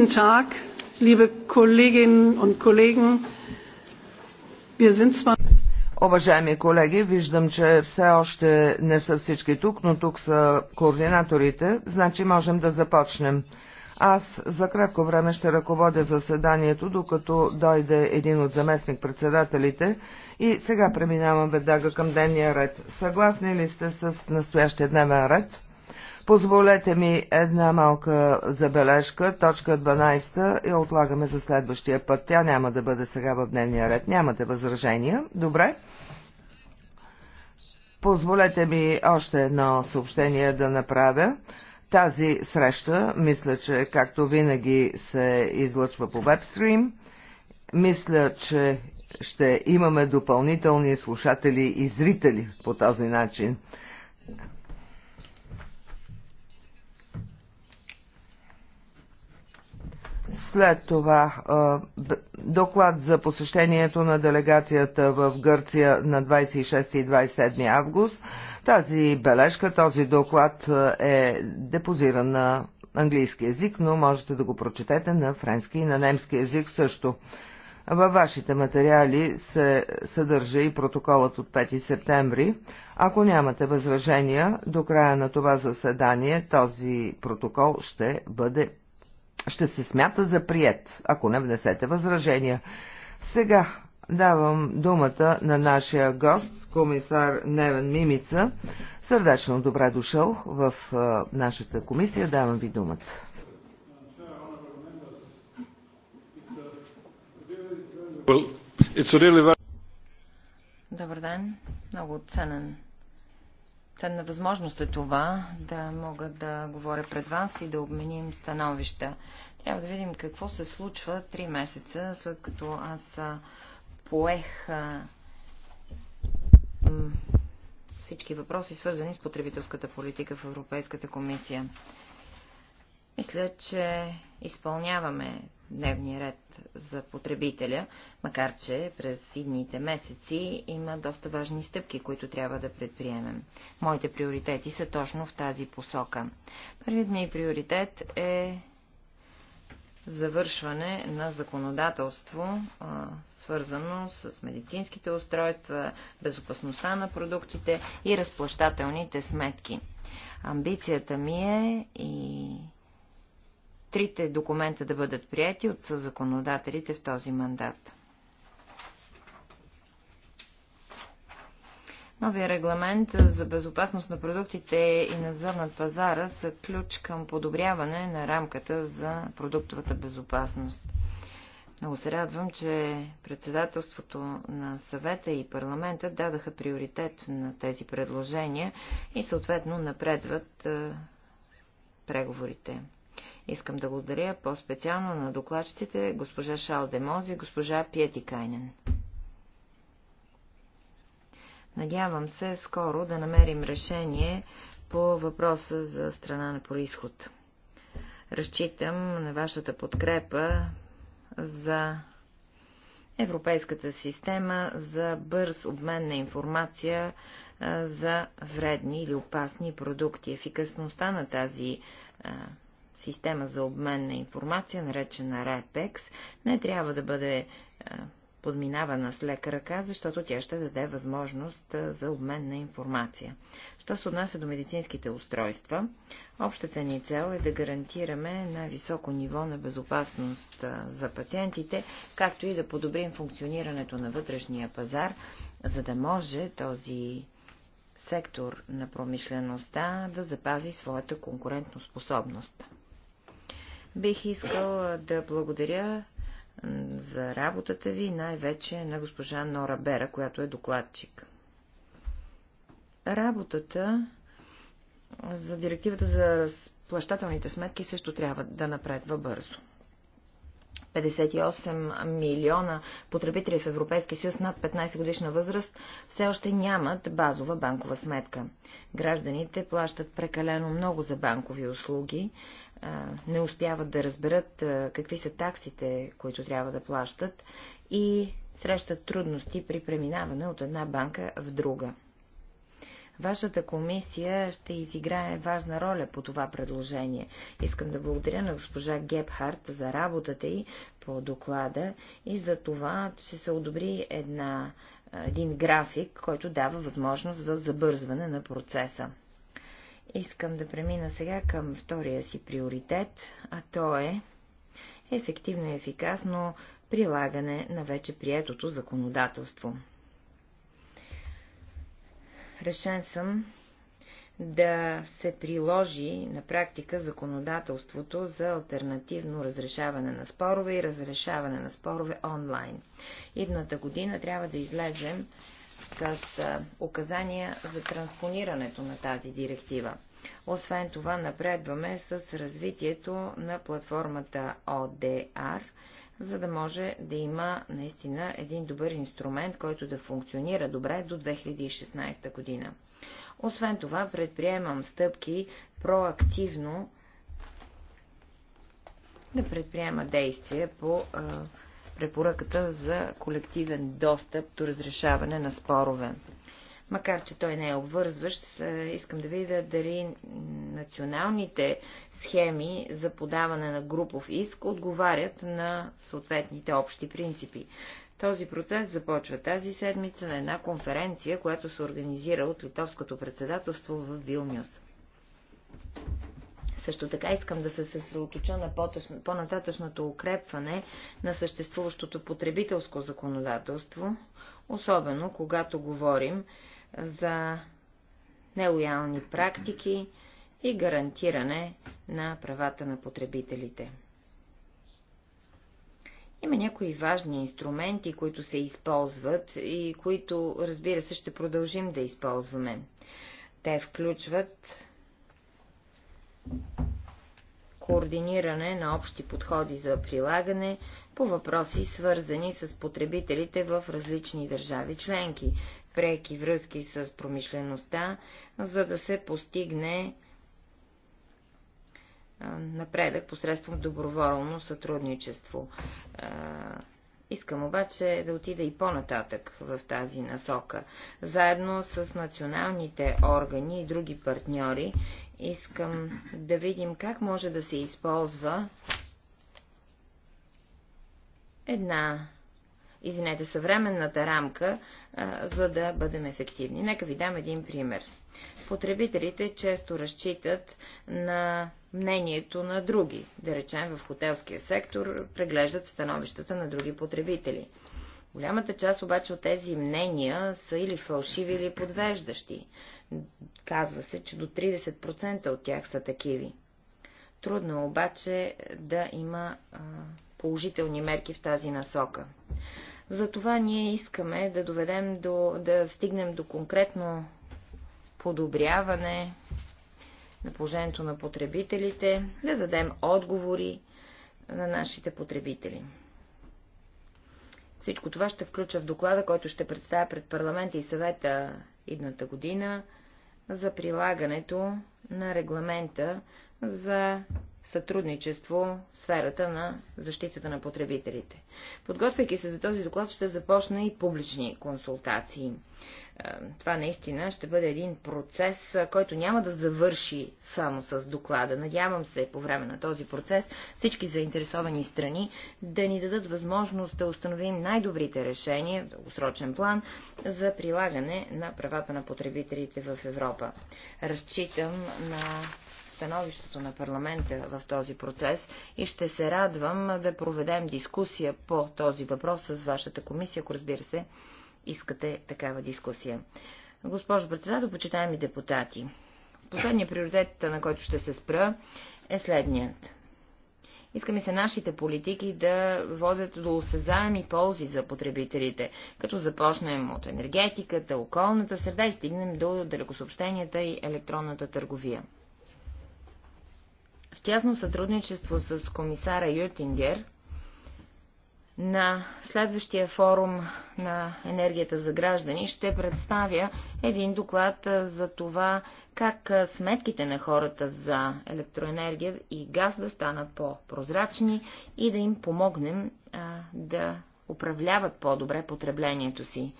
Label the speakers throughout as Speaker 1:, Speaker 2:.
Speaker 1: Guten Tag, liebe Kolleginnen und Kollegen. Wir sind zwar
Speaker 2: Уважаеми колеги, виждам, че все още не са всички тук, но тук са координаторите, значи можем да започнем. Аз за кратко време ще ръководя заседанието, докато дойде един от заместник-председателите и сега преминавам веднага към дневния ред. Съгласни ли сте с настоящия дневен ред? Позволете ми една малка забележка. Точка 12 я отлагаме за следващия път. Тя няма да бъде сега в дневния ред. Нямате възражения. Добре. Позволете ми още едно съобщение да направя. Тази среща, мисля, че както винаги се излъчва по вебстрим, мисля, че ще имаме допълнителни слушатели и зрители по този начин. След това доклад за посещението на делегацията в Гърция на 26 и 27 август. Тази бележка, този доклад е депозиран на английски язик, но можете да го прочетете на френски и на немски язик също. Във вашите материали се съдържа и протоколът от 5 септември. Ако нямате възражения, до края на това заседание този протокол ще бъде ще се смята за прият, ако не внесете възражения. Сега давам думата на нашия гост, комисар Невен Мимица. Сърдечно добре дошъл в е, нашата комисия. Давам ви думата.
Speaker 3: Добър ден. Много ценен Ценна възможност е това да мога да говоря пред вас и да обменим становища. Трябва да видим какво се случва три месеца след като аз поех всички въпроси, свързани с потребителската политика в Европейската комисия. Мисля, че изпълняваме дневния ред за потребителя, макар че през идните месеци има доста важни стъпки, които трябва да предприемем. Моите приоритети са точно в тази посока. Първият ми приоритет е завършване на законодателство, свързано с медицинските устройства, безопасността на продуктите и разплащателните сметки. Амбицията ми е и трите документа да бъдат прияти от съзаконодателите в този мандат. Новия регламент за безопасност на продуктите и надзор над пазара са ключ към подобряване на рамката за продуктовата безопасност. Много се радвам, че председателството на съвета и парламента дадаха приоритет на тези предложения и съответно напредват е, преговорите. Искам да благодаря по-специално на докладчиците госпожа Шал Демоз и госпожа Пиети Кайнен. Надявам се скоро да намерим решение по въпроса за страна на происход. Разчитам на вашата подкрепа за Европейската система за бърз обмен на информация за вредни или опасни продукти. Ефикасността на тази система за обмен на информация, наречена RAPEX, не трябва да бъде е, подминавана с лека ръка, защото тя ще даде възможност е, за обмен на информация. Що се отнася до медицинските устройства, общата ни цел е да гарантираме на високо ниво на безопасност е, за пациентите, както и да подобрим функционирането на вътрешния пазар, за да може този сектор на промишлеността да запази своята конкурентоспособност. Бих искал да благодаря за работата ви, най-вече на госпожа Нора Бера, която е докладчик. Работата за директивата за разплащателните сметки също трябва да напредва бързо. 58 милиона потребители в Европейския съюз над 15 годишна възраст все още нямат базова банкова сметка. Гражданите плащат прекалено много за банкови услуги, не успяват да разберат какви са таксите, които трябва да плащат и срещат трудности при преминаване от една банка в друга. Вашата комисия ще изиграе важна роля по това предложение. Искам да благодаря на госпожа Гебхарт за работата й по доклада и за това, че се одобри една, един график, който дава възможност за забързване на процеса. Искам да премина сега към втория си приоритет, а то е ефективно и ефикасно прилагане на вече приетото законодателство. Решен съм да се приложи на практика законодателството за альтернативно разрешаване на спорове и разрешаване на спорове онлайн. Идната година трябва да излезем с указания за транспонирането на тази директива. Освен това напредваме с развитието на платформата ODR – за да може да има наистина един добър инструмент, който да функционира добре до 2016 година. Освен това, предприемам стъпки проактивно да предприема действия по а, препоръката за колективен достъп до разрешаване на спорове. Макар, че той не е обвързващ, искам да видя дали националните схеми за подаване на групов иск отговарят на съответните общи принципи. Този процес започва тази седмица на една конференция, която се организира от Литовското председателство в Вилнюс. Също така искам да се съсредоточа на по-нататъчното укрепване на съществуващото потребителско законодателство, особено когато говорим за нелоялни практики и гарантиране на правата на потребителите. Има някои важни инструменти, които се използват и които, разбира се, ще продължим да използваме. Те включват координиране на общи подходи за прилагане по въпроси, свързани с потребителите в различни държави членки, преки връзки с промишлеността, за да се постигне напредък посредством доброволно сътрудничество. Искам обаче да отида и по-нататък в тази насока. Заедно с националните органи и други партньори искам да видим как може да се използва една извинете, съвременната рамка, за да бъдем ефективни. Нека ви дам един пример. Потребителите често разчитат на мнението на други. Да речем, в хотелския сектор преглеждат становищата на други потребители. Голямата част обаче от тези мнения са или фалшиви, или подвеждащи. Казва се, че до 30% от тях са такиви. Трудно е обаче да има а, положителни мерки в тази насока. Затова ние искаме да доведем до, да стигнем до конкретно подобряване на положението на потребителите, да дадем отговори на нашите потребители. Всичко това ще включа в доклада, който ще представя пред парламента и съвета идната година за прилагането на регламента за сътрудничество в сферата на защитата на потребителите. Подготвяйки се за този доклад, ще започна и публични консултации. Е, това наистина ще бъде един процес, е, който няма да завърши само с доклада. Надявам се по време на този процес всички заинтересовани страни да ни дадат възможност да установим най-добрите решения в дългосрочен план за прилагане на правата на потребителите в Европа. Разчитам на становището на парламента в този процес и ще се радвам да проведем дискусия по този въпрос с вашата комисия, ако разбира се искате такава дискусия. Госпожо председател, почитаеми депутати, последният приоритет, на който ще се спра, е следният. Искаме се нашите политики да водят до осезаеми ползи за потребителите, като започнем от енергетиката, околната среда и стигнем до далекосъобщенията и електронната търговия в тясно сътрудничество с комисара Юртингер на следващия форум на енергията за граждани ще представя един доклад за това как сметките на хората за електроенергия и газ да станат по-прозрачни и да им помогнем а, да управляват по-добре потреблението си.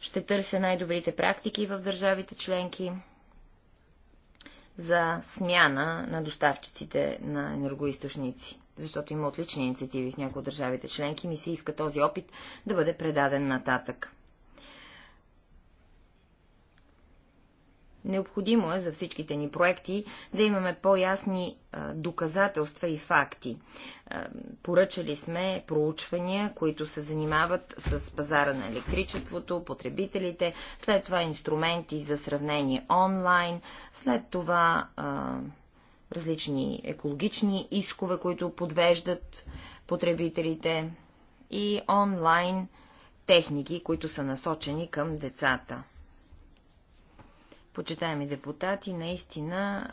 Speaker 3: Ще търся най-добрите практики в държавите членки за смяна на доставчиците на енергоисточници, защото има отлични инициативи в някои от държавите членки, ми се иска този опит да бъде предаден нататък. Необходимо е за всичките ни проекти да имаме по-ясни доказателства и факти. Поръчали сме проучвания, които се занимават с пазара на електричеството, потребителите, след това инструменти за сравнение онлайн, след това различни екологични искове, които подвеждат потребителите и онлайн техники, които са насочени към децата. Почитаеми депутати, наистина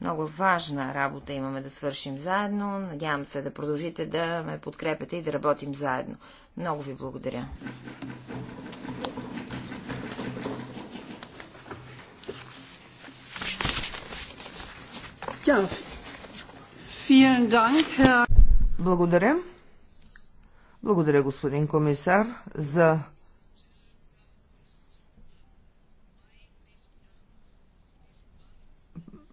Speaker 3: много важна работа имаме да свършим заедно. Надявам се да продължите да ме подкрепите и да работим заедно. Много ви благодаря.
Speaker 2: Благодаря. Благодаря, господин комисар, за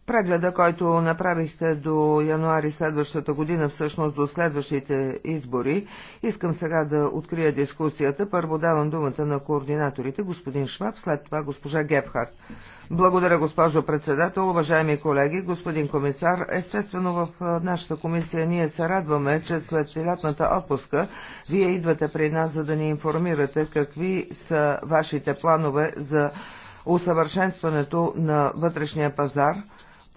Speaker 2: Прегледа, който направихте до януари следващата година, всъщност до следващите избори, искам сега да открия дискусията. Първо давам думата на координаторите, господин Шваб, след това госпожа Гепхарт. Благодаря, госпожо председател, уважаеми колеги, господин комисар. Естествено, в нашата комисия ние се радваме, че след лятната отпуска вие идвате при нас, за да ни информирате какви са вашите планове за усъвършенстването на вътрешния пазар –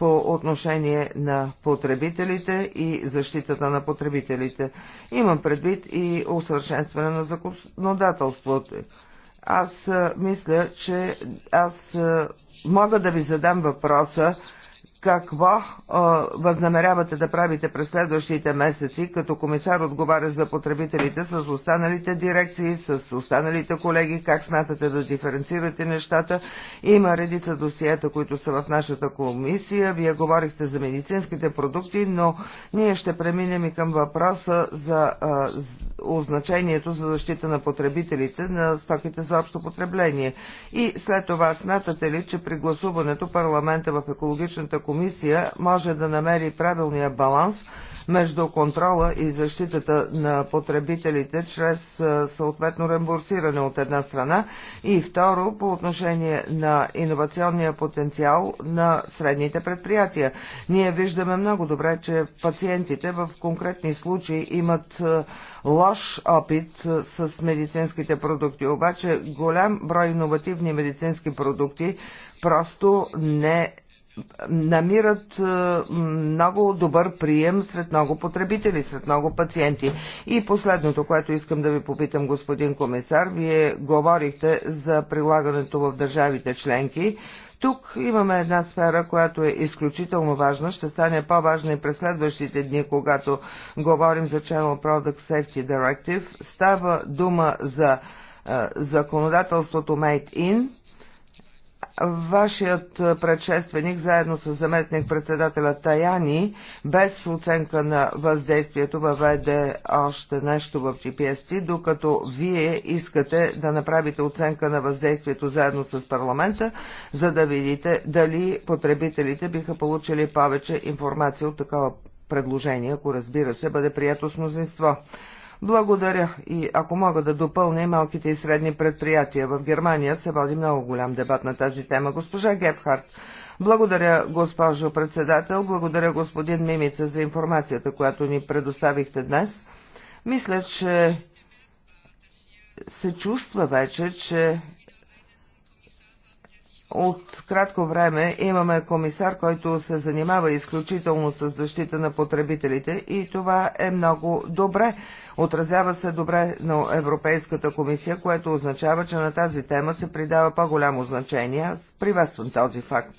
Speaker 2: по отношение на потребителите и защитата на потребителите. Имам предвид и усъвършенстване на законодателството. Аз мисля, че аз мога да ви задам въпроса какво а, възнамерявате да правите през следващите месеци, като комисар отговаря за потребителите с останалите дирекции, с останалите колеги, как смятате да диференцирате нещата. Има редица досиета, които са в нашата комисия. Вие говорихте за медицинските продукти, но ние ще преминем и към въпроса за означението за защита на потребителите на стоките за общо потребление. И след това смятате ли, че при гласуването парламента в екологичната комисия комисия може да намери правилния баланс между контрола и защитата на потребителите чрез съответно реимбурсиране от една страна и второ по отношение на иновационния потенциал на средните предприятия. Ние виждаме много добре, че пациентите в конкретни случаи имат лош опит с медицинските продукти, обаче голям брой иновативни медицински продукти просто не намират е, много добър прием сред много потребители, сред много пациенти. И последното, което искам да ви попитам, господин комисар, вие говорихте за прилагането в държавите членки. Тук имаме една сфера, която е изключително важна, ще стане по-важна и през следващите дни, когато говорим за Channel Product Safety Directive. Става дума за е, законодателството Made in, Вашият предшественик, заедно с заместник председателя Таяни, без оценка на въздействието, въведе още нещо в gps докато вие искате да направите оценка на въздействието заедно с парламента, за да видите дали потребителите биха получили повече информация от такова предложение, ако разбира се бъде прието с мнозинство. Благодаря и ако мога да допълня малките и средни предприятия. В Германия се води много голям дебат на тази тема. Госпожа Гепхарт, благодаря, госпожо председател, благодаря господин Мимица за информацията, която ни предоставихте днес. Мисля, че се чувства вече, че от кратко време имаме комисар, който се занимава изключително с защита на потребителите и това е много добре. Отразява се добре на Европейската комисия, което означава, че на тази тема се придава по-голямо значение. Аз приветствам този факт.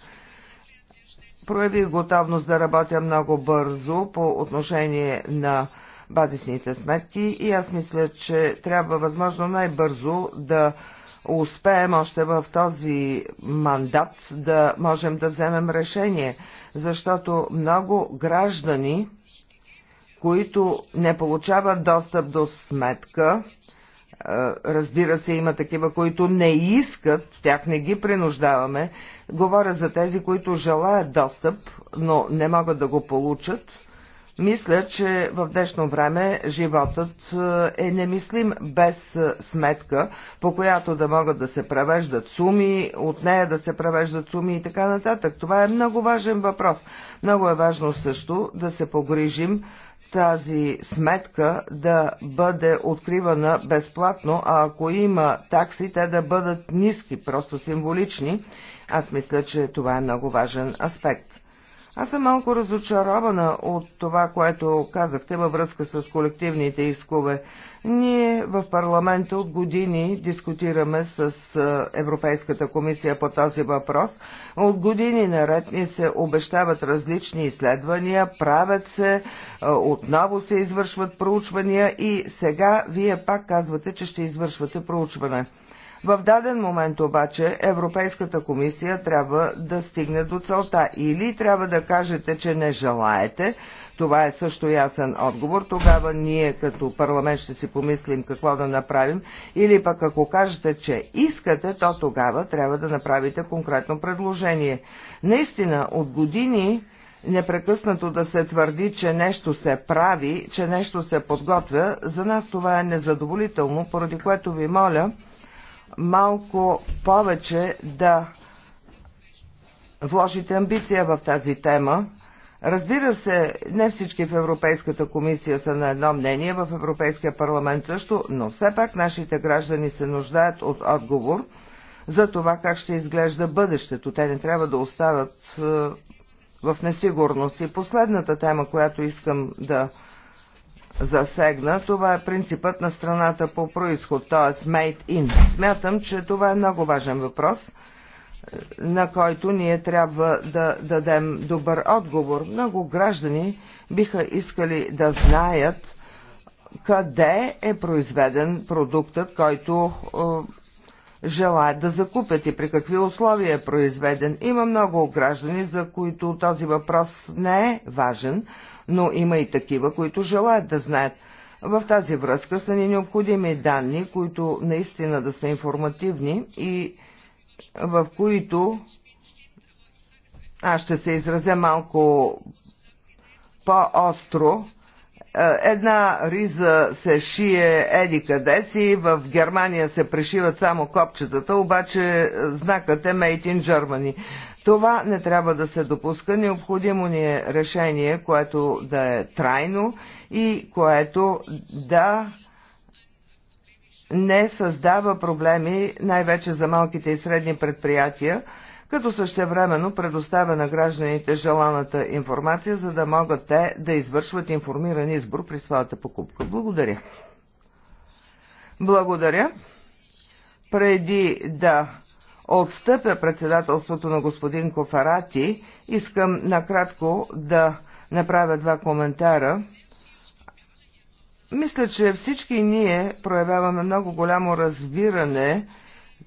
Speaker 2: Проявих готовност да работя много бързо по отношение на базисните сметки и аз мисля, че трябва възможно най-бързо да успеем още в този мандат да можем да вземем решение, защото много граждани, които не получават достъп до сметка, е, разбира се, има такива, които не искат, тях не ги принуждаваме. Говоря за тези, които желаят достъп, но не могат да го получат. Мисля, че в днешно време животът е, е немислим без е, сметка, по която да могат да се превеждат суми, от нея да се превеждат суми и така нататък. Това е много важен въпрос. Много е важно също да се погрижим тази сметка да бъде откривана безплатно, а ако има такси, те да бъдат ниски, просто символични. Аз мисля, че това е много важен аспект. Аз съм малко разочарована от това, което казахте във връзка с колективните искове. Ние в парламента от години дискутираме с Европейската комисия по този въпрос. От години наред ни се обещават различни изследвания, правят се, отново се извършват проучвания и сега вие пак казвате, че ще извършвате проучване. В даден момент обаче Европейската комисия трябва да стигне до целта или трябва да кажете, че не желаете, това е също ясен отговор. Тогава ние като парламент ще си помислим какво да направим. Или пък ако кажете, че искате, то тогава трябва да направите конкретно предложение. Наистина, от години непрекъснато да се твърди, че нещо се прави, че нещо се подготвя, за нас това е незадоволително, поради което ви моля малко повече да вложите амбиция в тази тема. Разбира се, не всички в Европейската комисия са на едно мнение, в Европейския парламент също, но все пак нашите граждани се нуждаят от отговор за това как ще изглежда бъдещето. Те не трябва да остават е, в несигурност. И последната тема, която искам да засегна, това е принципът на страната по происход, т.е. made in. Смятам, че това е много важен въпрос, на който ние трябва да дадем добър отговор. Много граждани биха искали да знаят къде е произведен продуктът, който е, желаят да закупят и при какви условия е произведен. Има много граждани, за които този въпрос не е важен, но има и такива, които желаят да знаят. В тази връзка са ни необходими данни, които наистина да са информативни и в които аз ще се изразя малко по-остро. Е, една риза се шие еди къде си, в Германия се пришиват само копчетата, обаче знакът е Made in Germany. Това не трябва да се допуска. Необходимо ни е решение, което да е трайно и което да не създава проблеми, най-вече за малките и средни предприятия, като същевременно предоставя на гражданите желаната информация, за да могат те да извършват информиран избор при своята покупка. Благодаря. Благодаря. Преди да отстъпя председателството на господин Кофарати, искам накратко да направя два коментара. Мисля, че всички ние проявяваме много голямо разбиране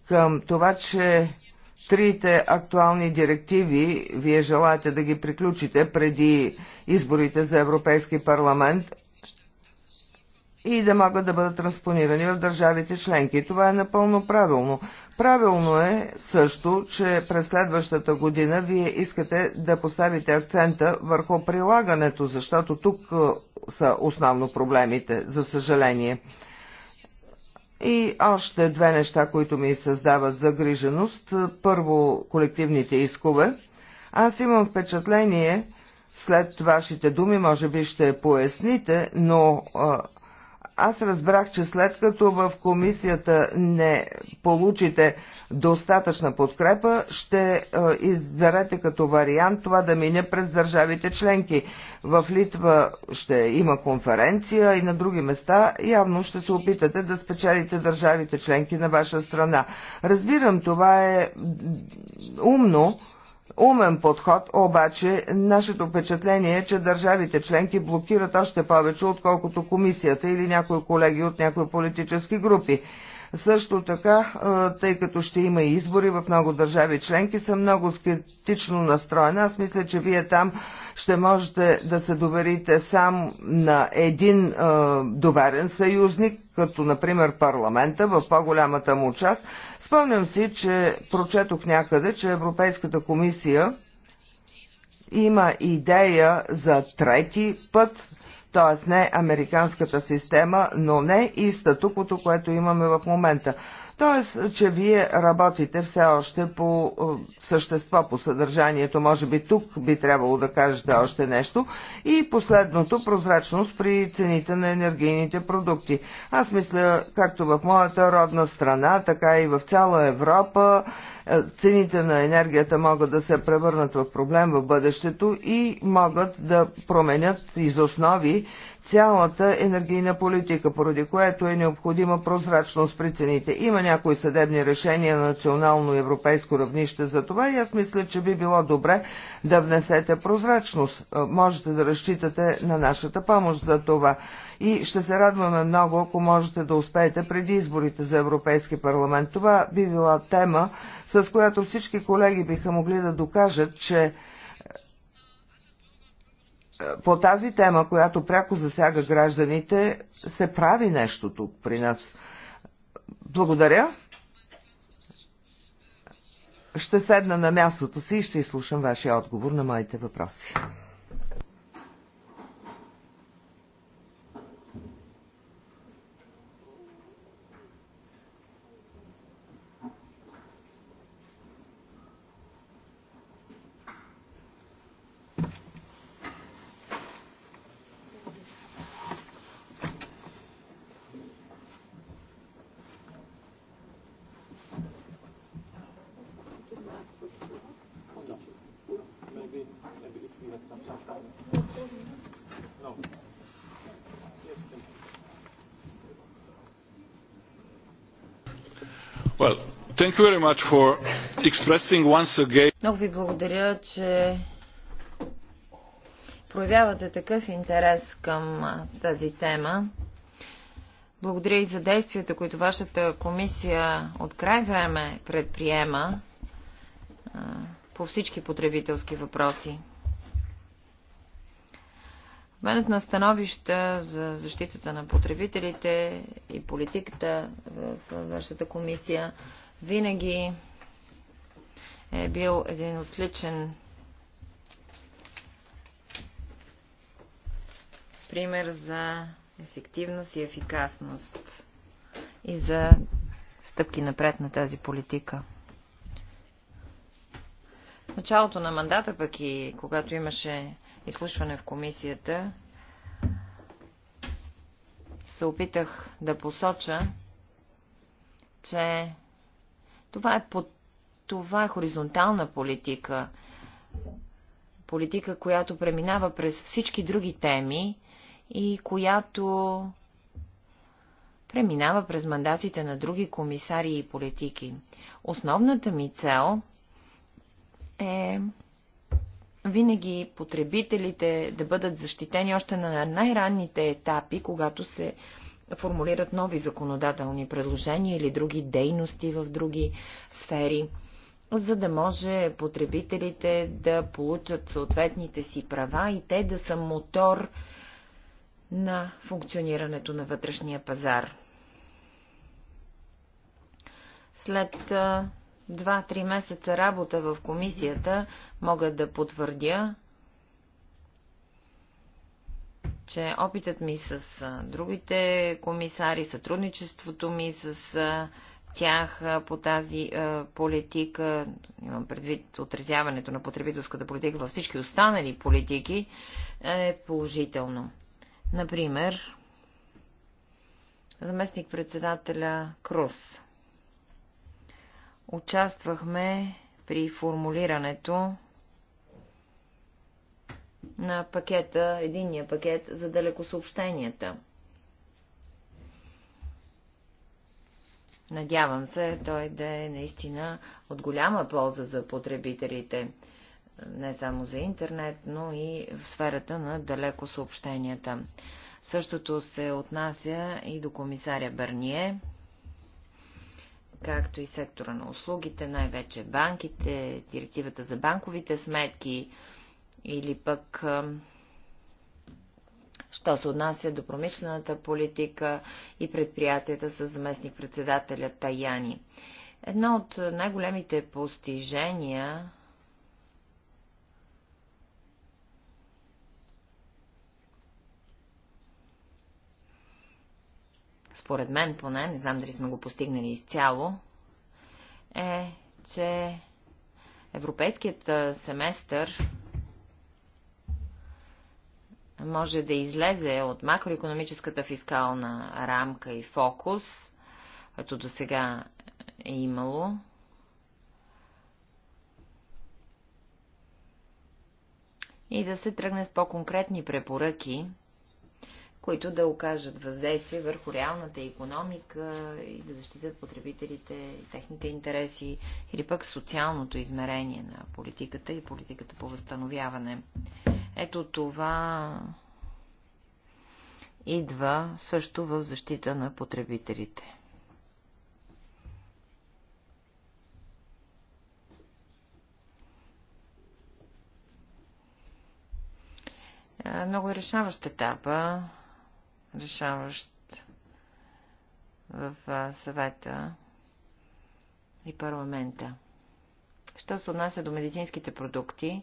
Speaker 2: към това, че трите актуални директиви, вие желаете да ги приключите преди изборите за Европейски парламент, и да могат да бъдат транспонирани в държавите членки. Това е напълно правилно. Правилно е също, че през следващата година вие искате да поставите акцента върху прилагането, защото тук е, са основно проблемите, за съжаление. И още две неща, които ми създават загриженост. Първо, колективните искове. Аз имам впечатление, след вашите думи, може би ще поясните, но а, е, аз разбрах, че след като в комисията не получите достатъчна подкрепа, ще изберете като вариант това да мине през държавите членки. В Литва ще има конференция и на други места явно ще се опитате да спечелите държавите членки на ваша страна. Разбирам, това е умно, умен подход, обаче нашето впечатление е, че държавите членки блокират още повече, отколкото комисията или някои колеги от някои политически групи. Също така, тъй като ще има и избори в много държави членки, съм много скептично настроена. Аз мисля, че вие там ще можете да се доверите сам на един е, доверен съюзник, като например парламента в по-голямата му част. Спомням си, че прочетох някъде, че Европейската комисия има идея за трети път т.е. не американската система, но не и статуквото, което имаме в момента. Тоест, че вие работите все още по е, същество, по съдържанието. Може би тук би трябвало да кажете още нещо. И последното, прозрачност при цените на енергийните продукти. Аз мисля, както в моята родна страна, така и в цяла Европа, е, цените на енергията могат да се превърнат в проблем в бъдещето и могат да променят из основи цялата енергийна политика, поради което е необходима прозрачност при цените. Има някои съдебни решения на национално и европейско равнище за това и аз мисля, че би било добре да внесете прозрачност. Е, можете да разчитате на нашата помощ за това. И ще се радваме много, ако можете да успеете преди изборите за Европейски парламент. Това би била тема, с която всички колеги биха могли да докажат, че по тази тема, която пряко засяга гражданите, се прави нещо тук при нас. Благодаря. Ще седна на мястото си и ще изслушам вашия отговор на моите въпроси.
Speaker 3: Много ви благодаря, че проявявате такъв интерес към тази тема. Благодаря и за действията, които вашата комисия от край време предприема по всички потребителски въпроси. Обменът на становища за защитата на потребителите и политиката в вашата комисия винаги е бил един отличен пример за ефективност и ефикасност и за стъпки напред на тази политика. В началото на мандата, пък и когато имаше изслушване в комисията, се опитах да посоча, че това е, под... Това е хоризонтална политика. Политика, която преминава през всички други теми и която преминава през мандатите на други комисари и политики. Основната ми цел е винаги потребителите да бъдат защитени още на най-ранните етапи, когато се формулират нови законодателни предложения или други дейности в други сфери, за да може потребителите да получат съответните си права и те да са мотор на функционирането на вътрешния пазар. След 2-3 месеца работа в комисията мога да потвърдя, че опитът ми с другите комисари, сътрудничеството ми с тях по тази политика, имам предвид отразяването на потребителската политика във всички останали политики, е положително. Например, заместник-председателя Крус. Участвахме при формулирането на пакета, единния пакет за далекосъобщенията. Надявам се той да е наистина от голяма полза за потребителите, не само за интернет, но и в сферата на далекосъобщенията. Същото се отнася и до комисаря Бърние, както и сектора на услугите, най-вече банките, директивата за банковите сметки, или пък, що се отнася до промишлената политика и предприятията с заместник-председателя Таяни. Едно от най-големите постижения според мен поне, не знам дали сме го постигнали изцяло, е, че европейският семестър може да излезе от макроекономическата фискална рамка и фокус, като до сега е имало, и да се тръгне с по-конкретни препоръки които да окажат въздействие върху реалната економика и да защитят потребителите и техните интереси, или пък социалното измерение на политиката и политиката по възстановяване. Ето това идва също в защита на потребителите. Е, много е решаващ етапа решаващ в съвета и парламента. Що се отнася до медицинските продукти,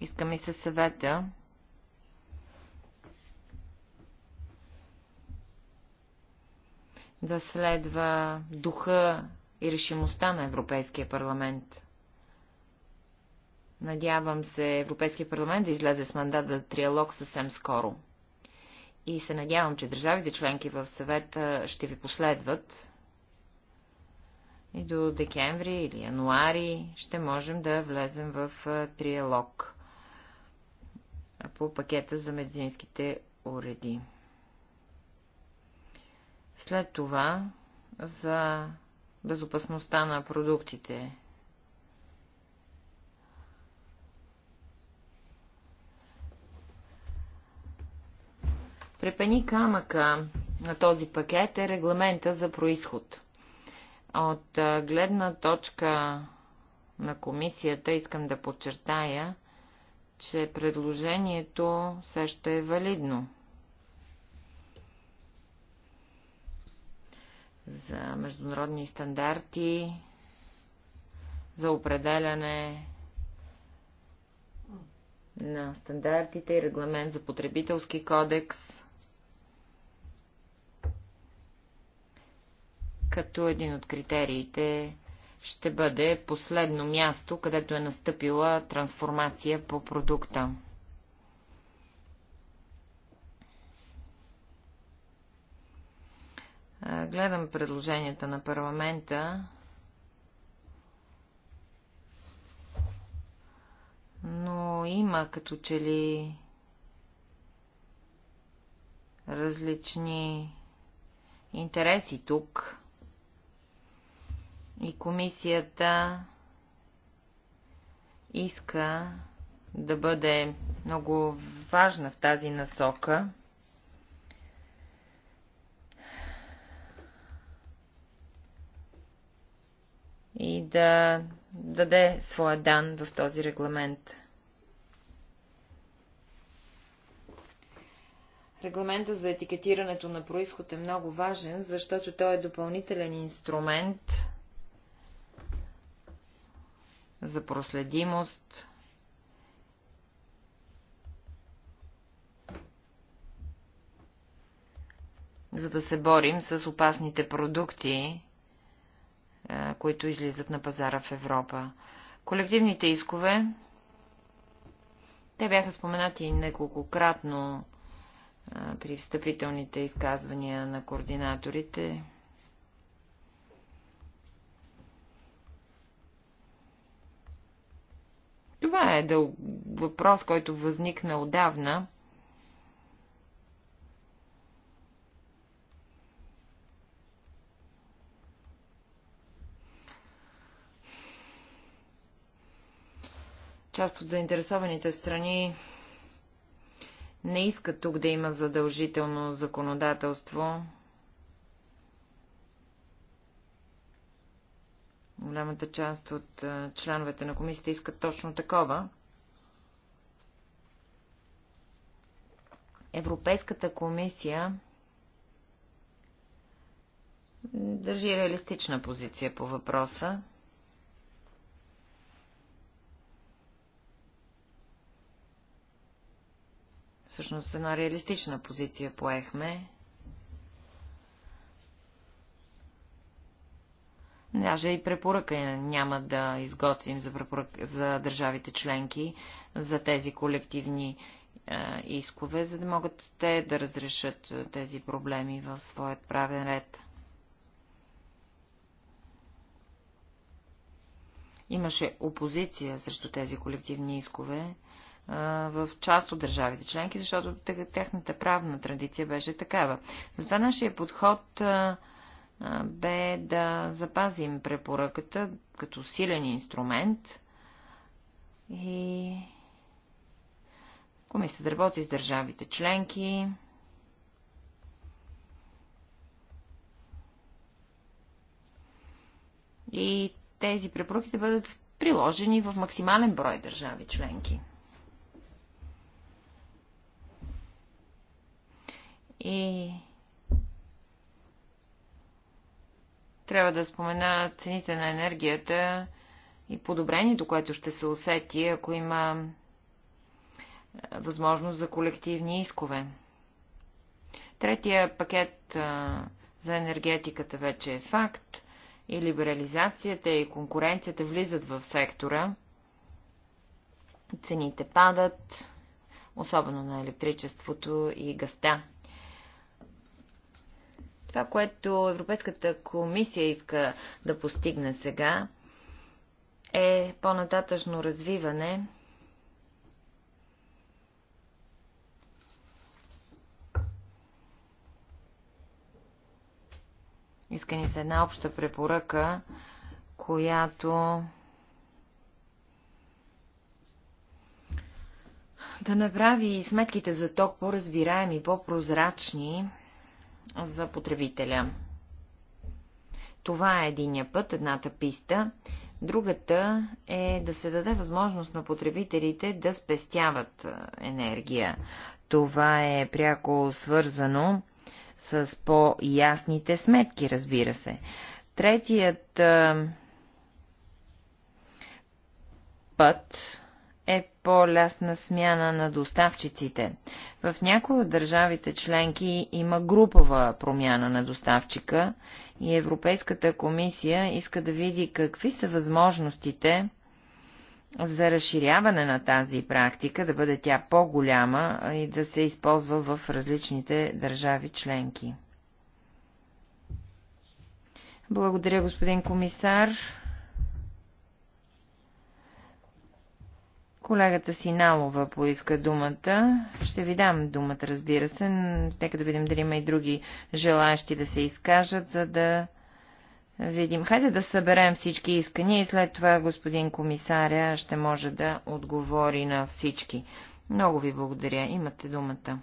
Speaker 3: искам и със съвета да следва духа и решимостта на Европейския парламент – Надявам се Европейския парламент да излезе с мандат за триалог съвсем скоро. И се надявам, че държавите членки в съвета ще ви последват. И до декември или януари ще можем да влезем в триалог по пакета за медицинските уреди. След това за безопасността на продуктите Препени камъка на този пакет е регламента за происход. От гледна точка на комисията искам да подчертая, че предложението също е валидно. за международни стандарти, за определяне на стандартите и регламент за потребителски кодекс. като един от критериите ще бъде последно място, където е настъпила трансформация по продукта. Гледам предложенията на парламента, но има като че ли различни интереси тук. И комисията иска да бъде много важна в тази насока. И да даде своя дан в този регламент. Регламента за етикетирането на происход е много важен, защото той е допълнителен инструмент за проследимост. за да се борим с опасните продукти, е, които излизат на пазара в Европа. Колективните искове, те бяха споменати неколкократно е, при встъпителните изказвания на координаторите. Това е дъл... въпрос, който възникна отдавна. Част от заинтересованите страни не искат тук да има задължително законодателство, Голямата част от членовете на комисията искат точно такова. Европейската комисия държи реалистична позиция по въпроса. Всъщност една реалистична позиция поехме Даже и препоръка е, няма да изготвим за, препорък... за държавите членки, за тези колективни е, искове, за да могат те да разрешат е, тези проблеми в своят правен ред. Имаше опозиция срещу тези колективни искове е, в част от държавите членки, защото тяхната правна традиция беше такава. Затова нашия подход бе да запазим препоръката като силен инструмент и комисията работи с държавите членки. И тези препоръки да бъдат приложени в максимален брой държави членки. И Трябва да спомена цените на енергията и подобрението, което ще се усети, ако има е, възможност за колективни искове. Третия пакет е, за енергетиката вече е факт и либерализацията и конкуренцията влизат в сектора. Цените падат, особено на електричеството и гъста. Това, което Европейската комисия иска да постигне сега, е по-нататъчно развиване Иска ни се една обща препоръка, която да направи сметките за ток по-разбираеми, по-прозрачни, за потребителя. Това е единия път, едната писта. Другата е да се даде възможност на потребителите да спестяват енергия. Това е пряко свързано с по-ясните сметки, разбира се. Третият път е по-лесна смяна на доставчиците. В някои от държавите членки има групова промяна на доставчика и Европейската комисия иска да види какви са възможностите за разширяване на тази практика, да бъде тя по-голяма и да се използва в различните държави членки. Благодаря, господин комисар. Колегата Синалова поиска думата. Ще ви дам думата, разбира се. Нека да видим дали има и други желаящи да се изкажат, за да видим. Хайде да съберем всички искания и след това господин комисаря ще може да отговори на всички. Много ви благодаря. Имате думата.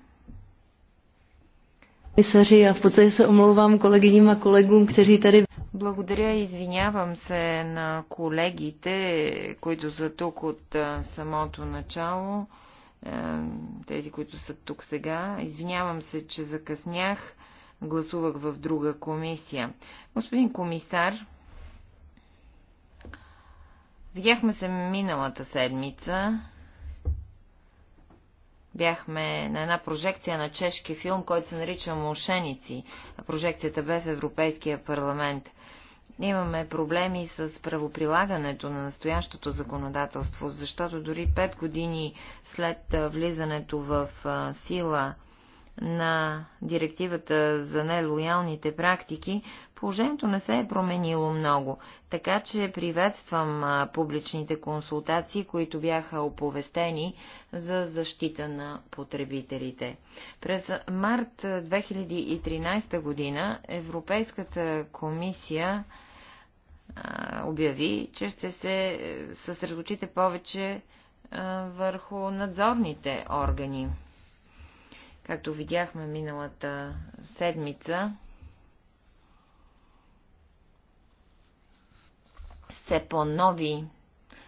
Speaker 2: Комисaři, já v се se omlouvám kolegyním колегум, които kteří
Speaker 3: благодаря и извинявам се на колегите, които са тук от самото начало, тези, които са тук сега. Извинявам се, че закъснях. Гласувах в друга комисия. Господин комисар, видяхме се миналата седмица Бяхме на една прожекция на чешки филм, който се нарича Мошеници. Прожекцията бе в Европейския парламент. Имаме проблеми с правоприлагането на настоящото законодателство, защото дори пет години след влизането в сила на директивата за нелоялните практики, положението не се е променило много, така че приветствам публичните консултации, които бяха оповестени за защита на потребителите. През март 2013 година Европейската комисия обяви, че ще се е, съсредоточите повече върху надзорните органи. Както видяхме миналата седмица, все по-нови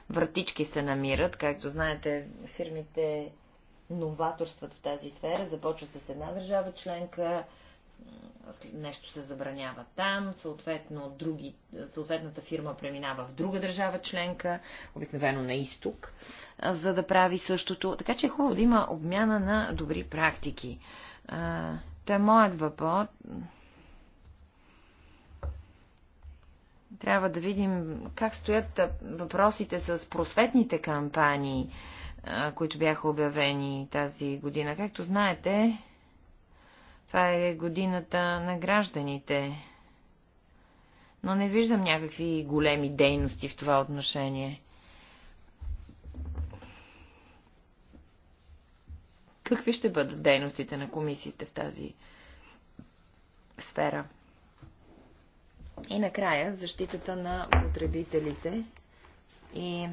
Speaker 3: вратички се намират. Както знаете, фирмите новаторстват в тази сфера. Започва с една държава членка, нещо се забранява там, съответно други, съответната фирма преминава в друга държава членка, обикновено на изток, за да прави същото. Така че е хубаво да има обмяна на добри практики. Та моят въпрос... Трябва да видим как стоят въпросите с просветните кампании, които бяха обявени тази година. Както знаете, това е годината на гражданите. Но не виждам някакви големи дейности в това отношение. Какви ще бъдат дейностите на комисиите в тази сфера? И накрая защитата на потребителите и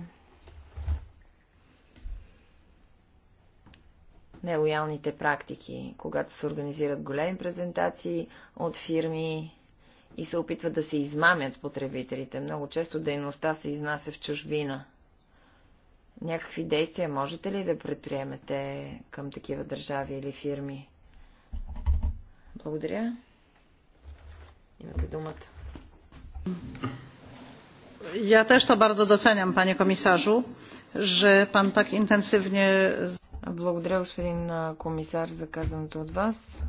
Speaker 3: нелоялните практики, когато се организират големи презентации от фирми и се опитват да се измамят потребителите. Много често дейността се изнася в чужбина. Някакви действия можете ли да предприемете към такива държави или фирми? Благодаря. Имате думата. Я też to bardzo пане panie komisarzu, że pan tak intensywnie благодаря, господин комисар, за казаното от вас.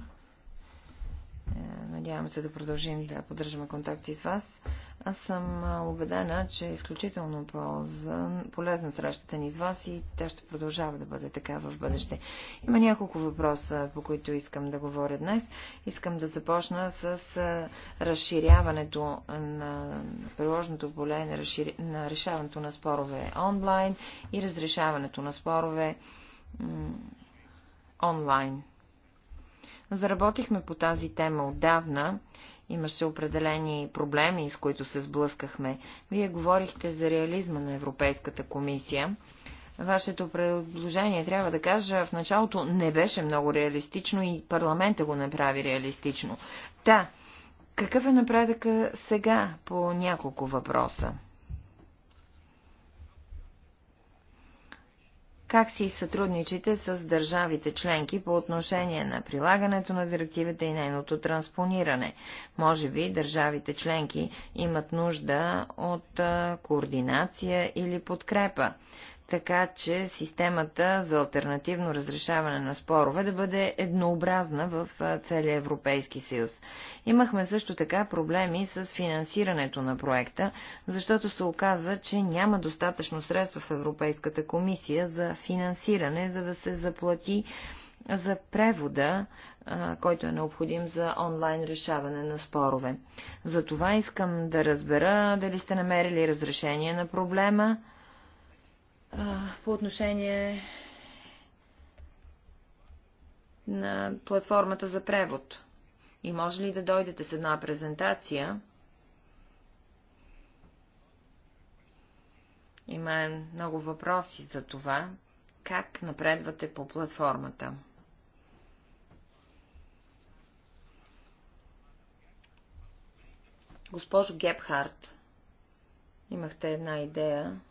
Speaker 3: Е, Надявам се да продължим да поддържаме контакти с вас. Аз съм убедена, че е изключително полза, полезна срещата ни с вас и тя ще продължава да бъде така в бъдеще. Има няколко въпроса, по които искам да говоря днес. Искам да започна с разширяването на приложното поле на, разшир... на решаването на спорове онлайн и разрешаването на спорове онлайн. Заработихме по тази тема отдавна. Имаше определени проблеми, с които се сблъскахме. Вие говорихте за реализма на Европейската комисия. Вашето предложение, трябва да кажа, в началото не беше много реалистично и парламента го направи реалистично. Та, да, какъв е напредъка сега по няколко въпроса? Как си сътрудничите с държавите членки по отношение на прилагането на директивата и нейното транспониране? Може би държавите членки имат нужда от координация или подкрепа така че системата за альтернативно разрешаване на спорове да бъде еднообразна в целия Европейски съюз. Имахме също така проблеми с финансирането на проекта, защото се оказа, че няма достатъчно средства в Европейската комисия за финансиране, за да се заплати за превода, който е необходим за онлайн решаване на спорове. Затова искам да разбера дали сте намерили разрешение на проблема по отношение на платформата за превод. И може ли да дойдете с една презентация? Има много въпроси за това, как напредвате по платформата. Госпожо Гепхарт, имахте една идея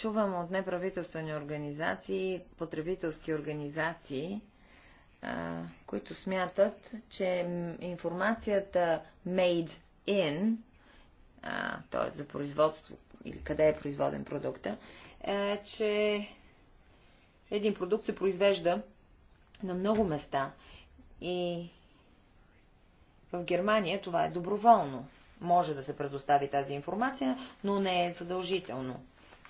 Speaker 3: Чувам от неправителствени организации, потребителски организации, които смятат, че информацията made in, т.е. за производство или къде е производен продукта, е, че един продукт се произвежда на много места и в Германия това е доброволно. Може да се предостави тази информация, но не е задължително.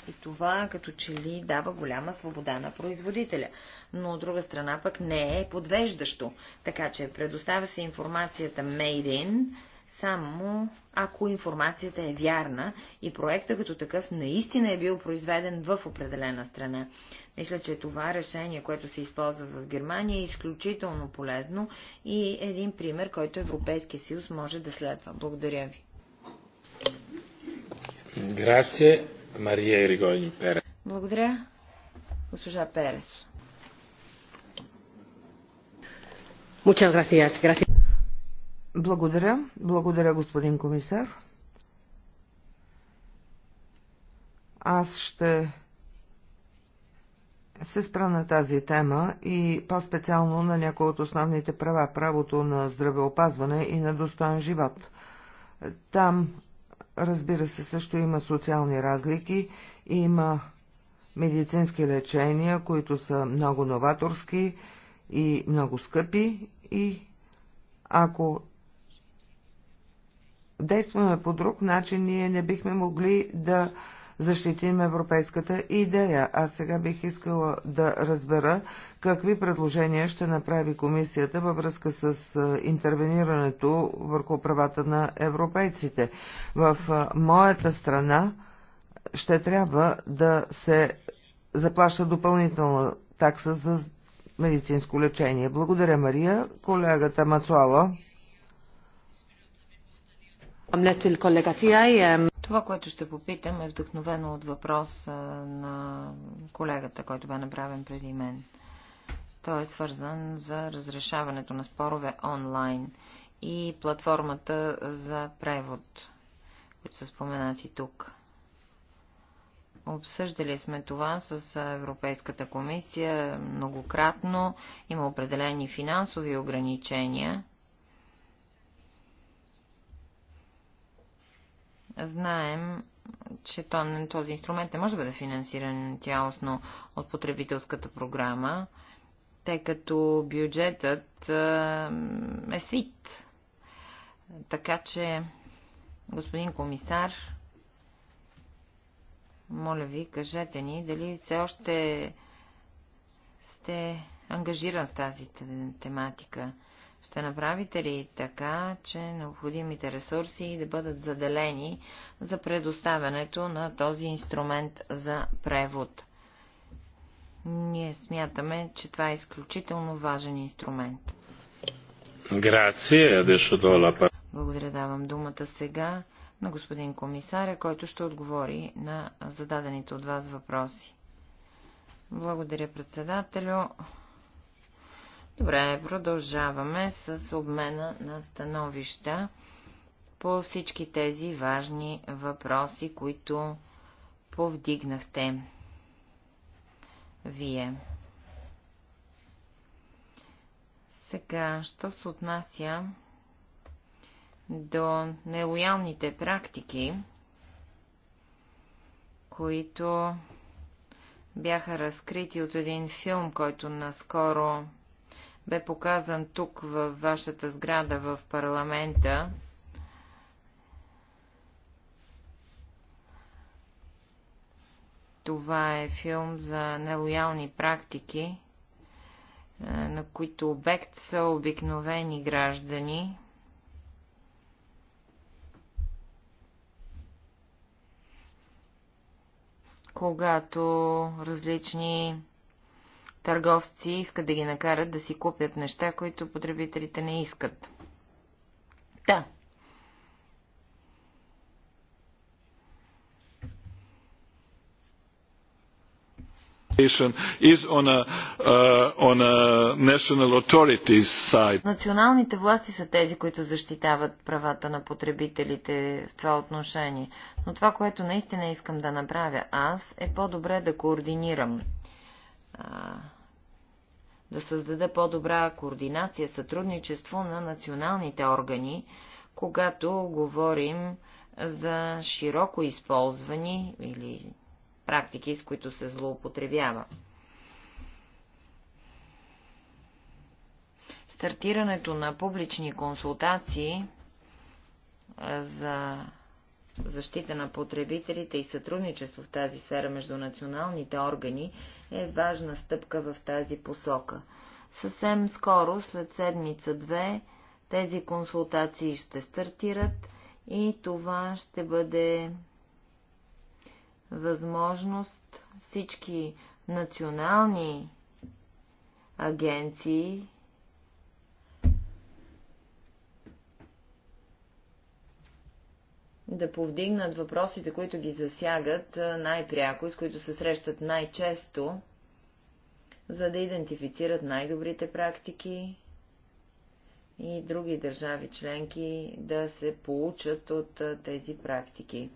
Speaker 3: И това като че ли дава голяма свобода на производителя, но от друга страна пък не е подвеждащо, така че предоставя се информацията made in, само ако информацията е вярна и проекта като такъв наистина е бил произведен в определена страна. Мисля, че това решение, което се използва в Германия, е изключително полезно и един пример, който Европейския съюз може да следва. Благодаря ви.
Speaker 4: Грация. Мария Иригойн
Speaker 3: Перес. Благодаря. Госпожа Перес.
Speaker 2: Благодаря. Благодаря, господин комисар. Аз ще се спра на тази тема и по-специално на някои от основните права – правото на здравеопазване и на достоен живот. Там Разбира се, също има социални разлики, има медицински лечения, които са много новаторски и много скъпи и ако действаме по друг начин, ние не бихме могли да защитим европейската идея. Аз сега бих искала да разбера какви предложения ще направи комисията във връзка с интервенирането върху правата на европейците. В моята страна ще трябва да се заплаща допълнителна такса за медицинско лечение. Благодаря, Мария. Колегата Мацуало.
Speaker 1: Това,
Speaker 3: което ще попитам е вдъхновено от въпрос на колегата, който бе направен преди мен. Той е свързан за разрешаването на спорове онлайн и платформата за превод, които са споменати тук. Обсъждали сме това с Европейската комисия многократно. Има определени финансови ограничения Знаем, че този инструмент не може да бъде финансиран цялостно от потребителската програма, тъй като бюджетът е свит. Така че, господин комисар, моля ви, кажете ни дали все още сте ангажиран с тази тематика. Ще направите ли така, че необходимите ресурси да бъдат заделени за предоставянето на този инструмент за превод? Ние смятаме, че това е изключително важен инструмент. Благодаря, давам думата сега на господин комисаря, който ще отговори на зададените от вас въпроси. Благодаря, председателю. Добре, продължаваме с обмена на становища по всички тези важни въпроси, които повдигнахте вие. Сега, що се отнася до нелоялните практики, които бяха разкрити от един филм, който наскоро бе показан тук във вашата сграда в парламента. Това е филм за нелоялни практики, е, на които обект са обикновени граждани. Когато различни търговци искат да ги накарат да си купят неща, които потребителите не искат. Да. Uh, Националните власти са тези, които защитават правата на потребителите в това отношение. Но това, което наистина искам да направя аз, е по-добре да координирам а, да създаде по-добра координация, сътрудничество на националните органи, когато говорим за широко използвани или практики, с които се злоупотребява. Стартирането на публични консултации за защита на потребителите и сътрудничество в тази сфера между националните органи е важна стъпка в тази посока. Съвсем скоро, след седмица-две, тези консултации ще стартират и това ще бъде възможност всички национални агенции да повдигнат въпросите, които ги засягат най-пряко и с които се срещат най-често, за да идентифицират най-добрите практики и други държави членки да се получат от тези практики.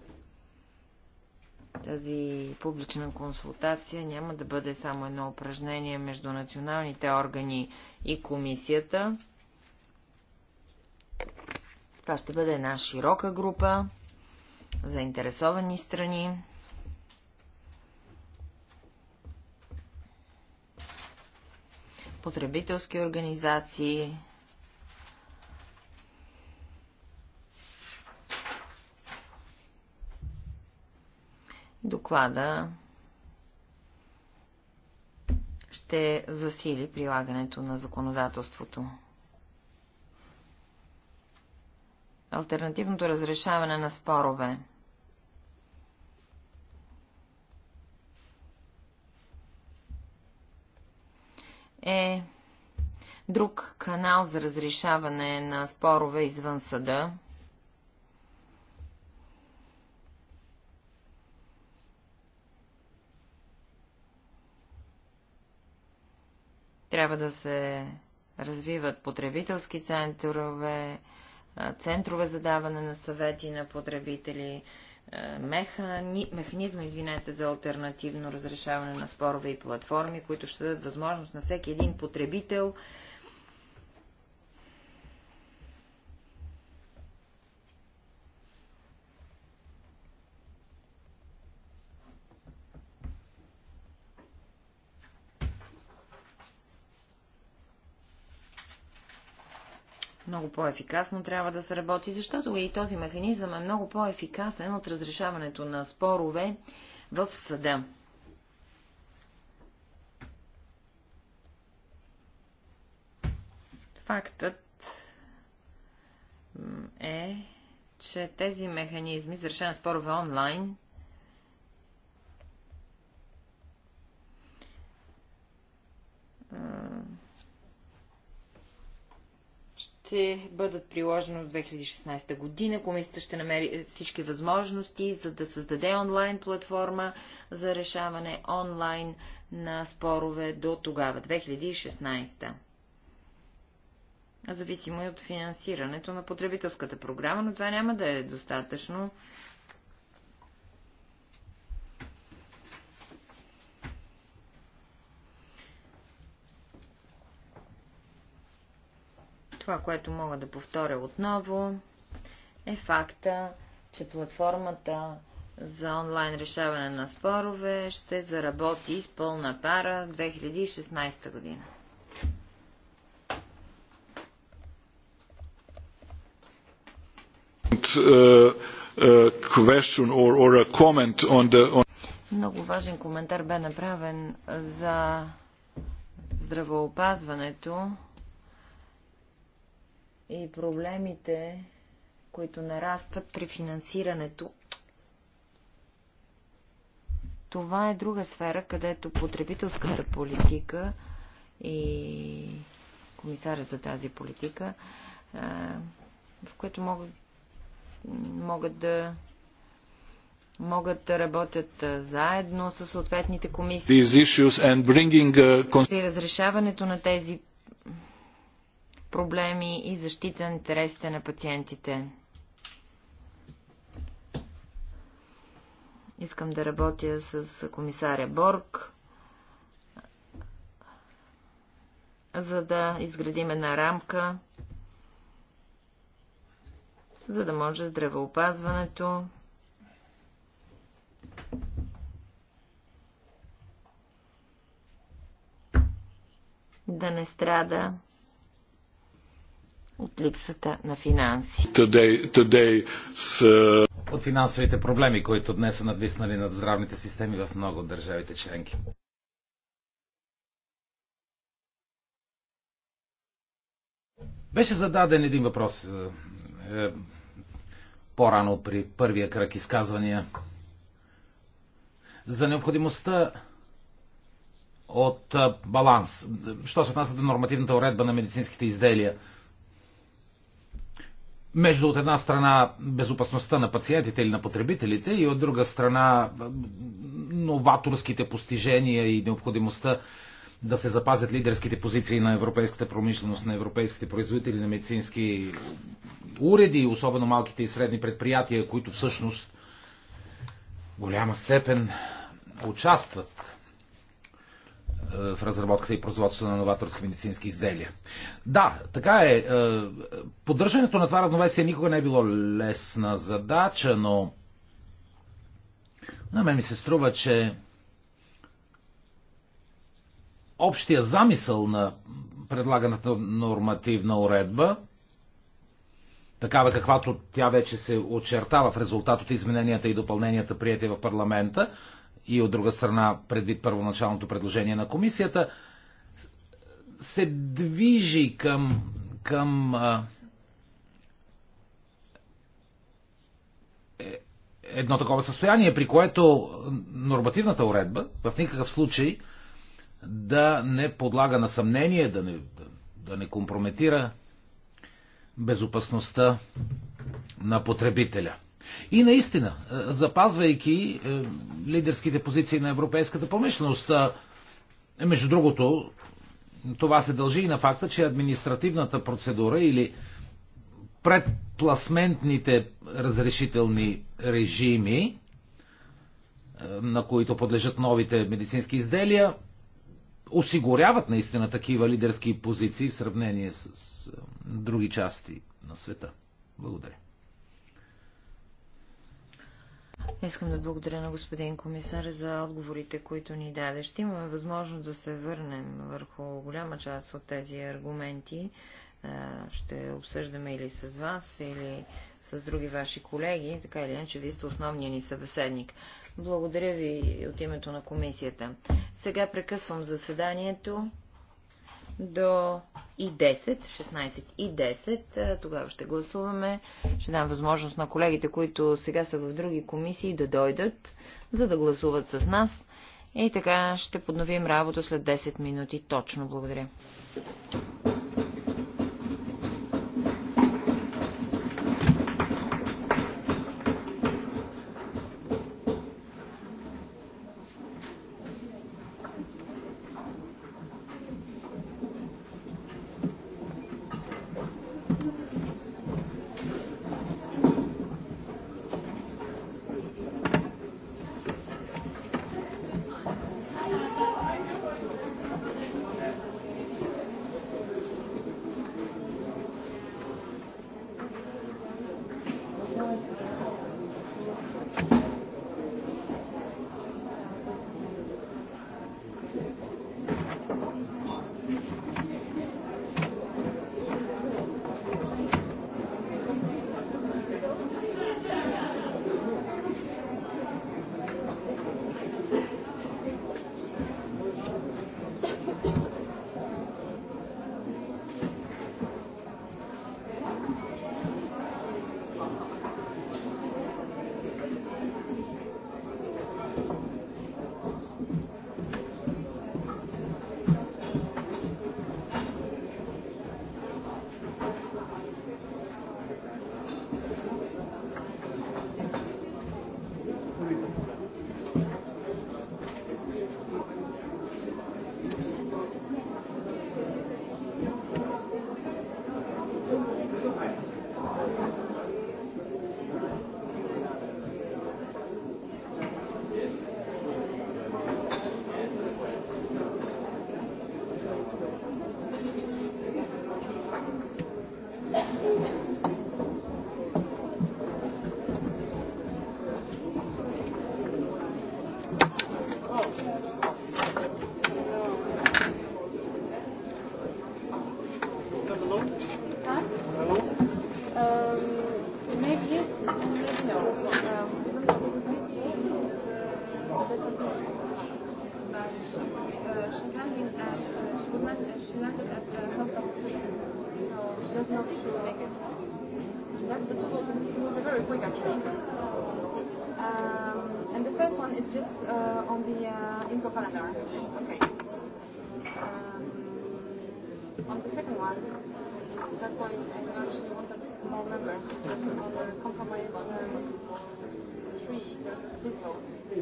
Speaker 3: Тази публична консултация няма да бъде само едно упражнение между националните органи и комисията. Това ще бъде една широка група заинтересовани страни. потребителски организации, доклада ще засили прилагането на законодателството. Альтернативното разрешаване на спорове – е друг канал за разрешаване на спорове извън съда. Трябва да се развиват потребителски центрове, центрове за даване на съвети на потребители, е, механи... механизма извинете, за альтернативно разрешаване на спорове и платформи, които ще дадат възможност на всеки един потребител Много по-ефикасно трябва да се работи, защото и този механизъм е много по-ефикасен от разрешаването на спорове в съда. Фактът е, че тези механизми за решение на спорове онлайн ще бъдат приложени от 2016 година. Комисията ще намери всички възможности, за да създаде онлайн платформа за решаване онлайн на спорове до тогава, 2016 зависимо и от финансирането на потребителската програма, но това няма да е достатъчно, Това, което мога да повторя отново, е факта, че платформата за онлайн решаване на спорове ще заработи с пълна пара 2016 година.
Speaker 4: Uh, uh, Много
Speaker 3: важен коментар бе направен за здравоопазването и проблемите, които нарастват при финансирането. Това е друга сфера, където потребителската политика и комисаря за тази политика, в което могат, могат да могат да работят заедно с съответните комисии.
Speaker 4: Uh, при
Speaker 3: разрешаването на тези проблеми и защита на интересите на пациентите. Искам да работя с комисаря Борг, за да изградим една рамка, за да може здравеопазването да не страда от липсата на финанси.
Speaker 5: Today, today, с... От финансовите проблеми, които днес са надвиснали над здравните системи в много от държавите членки. Беше зададен един въпрос е, е по-рано при първия кръг изказвания за необходимостта от е, баланс. Що се отнася до нормативната уредба на медицинските изделия – между от една страна безопасността на пациентите или на потребителите и от друга страна новаторските постижения и необходимостта да се запазят лидерските позиции на европейската промишленост, на европейските производители на медицински уреди, особено малките и средни предприятия, които всъщност в голяма степен участват е, в разработката и производството на новаторски медицински изделия. Да, така е, е. Поддържането на това равновесие никога не е било лесна задача, но на мен ми се струва, че общия замисъл на предлаганата нормативна уредба, такава каквато тя вече се очертава в резултат от измененията и допълненията, прияти в парламента, и от друга страна предвид първоначалното предложение на комисията, се движи към, към е, едно такова състояние, при което нормативната уредба в никакъв случай да не подлага на съмнение, да не, да не компрометира безопасността на потребителя. И наистина, е, запазвайки е, лидерските позиции на европейската помишленост, е, между другото, това се дължи и на факта, че административната процедура или предпласментните разрешителни режими, на които подлежат новите медицински изделия, осигуряват наистина такива лидерски позиции в сравнение с други части на света. Благодаря.
Speaker 3: Искам да благодаря на господин комисар за отговорите, които ни даде. Ще имаме възможност да се върнем върху голяма част от тези аргументи. Ще обсъждаме или с вас, или с други ваши колеги, така или иначе вие сте основния ни събеседник. Благодаря ви от името на комисията. Сега прекъсвам заседанието до и 10, 16 и 10. Е, тогава ще гласуваме. Ще дам възможност на колегите, които сега са в други комисии, да дойдат, за да гласуват с нас. И така ще подновим работа след 10 минути точно. Благодаря.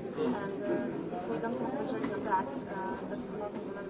Speaker 1: And uh, if we don't have a project on that, uh, that's not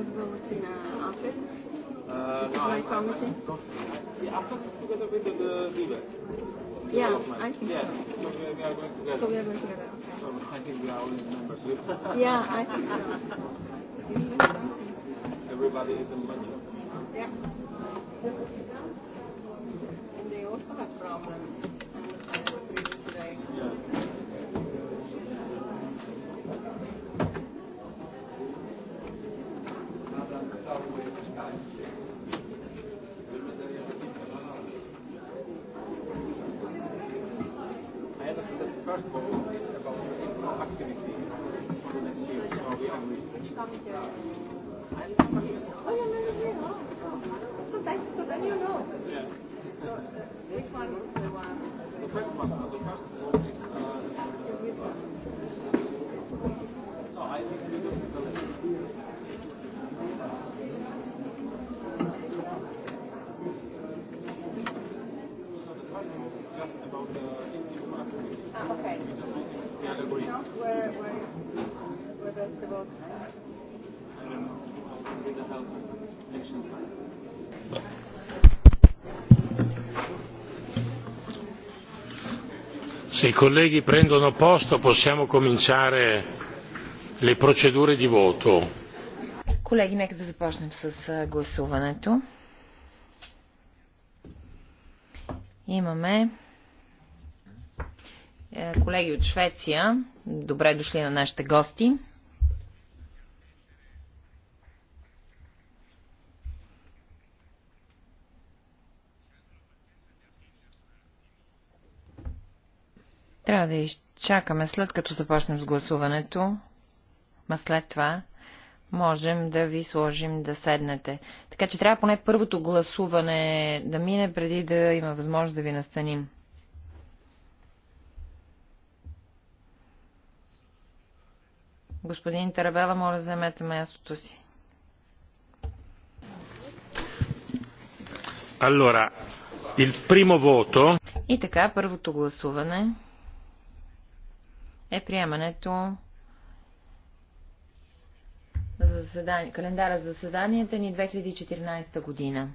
Speaker 1: so. we, are going together. So we are So I think we are all in membership. yeah, I think so. Everybody is in membership. Yeah. And they also have problems.
Speaker 4: se i colleghi prendono posto possiamo cominciare le procedure di voto.
Speaker 3: Колеги, нека да започнем с гласуването. Имаме е, колеги от Швеция. Добре дошли на нашите гости. Трябва да изчакаме след като започнем с гласуването, ма след това можем да ви сложим да седнете. Така че трябва поне първото гласуване да мине, преди да има възможност да ви настаним. Господин Тарабела, моля, да вземете мястото си.
Speaker 4: Allora, il primo voto...
Speaker 3: И така, първото гласуване е приемането за заседание, календара за заседанията ни 2014 година.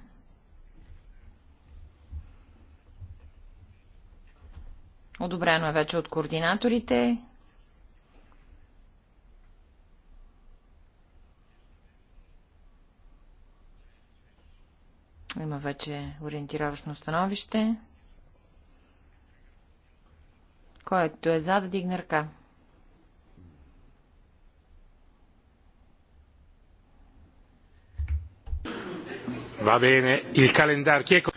Speaker 3: Одобрено е вече от координаторите. Има вече ориентировъчно становище. Който е за да дигне ръка.
Speaker 4: Va bene. Il calendar. Chi è...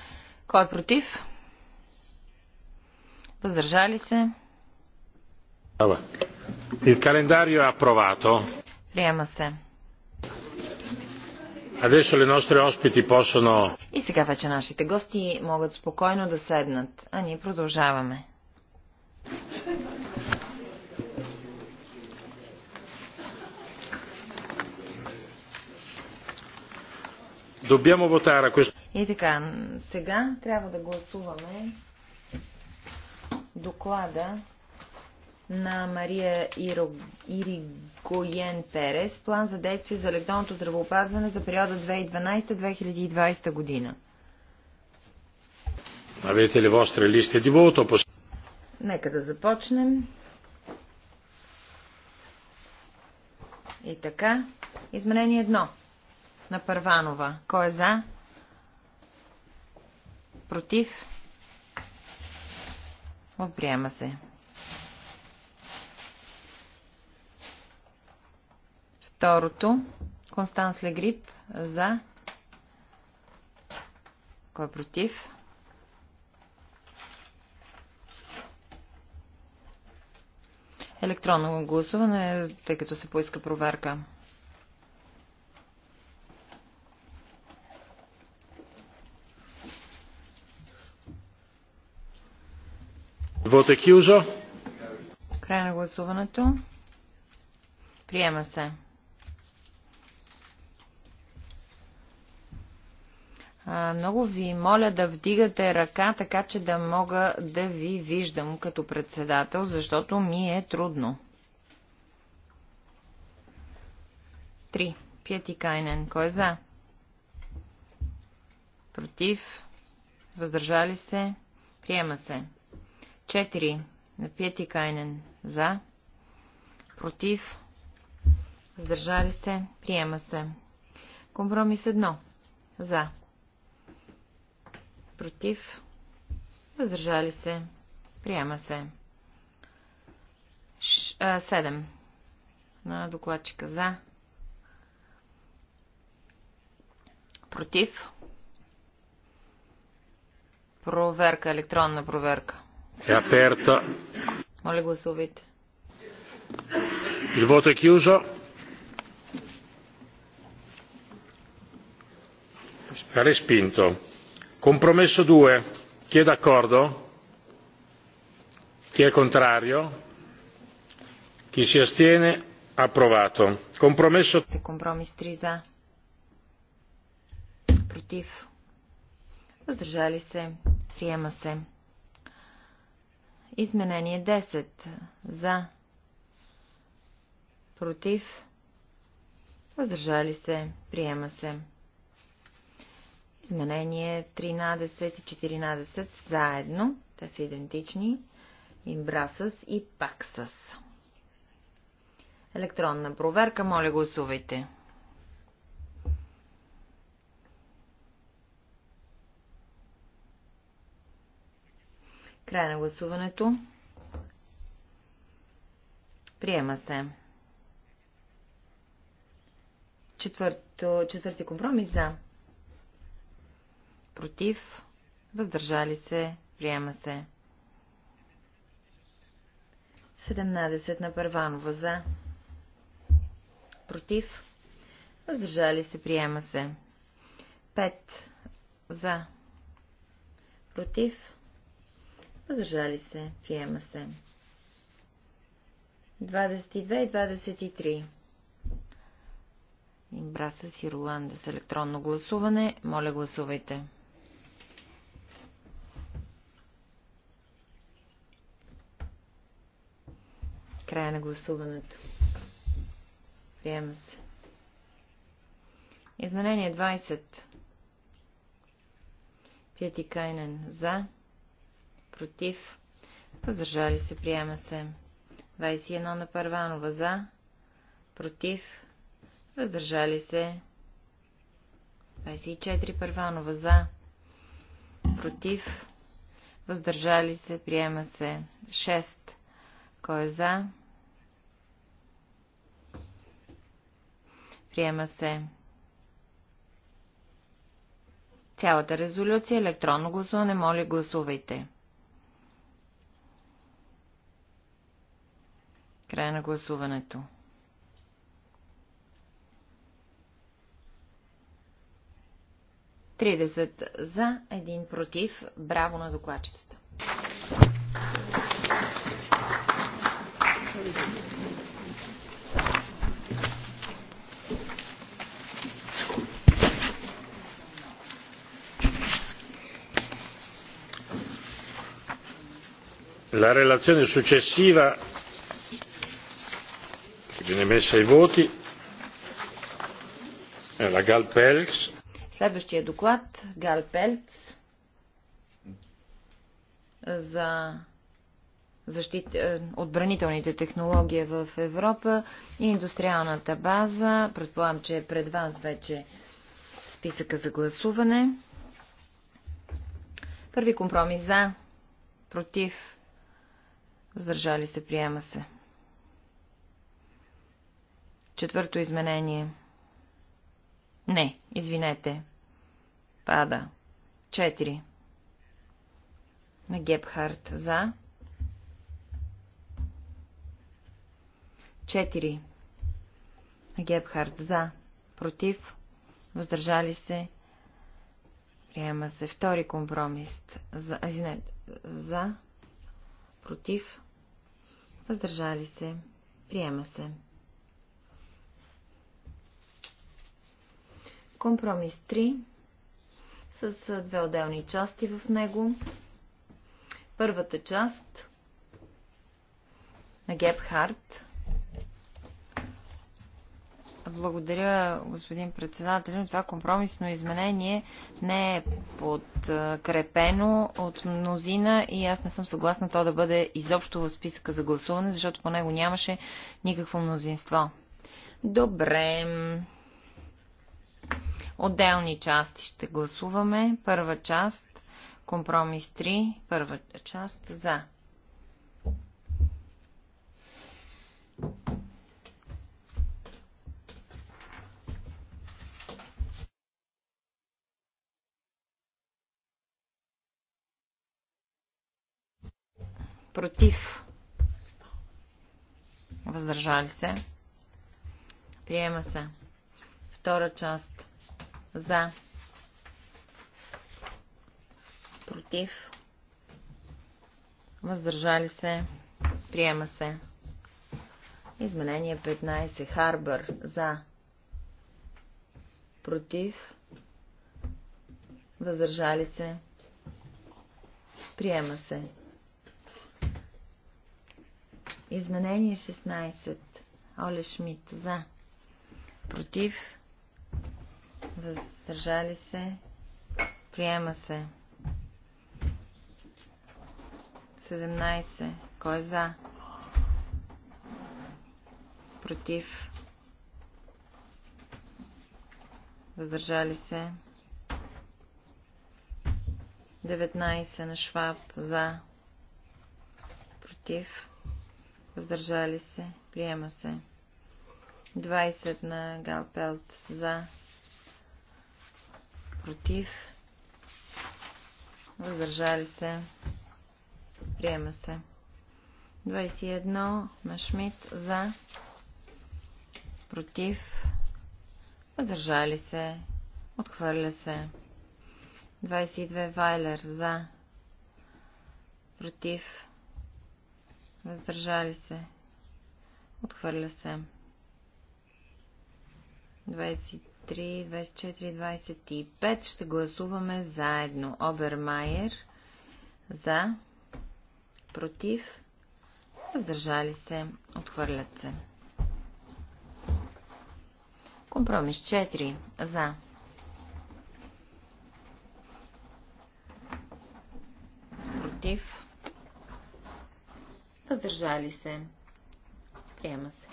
Speaker 3: Кой е против? Въздържали се?
Speaker 4: Il calendario è approvato.
Speaker 3: Приема се.
Speaker 4: Adesso le nostre ospiti possono...
Speaker 3: И сега вече нашите гости могат спокойно да седнат, а ние продължаваме.
Speaker 4: Dobbiamo votare questo.
Speaker 3: И така, сега трябва да гласуваме доклада на Мария Иро... Иригоен Перес, план за действие за електронното здравеопазване за периода 2012-2020 година. Нека да започнем. И така, изменение едно на Първанова. Кой е за? Против? Отприема се. Второто. Констанс Легрип за. Кой е против? Електронно гласуване, тъй като се поиска проверка. Край на гласуването. Приема се. много ви моля да вдигате ръка, така че да мога да ви виждам като председател, защото ми е трудно. Три. Пети Кайнен. Кой е за? Против? Въздържали се? Приема се. 4 на Пети Кайнен за, против, въздържали се, приема се. Компромис 1 за, против, въздържали се, приема се. 7 на докладчика за, против, проверка, електронна проверка. Е аперта.
Speaker 4: Il voto è chiuso. Ha Respinto. Compromesso 2. Chi è d'accordo? Chi è contrario? Chi si astiene? Approvato.
Speaker 3: Compromesso. Компромис 3 за. Против. Въздържали се. Приема се. Изменение 10. За. Против. Въздържали се. Приема се. Изменение 13 и 14 заедно. Те са идентични. Имбрасъс и паксъс. Електронна проверка. Моля гласувайте. Край на гласуването. Приема се. Четвърто, четвърти компромис за. Против. Въздържали се. Приема се. 17 на Първанова за. Против. Въздържали се. Приема се. 5 за. Против. Въздържали се. Приема се. 22 и 23. Браса си Роланда с електронно гласуване. Моля, гласувайте. Края на гласуването. Приема се. Изменение 20. Пети Кайнен за против, въздържали се, приема се. 21 на Парванова за, против, въздържали се. 24 Парванова за, против, въздържали се, приема се. 6. Кой е за? Приема се. Цялата резолюция електронно гласуване, моля гласувайте. Край на гласуването. Тридесет за, един против. Браво на докладчицата.
Speaker 4: La relazione successiva Viene messa ai voti. Eh, la
Speaker 3: Следващия доклад Гал Пелц за защит... Е, отбранителните технологии в Европа и индустриалната база. Предполагам, че е пред вас вече списъка за гласуване. Първи компромис за, против, въздържали се, приема се. Четвърто изменение. Не, извинете. Пада. Четири. На Гепхарт за. Четири. На Гепхарт за. Против. Въздържали се. Приема се втори компромис. За. Извинете. За. Против. Въздържали се. Приема се. Компромис 3 с две отделни части в него. Първата част на Гепхарт. Благодаря, господин председател, но това компромисно изменение не е подкрепено от мнозина и аз не съм съгласна то да бъде изобщо в списъка за гласуване, защото по него нямаше никакво мнозинство. Добре. Отделни части ще гласуваме. Първа част, компромис 3, първа част за. Против. Въздържали се. Приема се. Втора част. За. Против. Въздържали се. Приема се. Изменение 15. Харбър. За. Против. Въздържали се. Приема се. Изменение 16. Оле Шмидт. За. Против въздържали се, приема се. 17. Кой е за? Против. Въздържали се. 19 на Шваб за. Против. Въздържали се. Приема се. 20 на Галпелт за против, въздържали се, приема се. 21 на Шмидт за, против, въздържали се, отхвърля се. 22 Вайлер за, против, въздържали се, отхвърля се. 23, 24, 25 ще гласуваме заедно. Обермайер за, против, въздържали се, отхвърлят се. Компромис 4 за. Против. Въздържали се. Приема се.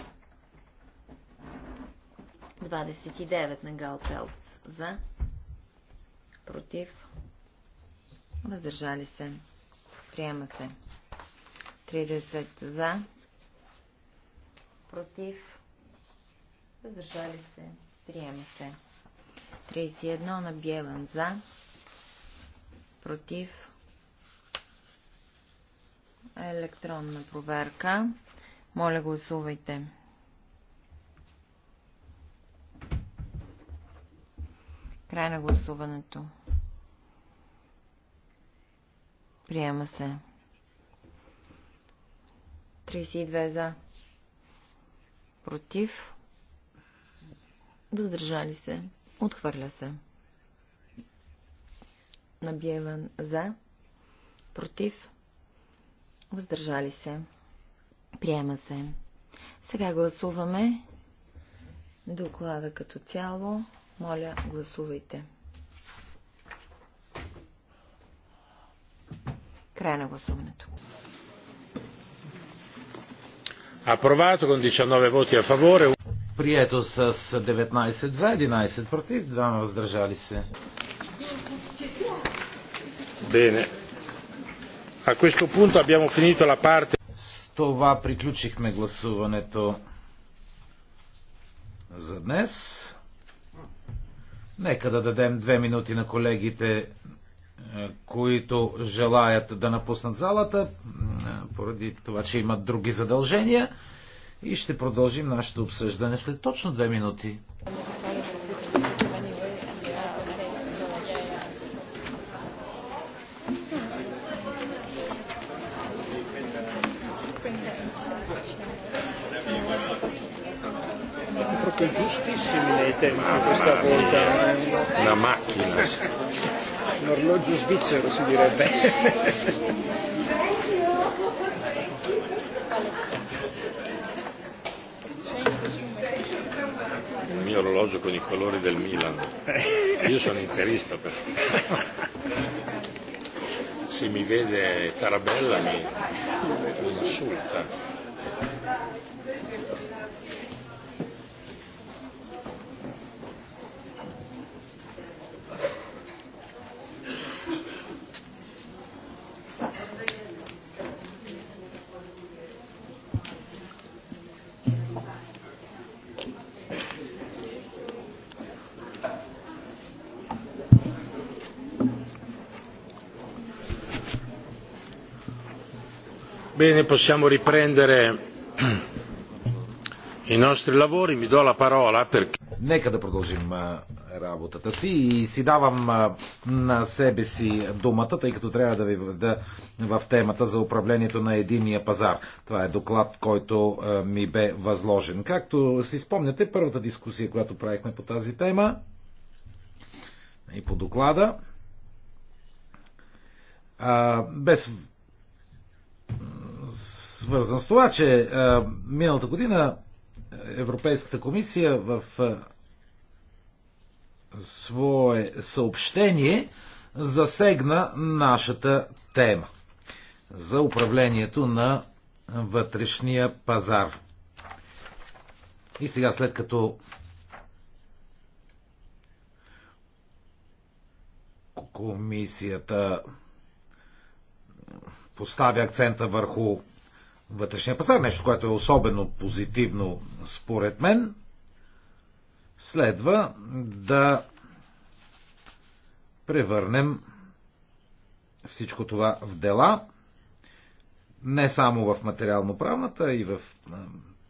Speaker 3: 29 на Галпелц. За. Против. Въздържали се. Приема се. 30 за. Против. Въздържали се. Приема се. 31 на Бялан за. Против. Електронна проверка. Моля гласувайте. Край на гласуването. Приема се. 32 за. Против. Въздържали се. Отхвърля се. Набиеван за. Против. Въздържали се. Приема се. Сега гласуваме доклада като цяло. Моля, гласувайте. Край на гласуването.
Speaker 5: Апровато кон 19 воти а фаворе. Прието с 19 за, 11 против, 2 въздържали се. Бене. А questo punto abbiamo finito la parte това приключихме гласуването за днес. Нека да дадем две минути на колегите, е, които желаят да напуснат залата, поради това, че имат други задължения. И ще продължим нашето обсъждане след точно две минути.
Speaker 4: due tempi questa
Speaker 5: volta. Una macchina. Un
Speaker 1: orologio svizzero si direbbe. Il
Speaker 4: mio orologio con i colori del Milan. Io sono interista però. Se mi vede Tarabella mi insulta. bene possiamo riprendere i nostri lavori. Mi do la parola perché...
Speaker 5: Нека да продължим работата си и си давам на себе си думата, тъй като трябва да ви да в темата за управлението на единия пазар. Това е доклад, който ми бе възложен. Както си спомняте, първата дискусия, която правихме по тази тема и по доклада, без свързан с това, че а, миналата година Европейската комисия в а, свое съобщение засегна нашата тема за управлението на вътрешния пазар. И сега, след като комисията поставя акцента върху вътрешния пазар, нещо, което е особено позитивно според мен, следва да превърнем всичко това в дела, не само в материално-правната и в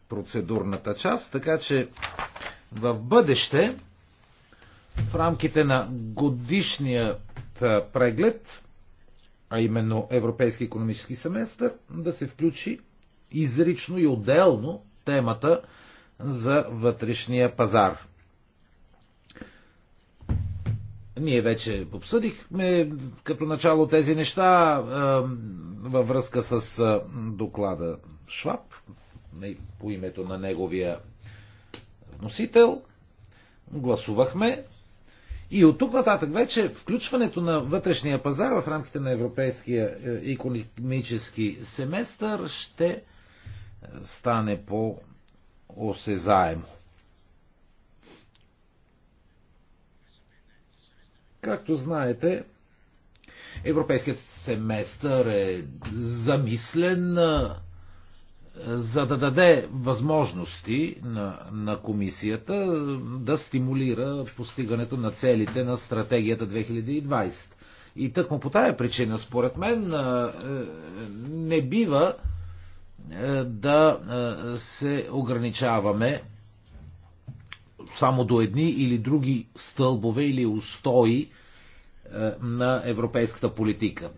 Speaker 5: процедурната част, така че в бъдеще, в рамките на годишният преглед, а именно Европейски економически семестър, да се включи изрично и отделно темата за вътрешния пазар. Ние вече обсъдихме като начало тези неща във връзка с доклада Шваб по името на неговия носител. Гласувахме и от тук нататък вече включването на вътрешния пазар в рамките на европейския економически семестър ще стане по-осезаемо. Както знаете, Европейският семестър е замислен за да даде възможности на, на комисията да стимулира постигането на целите на стратегията 2020. И тъкмо по тая причина, според мен, е, не бива да е, се ограничаваме само до едни или други стълбове или устои е, на европейската политика.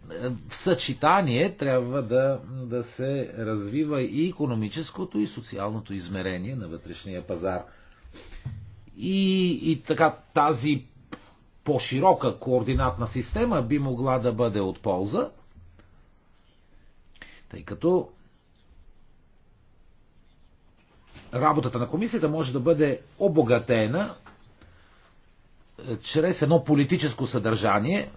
Speaker 5: В съчетание трябва да, да се развива и економическото и социалното измерение на вътрешния пазар. И, и така тази по-широка координатна система би могла да бъде от полза, тъй като работата на комисията може да бъде обогатена е, чрез едно политическо съдържание,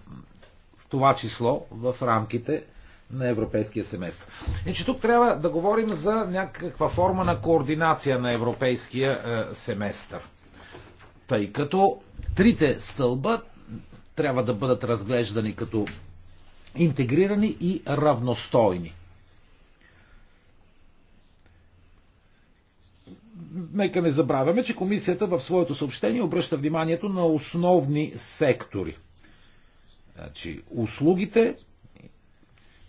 Speaker 5: в това число в рамките на европейския семестър. И че тук трябва да говорим за някаква форма на координация на европейския е, семестър. Тъй като трите стълба трябва да бъдат разглеждани като интегрирани и равностойни. нека не забравяме, че комисията в своето съобщение обръща вниманието на основни сектори. Значи, услугите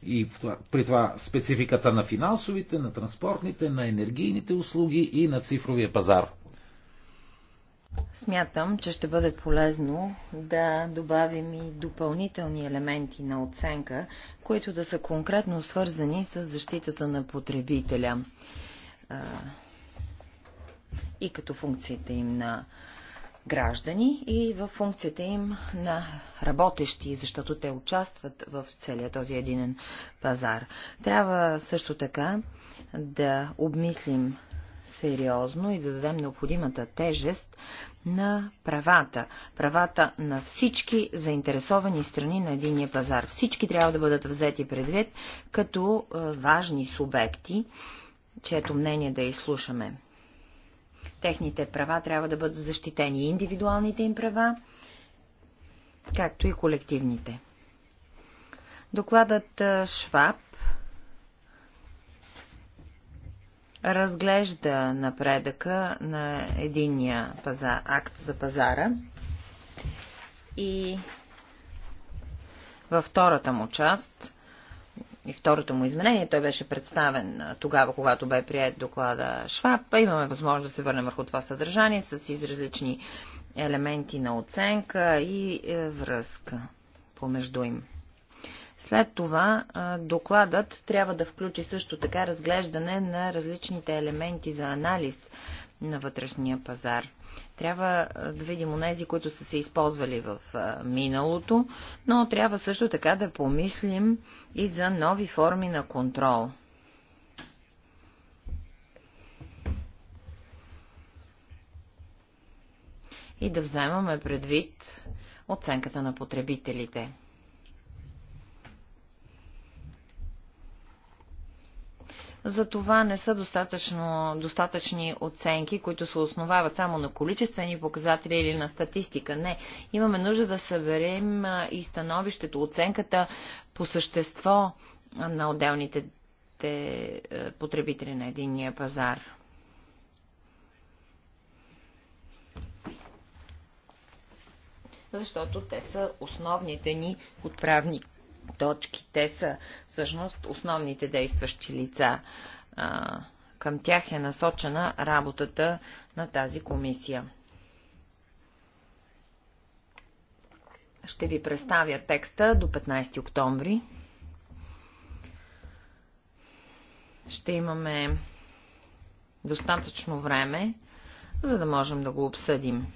Speaker 5: и при това спецификата на финансовите, на транспортните, на енергийните услуги и на цифровия пазар.
Speaker 3: Смятам, че ще бъде полезно да добавим и допълнителни елементи на оценка, които да са конкретно свързани с защитата на потребителя и като функциите им на граждани и в функцията им на работещи, защото те участват в целия този единен пазар. Трябва също така да обмислим сериозно и да дадем необходимата тежест на правата. Правата на всички заинтересовани страни на единия пазар. Всички трябва да бъдат взети предвид като важни субекти, чието мнение да изслушаме. Техните права трябва да бъдат защитени индивидуалните им права, както и колективните. Докладът Шваб разглежда напредъка на единния пазар, акт за пазара и във втората му част и второто му изменение. Той беше представен тогава, когато бе прият доклада Шваб. Имаме възможност да се върнем върху това съдържание с изразлични елементи на оценка и е, връзка помежду им. След това докладът трябва да включи също така разглеждане на различните елементи за анализ на вътрешния пазар. Трябва да видим онези, които са се използвали в миналото, но трябва също така да помислим и за нови форми на контрол. И да вземаме предвид оценката на потребителите. За това не са достатъчно, достатъчни оценки, които се основават само на количествени показатели или на статистика. Не, имаме нужда да съберем и становището, оценката по същество на отделните е, потребители на единния пазар. Защото те са основните ни отправни точки. Те са всъщност основните действащи лица. А, към тях е насочена работата на тази комисия. Ще ви представя текста до 15 октомври. Ще имаме достатъчно време, за да можем да го обсъдим.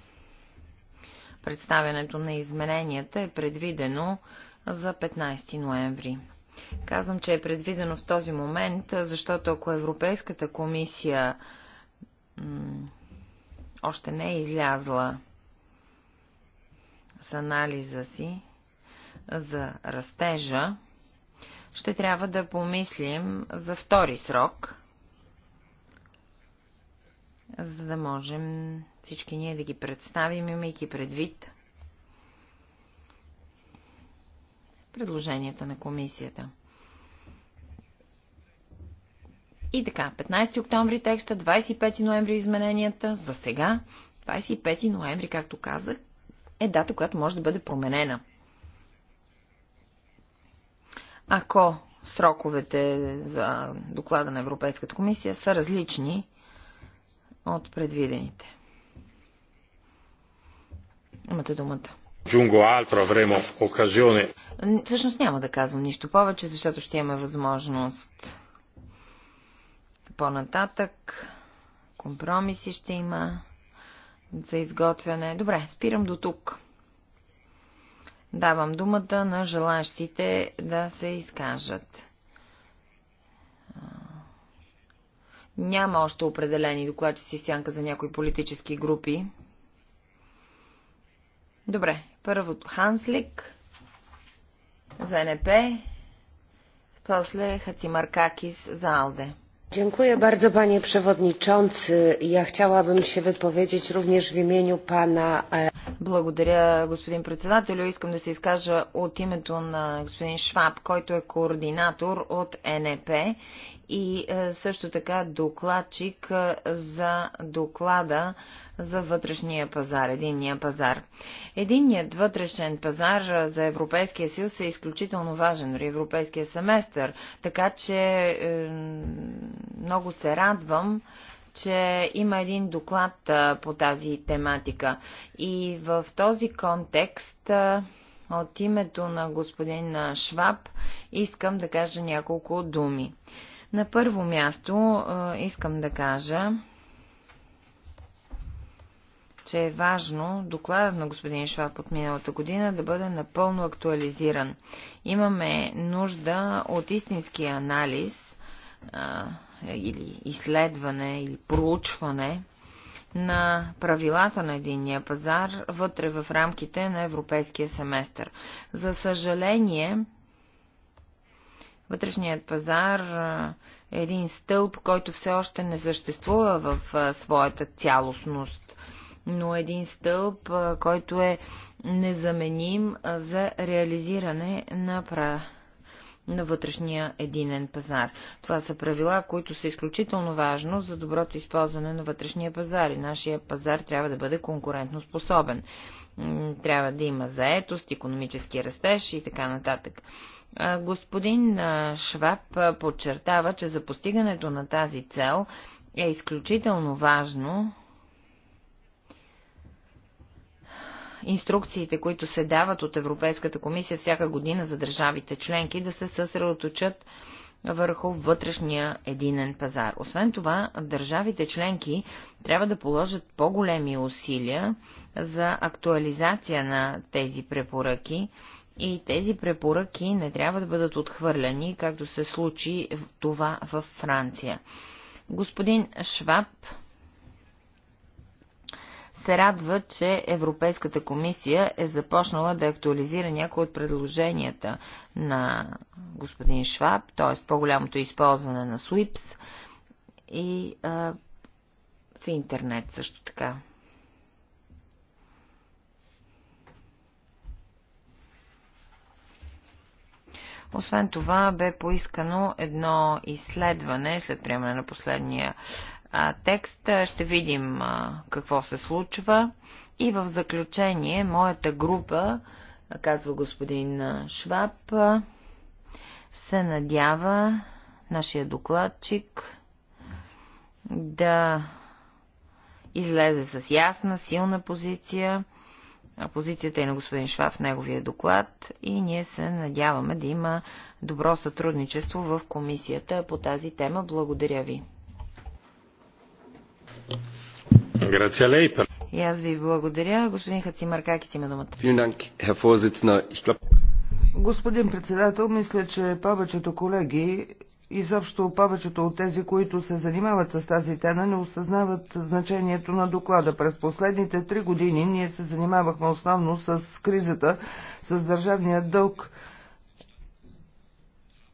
Speaker 3: Представянето на измененията е предвидено за 15 ноември. Казвам, че е предвидено в този момент, защото ако Европейската комисия още не е излязла с анализа си за растежа, ще трябва да помислим за втори срок, за да можем всички ние да ги представим, имайки предвид предложенията на комисията. И така, 15 октомври текста, 25 ноември измененията, за сега, 25 ноември, както казах, е дата, която може да бъде променена. Ако сроковете за доклада на Европейската комисия са различни от предвидените. Имате думата.
Speaker 4: Джунго Алтро, време, оказионе.
Speaker 3: Всъщност няма да казвам нищо повече, защото ще имаме възможност по-нататък. Компромиси ще има за изготвяне. Добре, спирам до тук. Давам думата на желащите да се изкажат. Няма още определени докладчици в сянка за някои политически групи. Добре, първото Ханслик, ЗНП, после Хацимаркакис за Алде. Dziękuję bardzo panie przewodniczący. Ja chciałabym się wypowiedzieć również w imieniu pana e, Благодаря, господин председателю. Искам да се изкажа от името на господин Шваб, който е координатор от НП и е, също така докладчик е, за доклада за вътрешния пазар, единния пазар. Единният вътрешен пазар е, за Европейския съюз е изключително важен, дори Европейския семестър, така че е, много се радвам, че има един доклад по тази тематика. И в този контекст от името на господин Шваб искам да кажа няколко думи. На първо място искам да кажа, че е важно докладът на господин Шваб от миналата година да бъде напълно актуализиран. Имаме нужда от истински анализ или изследване или проучване на правилата на единния пазар вътре в рамките на европейския семестър. За съжаление, Вътрешният пазар е един стълб, който все още не съществува в своята цялостност, но е един стълб, който е незаменим за реализиране на пра на вътрешния единен пазар. Това са правила, които са изключително важно за доброто използване на вътрешния пазар и нашия пазар трябва да бъде конкурентно способен. Трябва да има заетост, економически растеж и така нататък. Господин Шваб подчертава, че за постигането на тази цел е изключително важно инструкциите, които се дават от Европейската комисия всяка година за държавите членки, да се съсредоточат върху вътрешния единен пазар. Освен това, държавите членки трябва да положат по-големи усилия за актуализация на тези препоръки и тези препоръки не трябва да бъдат отхвърляни, както се случи това в Франция. Господин Шваб се радва, че Европейската комисия е започнала да актуализира някои от предложенията на господин Шваб, т.е. по-голямото използване на SWIPS и а, в интернет също така. Освен това бе поискано едно изследване след приемане на последния а, текст. Ще видим а, какво се случва. И в заключение, моята група, казва господин Шваб, се надява нашия докладчик да излезе с ясна, силна позиция позицията и е на господин Шваб в неговия доклад и ние се надяваме да има добро сътрудничество в комисията по тази тема. Благодаря ви. И аз ви благодаря. Господин Хацимаркакис
Speaker 2: има
Speaker 1: думата.
Speaker 2: Господин председател, мисля, че повечето колеги и също повечето от тези, които се занимават с тази тема, не осъзнават значението на доклада. През последните три години ние се занимавахме основно с кризата, с държавния дълг.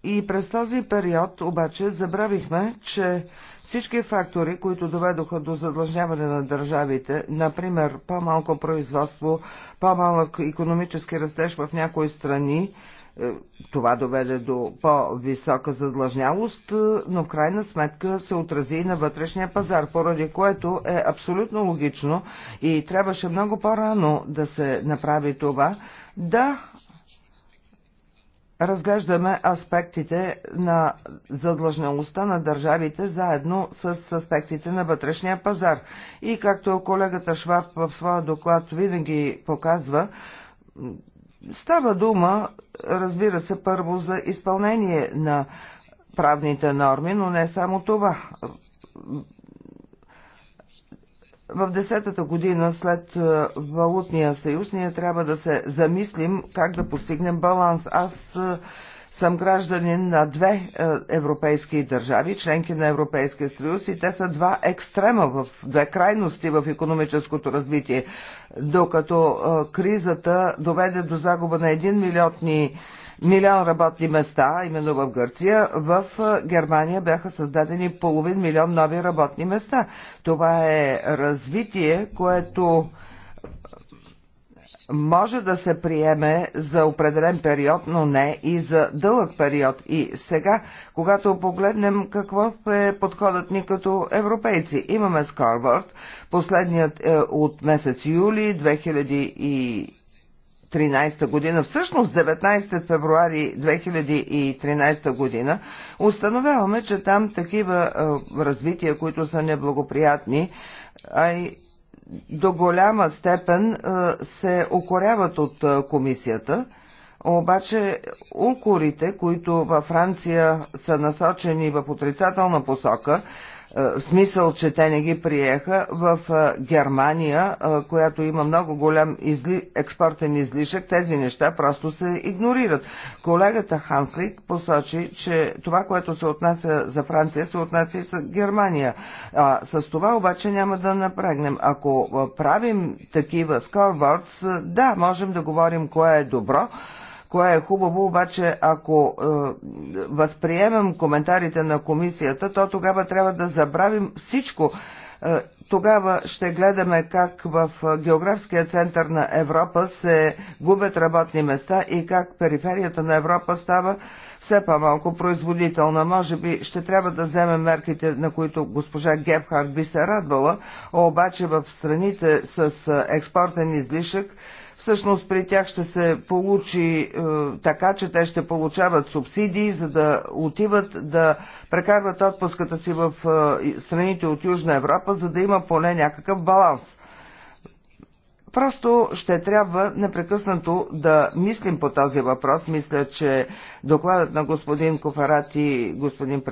Speaker 2: И през този период обаче забравихме, че всички фактори, които доведоха до задлъжняване на държавите, например по-малко производство, по-малък економически растеж в някои страни, е, това доведе до по-висока задлъжнялост, е, но в крайна сметка се отрази и на вътрешния пазар, поради което е абсолютно логично и трябваше много по-рано да се направи това, да разглеждаме аспектите на задлъжнялостта на държавите заедно с аспектите на вътрешния пазар. И както колегата Шваб в своя доклад винаги показва, Става дума, разбира се, първо за изпълнение на правните норми, но не само това. В десетата година след е, Валутния съюз ние трябва да се замислим как да постигнем баланс. Аз е, съм гражданин на две е, европейски държави, членки на Европейския съюз и те са два екстрема, в две крайности в економическото развитие. Докато е, кризата доведе до загуба на един милионни милион работни места, именно в Гърция, в е, Германия бяха създадени половин милион нови работни места. Това е развитие, което може да се приеме за определен период, но не и за дълъг период. И сега, когато погледнем какво е подходът ни като европейци, имаме скорборд, последният е от месец юли 2000 2013 година, всъщност 19 февруари 2013 година, установяваме, че там такива е, развития, които са неблагоприятни, а и до голяма степен се окоряват от комисията, обаче укорите, които във Франция са насочени в отрицателна посока, е, в смисъл, че те не ги приеха. В е, Германия, е, която има много голям изли... експортен излишък, тези неща просто се игнорират. Колегата Ханслик посочи, че това, което се отнася за Франция, се отнася и за Германия. А, с това обаче няма да напрегнем. Ако правим такива скорбордс, да, можем да говорим кое е добро, кое е хубаво, обаче ако е, възприемем коментарите на комисията, то тогава трябва да забравим всичко. Е, тогава ще гледаме как в географския център на Европа се губят работни места и как периферията на Европа става все по-малко производителна. Може би ще трябва да вземем мерките, на които госпожа Гебхард би се радвала, обаче в страните с е, експортен излишък Всъщност при тях ще се получи е, така, че те ще получават субсидии, за да отиват да прекарват отпуската си в е, страните от Южна Европа, за да има поне някакъв баланс. Просто ще трябва непрекъснато да мислим по този въпрос. Мисля, че докладът на господин Кофарат и господин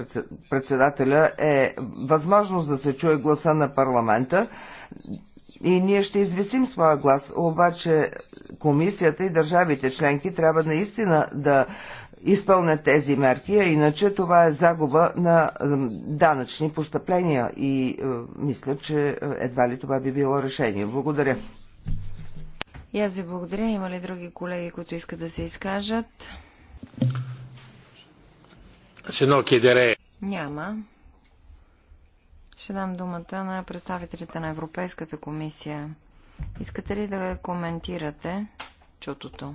Speaker 2: председателя е възможност да се чуе гласа на парламента и ние ще извисим своя глас, обаче комисията и държавите членки трябва наистина да изпълнят тези мерки, а иначе това е загуба на данъчни постъпления и е, мисля, че едва ли това би било решение. Благодаря.
Speaker 1: И аз
Speaker 3: ви благодаря. Има ли други колеги, които искат да се изкажат? Няма. Ще дам думата на представителите на Европейската комисия. Искате ли да коментирате чутото?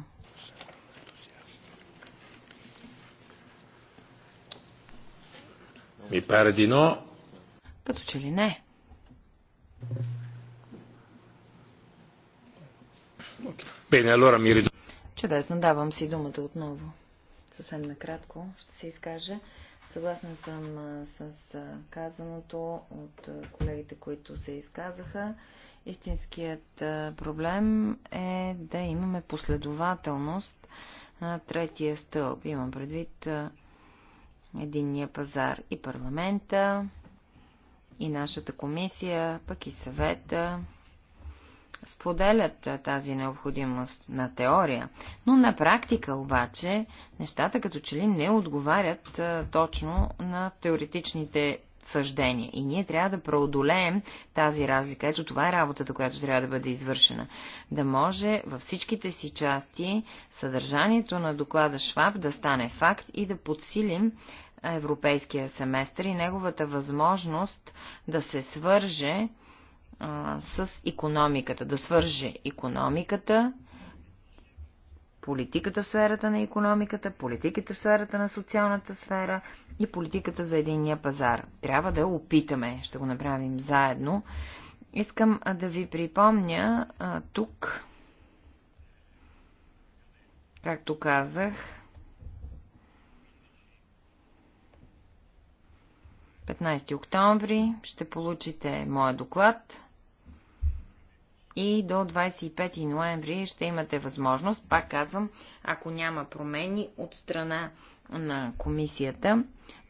Speaker 4: Ми пари дино.
Speaker 3: Като че ли не?
Speaker 4: Bene, allora mi
Speaker 3: Чудесно, давам си думата отново. Съвсем накратко ще се изкаже. Съгласна съм с казаното от колегите, които се изказаха. Истинският проблем е да имаме последователност на третия стълб. Имам предвид единния пазар и парламента, и нашата комисия, пък и съвета, споделят тази необходимост на теория, но на практика обаче нещата като че ли не отговарят точно на теоретичните съждения. И ние трябва да преодолеем тази разлика. Ето това е работата, която трябва да бъде извършена. Да може във всичките си части съдържанието на доклада Шваб да стане факт и да подсилим европейския семестър и неговата възможност да се свърже а, с економиката, да свърже економиката, политиката в сферата на економиката, политиката в сферата на социалната сфера и политиката за единния пазар. Трябва да опитаме, ще го направим заедно. Искам да ви припомня а, тук, както казах, 15 октомври ще получите моя доклад и до 25 ноември ще имате възможност, пак казвам, ако няма промени от страна на комисията,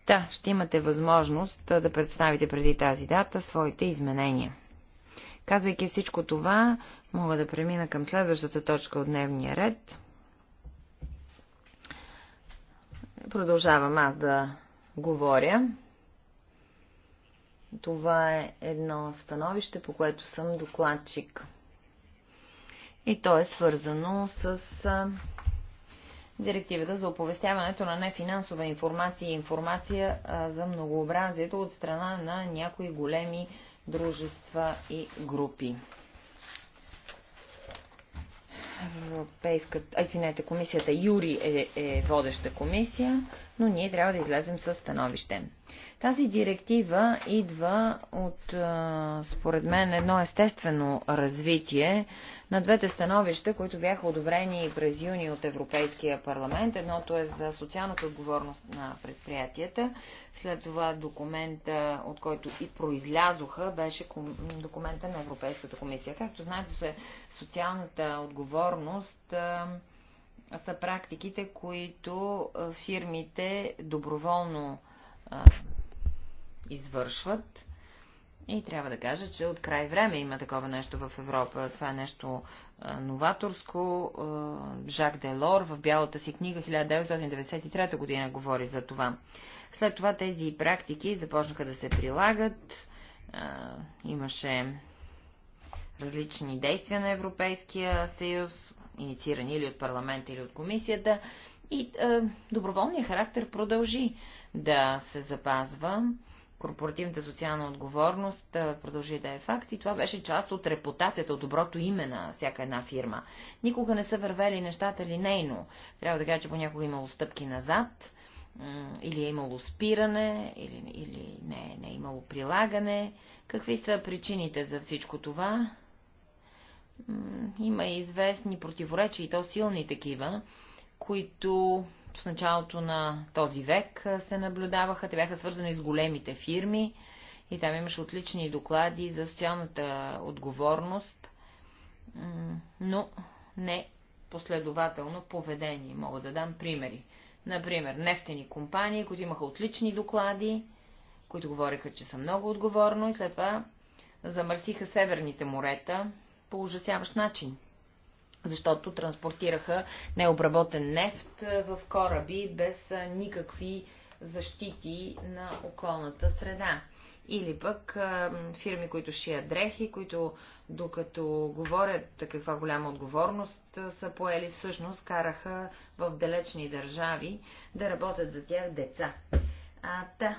Speaker 3: да, ще имате възможност да представите преди тази дата своите изменения. Казвайки всичко това, мога да премина към следващата точка от дневния ред. Продължавам аз да говоря. Това е едно становище, по което съм докладчик. И то е свързано с директивата за оповестяването на нефинансова информация и информация за многообразието от страна на някои големи дружества и групи. Европейската, извинете, комисията Юри е, е водеща комисия, но ние трябва да излезем с становище. Тази директива идва от, според мен, едно естествено развитие на двете становища, които бяха одобрени през юни от Европейския парламент. Едното е за социалната отговорност на предприятията. След това документа, от който и произлязоха, беше документа на Европейската комисия. Както знаете, социалната отговорност са практиките, които фирмите доброволно извършват. И трябва да кажа, че от край време има такова нещо в Европа. Това е нещо а, новаторско. А, Жак Делор в бялата си книга 1993 година говори за това. След това тези практики започнаха да се прилагат. А, имаше различни действия на Европейския съюз, инициирани или от парламента, или от комисията. И доброволният характер продължи да се запазва корпоративната социална отговорност продължи да е факт и това беше част от репутацията, от доброто име на всяка една фирма. Никога не са вървели нещата линейно. Трябва да кажа, че понякога е имало стъпки назад, или е имало спиране, или, или не, не е имало прилагане. Какви са причините за всичко това? Има и известни противоречия, и то силни такива, които в началото на този век се наблюдаваха. Те бяха свързани с големите фирми и там имаше отлични доклади за социалната отговорност, но не последователно поведение. Мога да дам примери. Например, нефтени компании, които имаха отлични доклади, които говориха, че са много отговорно и след това замърсиха северните морета по ужасяващ начин защото транспортираха необработен нефт в кораби без никакви защити на околната среда. Или пък фирми, които шият дрехи, които докато говорят каква голяма отговорност са поели, всъщност караха в далечни държави да работят за тях деца. А, та,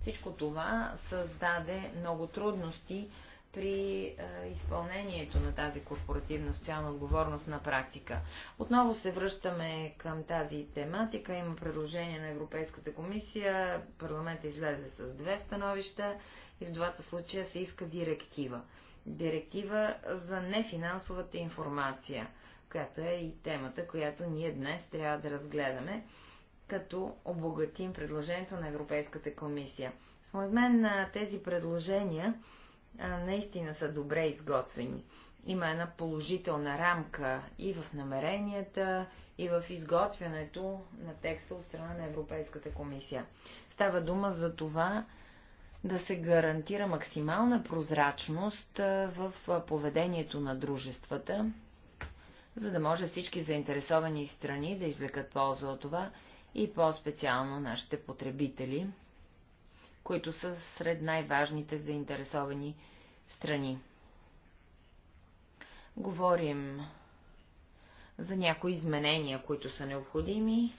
Speaker 3: всичко това създаде много трудности при а, изпълнението на тази корпоративна социална отговорност на практика. Отново се връщаме към тази тематика. Има предложение на Европейската комисия. Парламент излезе с две становища и в двата случая се иска директива. Директива за нефинансовата информация, която е и темата, която ние днес трябва да разгледаме като обогатим предложението на Европейската комисия. Според мен тези предложения наистина са добре изготвени. Има една положителна рамка и в намеренията, и в изготвянето на текста от страна на Европейската комисия. Става дума за това да се гарантира максимална прозрачност в поведението на дружествата, за да може всички заинтересовани страни да извлекат полза от това и по-специално нашите потребители – които са сред най-важните заинтересовани страни. Говорим за някои изменения, които са необходими,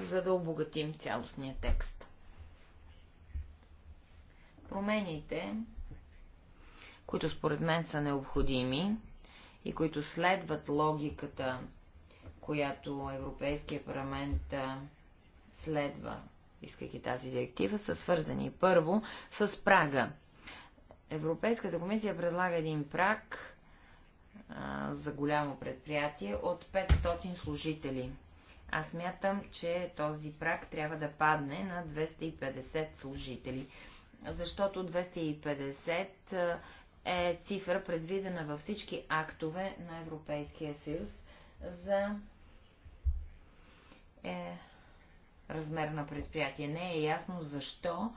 Speaker 3: за да обогатим цялостния текст. Промените, които според мен са необходими и които следват логиката, която Европейския парламент следва искайки тази директива, са свързани първо с прага. Европейската комисия предлага един праг а, за голямо предприятие от 500 служители. Аз мятам, че този праг трябва да падне на 250 служители, защото 250 е цифра предвидена във всички актове на Европейския съюз за е, размер на предприятие. Не е ясно защо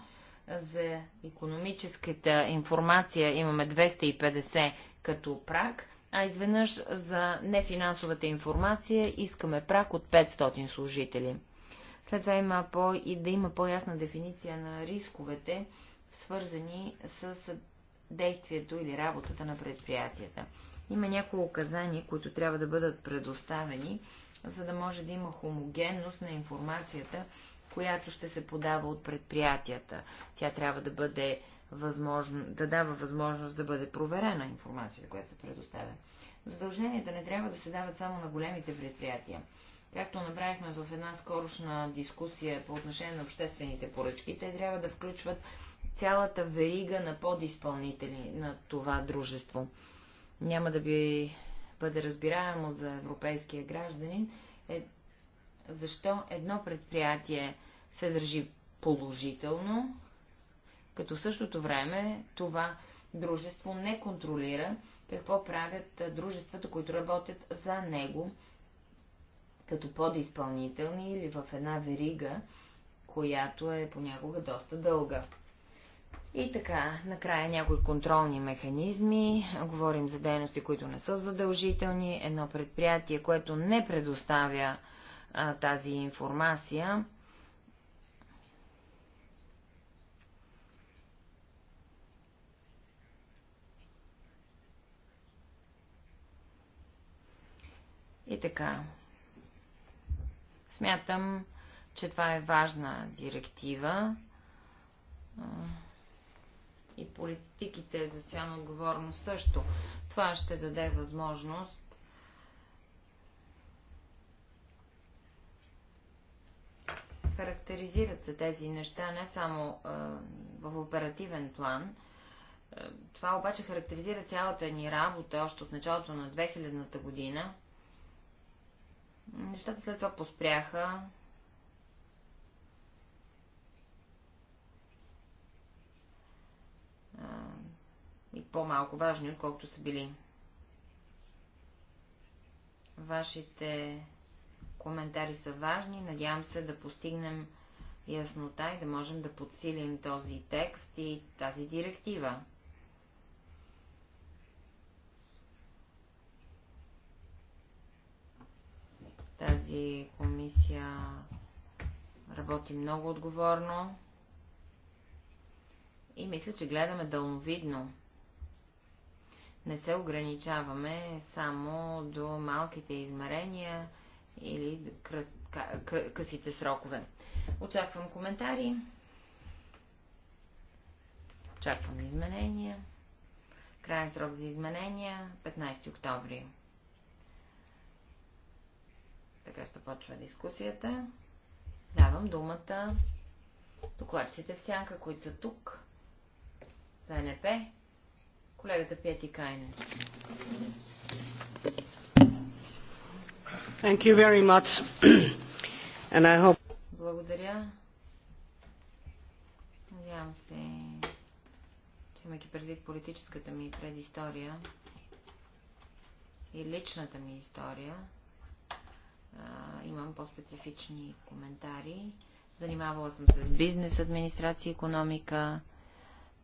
Speaker 3: за економическата информация имаме 250 като прак, а изведнъж за нефинансовата информация искаме прак от 500 служители. След това има по, и да има по-ясна дефиниция на рисковете, свързани с действието или работата на предприятията. Има някои указания, които трябва да бъдат предоставени за да може да има хомогенност на информацията, която ще се подава от предприятията. Тя трябва да бъде възможно, да дава възможност да бъде проверена информацията, която се предоставя. Задълженията не трябва да се дават само на големите предприятия. Както направихме в една скорошна дискусия по отношение на обществените поръчки, те трябва да включват цялата верига на подиспълнители на това дружество. Няма да би бъде разбираемо за европейския гражданин, е защо едно предприятие се държи положително, като в същото време това дружество не контролира какво правят дружествата, които работят за него, като подизпълнителни или в една верига, която е понякога доста дълга. И така, накрая някои контролни механизми. Говорим за дейности, които не са задължителни. Едно предприятие, което не предоставя а, тази информация, И така. Смятам, че това е важна директива и политиките за социална отговорност също. Това ще даде възможност характеризират се тези неща не само а, в оперативен план. Това обаче характеризира цялата ни работа още от началото на 2000-та година. Нещата след това поспряха, и по-малко важни, отколкото са били. Вашите коментари са важни. Надявам се да постигнем яснота и да можем да подсилим този текст и тази директива. Тази комисия работи много отговорно. И мисля, че гледаме дълновидно. Не се ограничаваме само до малките измерения или късите срокове. Очаквам коментари. Очаквам изменения. Крайен срок за изменения 15 октомври. Така ще почва дискусията. Давам думата докладчиците в сянка, които са тук за НП. Колегата Пети Кайнен.
Speaker 2: Thank you very much. And I hope...
Speaker 3: Благодаря. Надявам се, че имайки предвид политическата ми предистория и личната ми история, имам по-специфични коментари. Занимавала съм се с бизнес, администрация, економика,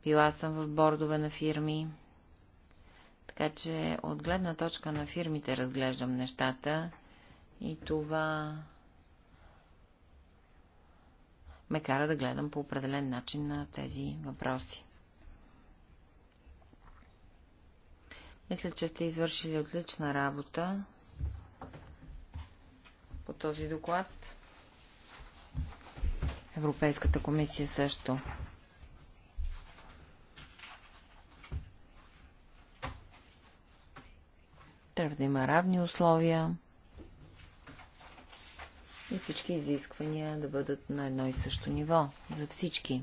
Speaker 3: била съм в бордове на фирми. Така че от гледна точка на фирмите разглеждам нещата и това ме кара да гледам по определен начин на тези въпроси. Мисля, че сте извършили отлична работа по този доклад. Европейската комисия също. Трябва да има равни условия и всички изисквания да бъдат на едно и също ниво за всички.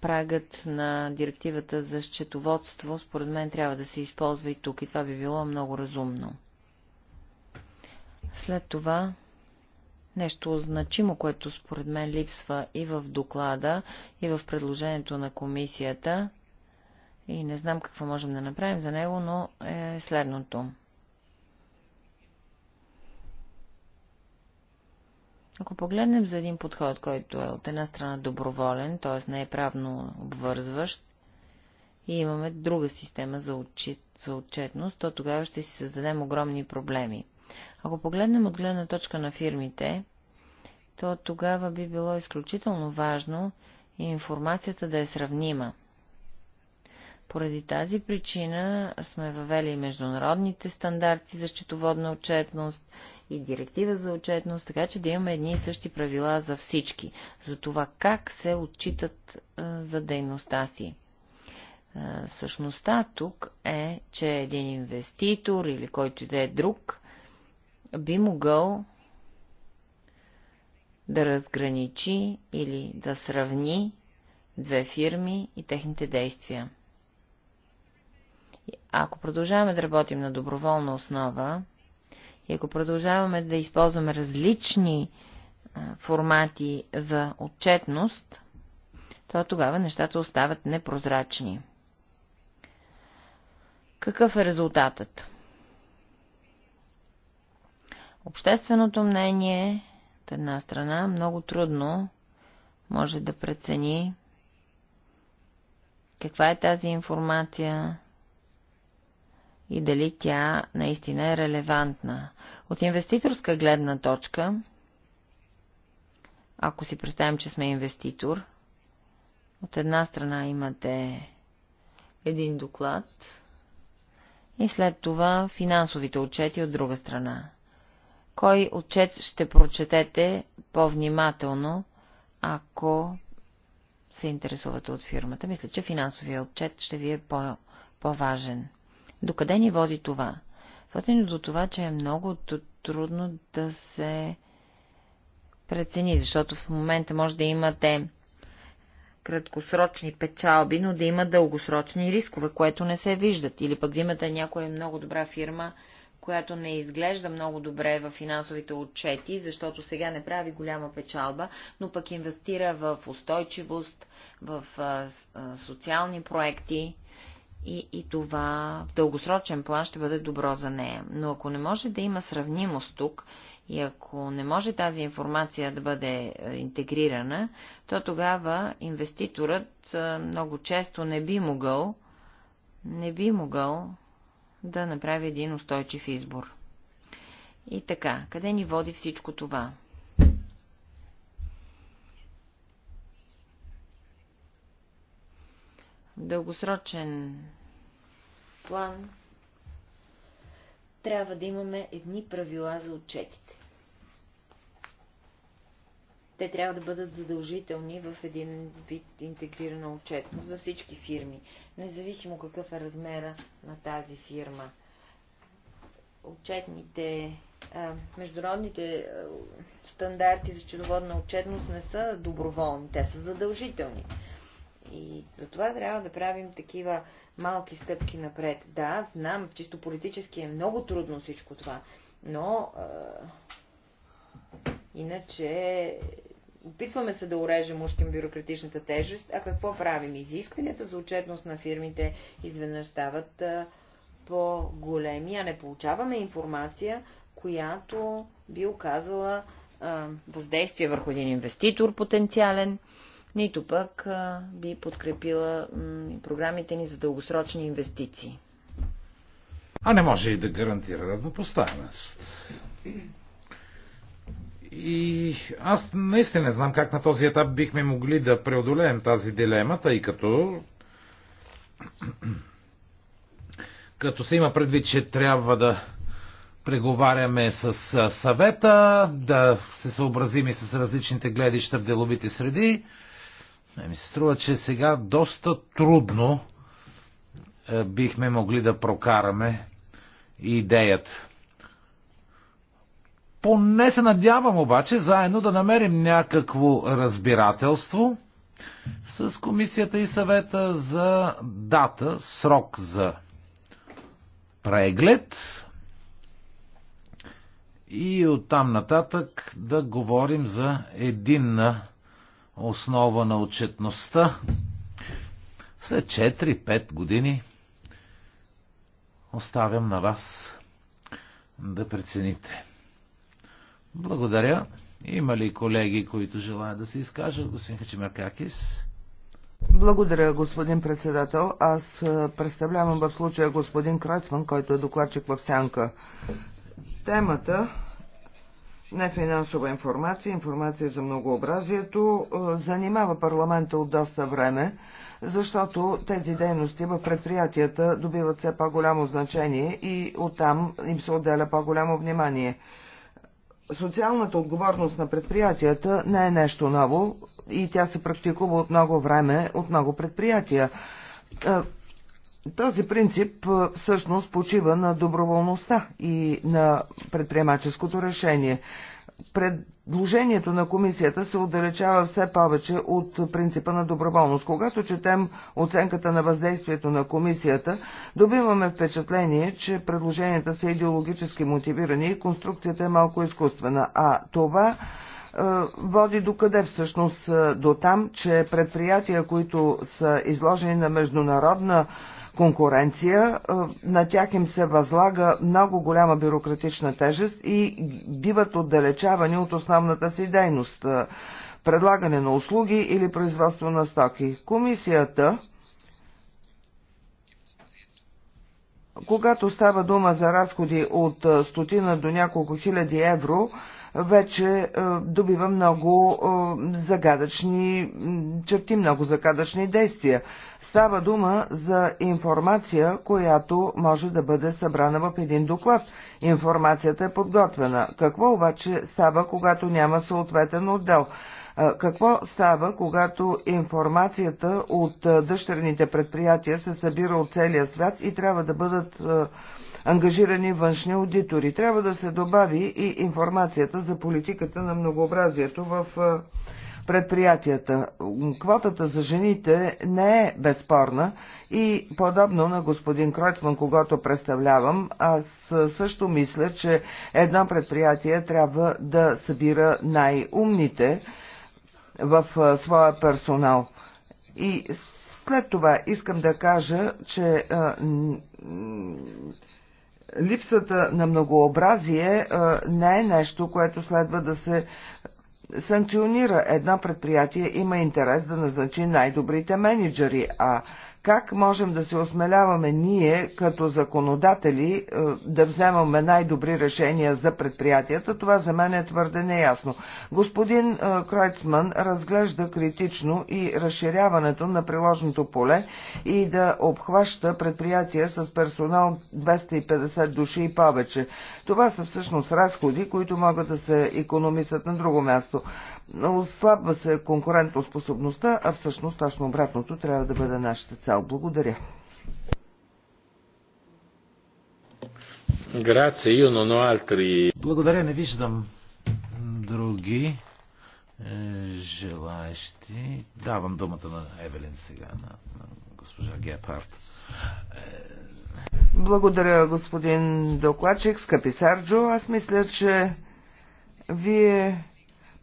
Speaker 3: Прагът на директивата за счетоводство, според мен, трябва да се използва и тук, и това би било много разумно. След това, нещо значимо, което според мен липсва и в доклада, и в предложението на комисията, и не знам какво можем да направим за него, но е следното. Ако погледнем за един подход, който е от една страна доброволен, т.е. не е правно обвързващ, и имаме друга система за, отчет, за отчетност, то тогава ще си създадем огромни проблеми. Ако погледнем от гледна точка на фирмите, то тогава би било изключително важно информацията да е сравнима – поради тази причина сме въвели международните стандарти за счетоводна отчетност и директива за отчетност, така че да имаме едни и същи правила за всички, за това как се отчитат за дейността си. същността тук е, че един инвеститор или който и да е друг би могъл да разграничи или да сравни две фирми и техните действия. Ако продължаваме да работим на доброволна основа и ако продължаваме да използваме различни формати за отчетност, то тогава нещата остават непрозрачни. Какъв е резултатът? Общественото мнение, от една страна, много трудно може да прецени каква е тази информация, и дали тя наистина е релевантна. От инвеститорска гледна точка, ако си представим, че сме инвеститор, от една страна имате един доклад и след това финансовите отчети от друга страна. Кой отчет ще прочетете по-внимателно, ако се интересувате от фирмата? Мисля, че финансовия отчет ще ви е по-важен. По Докъде ни води това? Води ни до това, че е много трудно да се прецени, защото в момента може да имате краткосрочни печалби, но да има дългосрочни рискове, което не се виждат. Или пък да имате някоя много добра фирма, която не изглежда много добре в финансовите отчети, защото сега не прави голяма печалба, но пък инвестира в устойчивост, в социални проекти и, и това в дългосрочен план ще бъде добро за нея. Но ако не може да има сравнимост тук и ако не може тази информация да бъде е, интегрирана, то тогава инвеститорът е, много често не би могъл, не би могъл да направи един устойчив избор. И така, къде ни води всичко това? дългосрочен план трябва да имаме едни правила за отчетите. Те трябва да бъдат задължителни в един вид интегрирана отчетност за всички фирми, независимо какъв е размера на тази фирма. Отчетните, а, международните а, стандарти за счетоводна отчетност не са доброволни, те са задължителни. И затова трябва да правим такива малки стъпки напред. Да, знам, чисто политически е много трудно всичко това, но а, иначе опитваме се да урежем ушким бюрократичната тежест, а какво правим? Изискванията за отчетност на фирмите изведнъж стават по-големи, а не получаваме информация, която би оказала а, въздействие върху един инвеститор потенциален. А, нито пък би подкрепила програмите ни за дългосрочни инвестиции.
Speaker 5: А не може и да гарантира равнопоставеност. И аз наистина не знам как на този етап бихме могли да преодолеем тази дилема, тъй като като се има предвид, че трябва да преговаряме с съвета, да се съобразим и с различните гледища в деловите среди, е, ми се струва, че сега доста трудно е, бихме могли да прокараме идеята. Поне се надявам обаче заедно да намерим някакво разбирателство с комисията и съвета за дата, срок за преглед и оттам нататък да говорим за единна основа на отчетността. След 4-5 години оставям на вас да прецените. Благодаря. Има ли колеги, които желаят да се изкажат? Господин Хачимеркакис?
Speaker 2: Благодаря, господин председател. Аз е, представлявам в случая господин Крацман, който е докладчик в Сянка. Темата не финансова информация, информация за многообразието, е, занимава парламента от доста време, защото тези дейности в предприятията добиват все по-голямо значение и оттам им се отделя по-голямо внимание. Социалната отговорност на предприятията не е нещо ново и тя се практикува от много време, от много предприятия е, този принцип всъщност почива на доброволността и на предприемаческото решение. Предложението на комисията се отдалечава все повече от принципа на доброволност. Когато четем оценката на въздействието на комисията, добиваме впечатление, че предложенията са идеологически мотивирани и конструкцията е малко изкуствена. А това води до къде всъщност? До там, че предприятия, които са изложени на международна конкуренция. Е, на тях им се възлага много голяма бюрократична тежест и биват отдалечавани от основната си дейност е, – предлагане на услуги или производство на стоки. Комисията когато става дума за разходи от е, стотина до няколко хиляди евро, вече добива много загадъчни черти, много загадъчни действия. Става дума за информация, която може да бъде събрана в един доклад. Информацията е подготвена. Какво обаче става, когато няма съответен отдел? Какво става, когато информацията от дъщерните предприятия се събира от целия свят и трябва да бъдат ангажирани външни аудитори? Трябва да се добави и информацията за политиката на многообразието в предприятията. Квотата за жените не е безспорна и подобно на господин Кройцман, когато представлявам, аз също мисля, че едно предприятие трябва да събира най-умните в своя персонал. И след това искам да кажа, че липсата на многообразие не е нещо, което следва да се санкционира едно предприятие, има интерес да назначи най-добрите менеджери, а как можем да се осмеляваме ние, като законодатели, е, да вземаме най-добри решения за предприятията, това за мен е твърде неясно. Господин е, Кройцман разглежда критично и разширяването на приложното поле и да обхваща предприятия с персонал 250 души и повече. Това са всъщност разходи, които могат да се економисат на друго място. Слабва се конкурентоспособността, а всъщност точно обратното трябва да бъде нашата цел капитал. Благодаря.
Speaker 5: Благодаря, не виждам други е, желаящи. Давам думата на Евелин сега, на, на госпожа Гепард. Е,
Speaker 2: Благодаря, господин докладчик, скъпи Сарджо. Аз мисля, че вие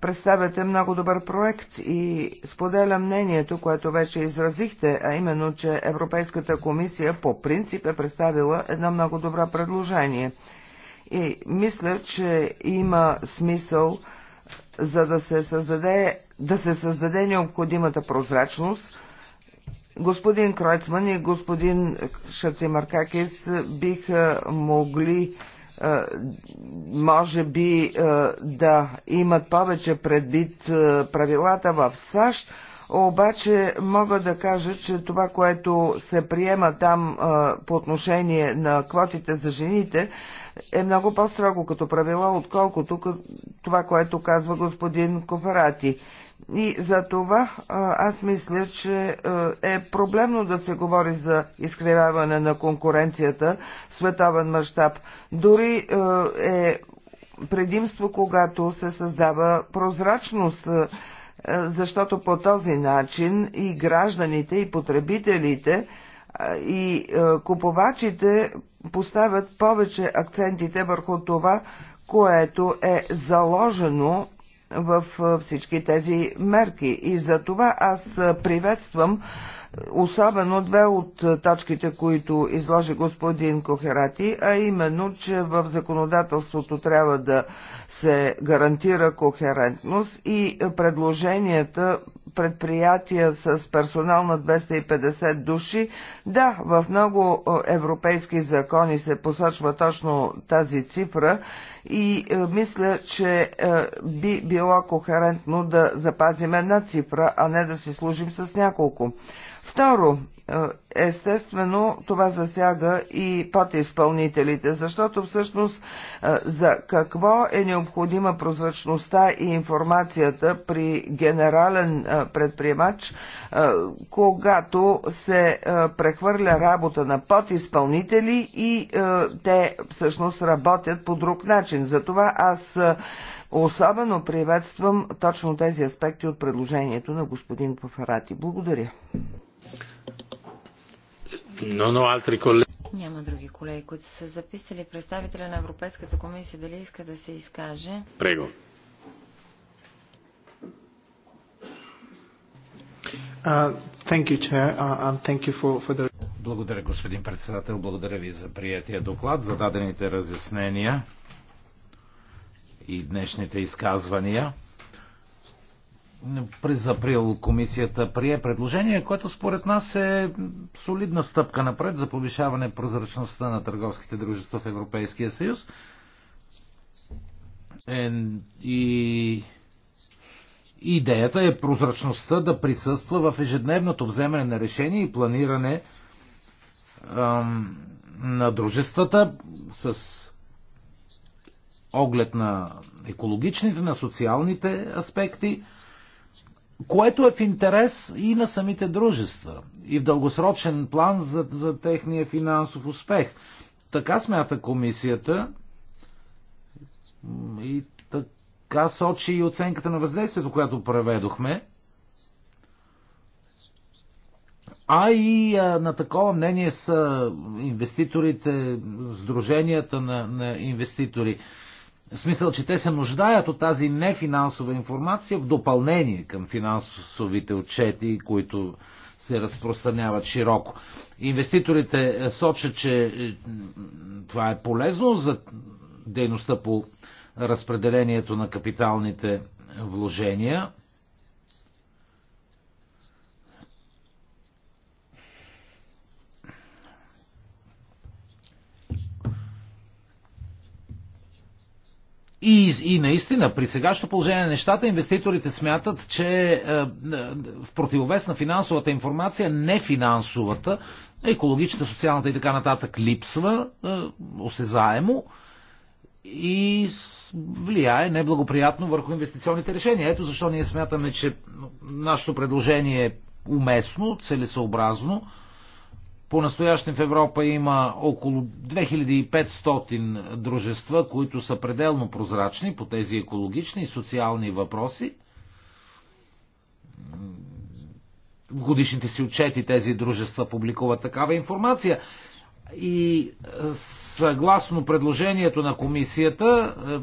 Speaker 2: представяте много добър проект и споделя мнението, което вече изразихте, а именно, че Европейската комисия по принцип е представила едно много добро предложение. И мисля, че има смисъл за да се създаде, да се създаде необходимата прозрачност. Господин Кройцман и господин Шацимаркакис биха могли е, може би е, да имат повече предвид е, правилата в САЩ, обаче мога да кажа, че това, което се приема там по отношение на квотите за жените, е много по-строго като правило, отколкото това, което казва господин Коферати. И за това аз мисля, че е проблемно да се говори за изкривяване на конкуренцията в световен мащаб. Дори е предимство, когато се създава прозрачност, защото по този начин и гражданите, и потребителите, и купувачите поставят повече акцентите върху това, което е заложено в всички тези мерки. И за това аз приветствам особено две от точките, които изложи господин Кохерати, а именно, че в законодателството трябва да се гарантира кохерентност и предложенията предприятия с персонал на 250 души. Да, в много е, европейски закони се посочва точно тази цифра и е, мисля, че е, би било кохерентно да запазим една цифра, а не да си служим с няколко. Второ, е, естествено, това засяга и подизпълнителите, защото всъщност е, за какво е необходима прозрачността и информацията при генерален е, предприемач, когато се прехвърля работа на подизпълнители и те всъщност работят по друг начин. Затова аз Особено приветствам точно тези аспекти от предложението на господин Пафарати. Благодаря.
Speaker 3: Няма други колеги, които са записали. Представителя на Европейската комисия дали иска да се изкаже?
Speaker 4: Прего.
Speaker 5: Uh, you, uh, for, for the... Благодаря, господин председател. Благодаря ви за приятия доклад, за дадените разяснения и днешните изказвания. През април комисията прие предложение, което според нас е солидна стъпка напред за повишаване прозрачността на търговските дружества в Европейския съюз. Е, и идеята е прозрачността да присъства в ежедневното вземане на решение и планиране на дружествата с оглед на екологичните, на социалните аспекти – което е в интерес и на самите дружества, и в дългосрочен план за, за техния финансов успех. Така смята комисията и така сочи и оценката на въздействието, която преведохме. А и а, на такова мнение са инвеститорите, сдруженията на, на инвеститори. В смисъл, че те се нуждаят от тази нефинансова информация в допълнение към финансовите отчети, които се разпространяват широко. Инвеститорите е, сочат, че е, това е полезно за дейността по разпределението на капиталните вложения И, и наистина, при сегашното положение на нещата, инвеститорите смятат, че е, е в противовес на финансовата информация, не финансовата, екологичната, социалната и така нататък липсва е, осезаемо и влияе неблагоприятно върху инвестиционните решения. Ето защо ние смятаме, че нашето предложение е уместно, целесообразно по настоящен в Европа има около 2500 дружества, които са пределно прозрачни по тези екологични и социални въпроси. В годишните си отчети тези дружества публикуват такава информация. И е, съгласно предложението на комисията, е,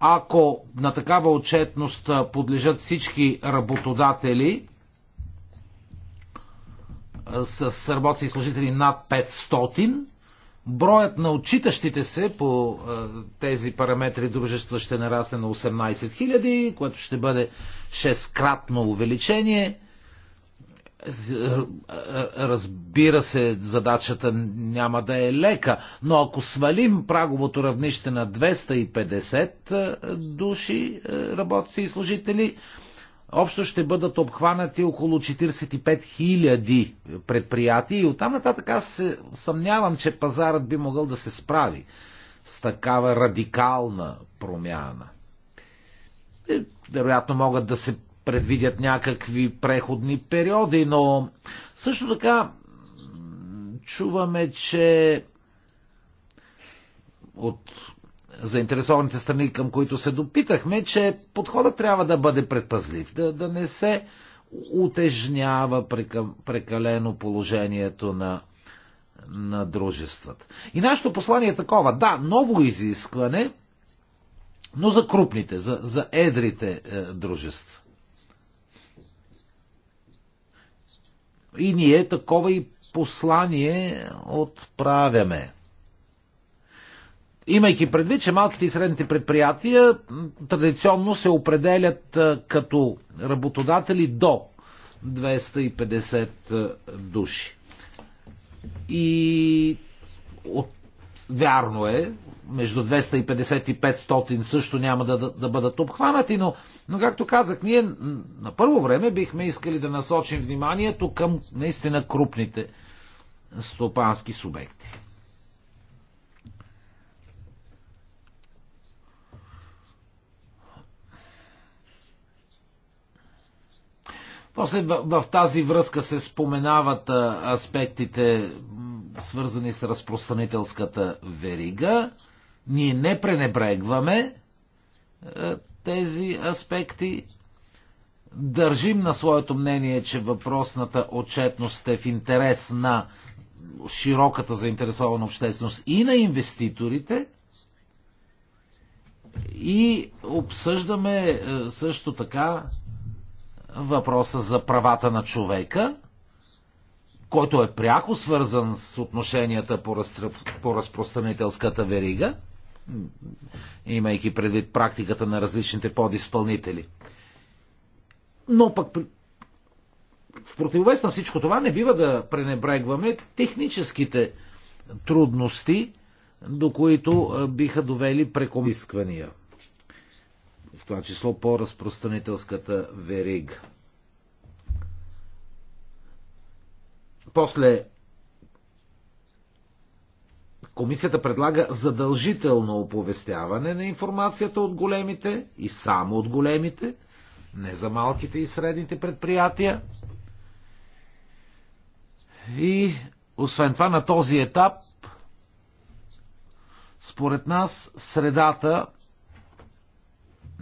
Speaker 5: ако на такава отчетност е, подлежат всички работодатели, с работници и служители над 500, броят на отчитащите се по е, тези параметри дружества ще нарасне на 18 000, което ще бъде 6-кратно увеличение. Е, е, разбира се, задачата няма да е лека, но ако свалим праговото равнище на 250 души работници и служители, Общо ще бъдат обхванати около 45 000 предприятия и оттам нататък аз се съмнявам, че пазарът би могъл да се справи с такава радикална промяна. И, е, вероятно могат да се предвидят някакви преходни периоди, но също така чуваме, че от заинтересованите страни, към които се допитахме, че подходът трябва да бъде предпазлив, да, да не се утежнява прекалено положението на, на дружествата. И нашето послание е такова. Да, ново изискване, но за крупните, за, за едрите е, дружества. И ние такова и послание отправяме. Имайки предвид, че малките и средните предприятия традиционно се определят като работодатели до 250 души. И от, вярно е, между 250 и 500 също няма да, да, бъдат обхванати, но, но както казах, ние на първо време бихме искали да насочим вниманието към наистина крупните стопански субекти. После в тази връзка се споменават аспектите, свързани с разпространителската верига. Ние не пренебрегваме тези аспекти. Държим на своето мнение, че въпросната отчетност е в интерес на широката заинтересована общественост и на инвеститорите. И обсъждаме също така въпроса за правата на човека, който е пряко свързан с отношенията по, разпро... по разпространителската верига, имайки предвид практиката на различните подизпълнители. Но пък в противовес на всичко това не бива да пренебрегваме техническите трудности, до които биха довели прекомисквания това число по разпространителската верига. После Комисията предлага задължително оповестяване на информацията от големите и само от големите, не за малките и средните предприятия. И освен това на този етап, според нас, средата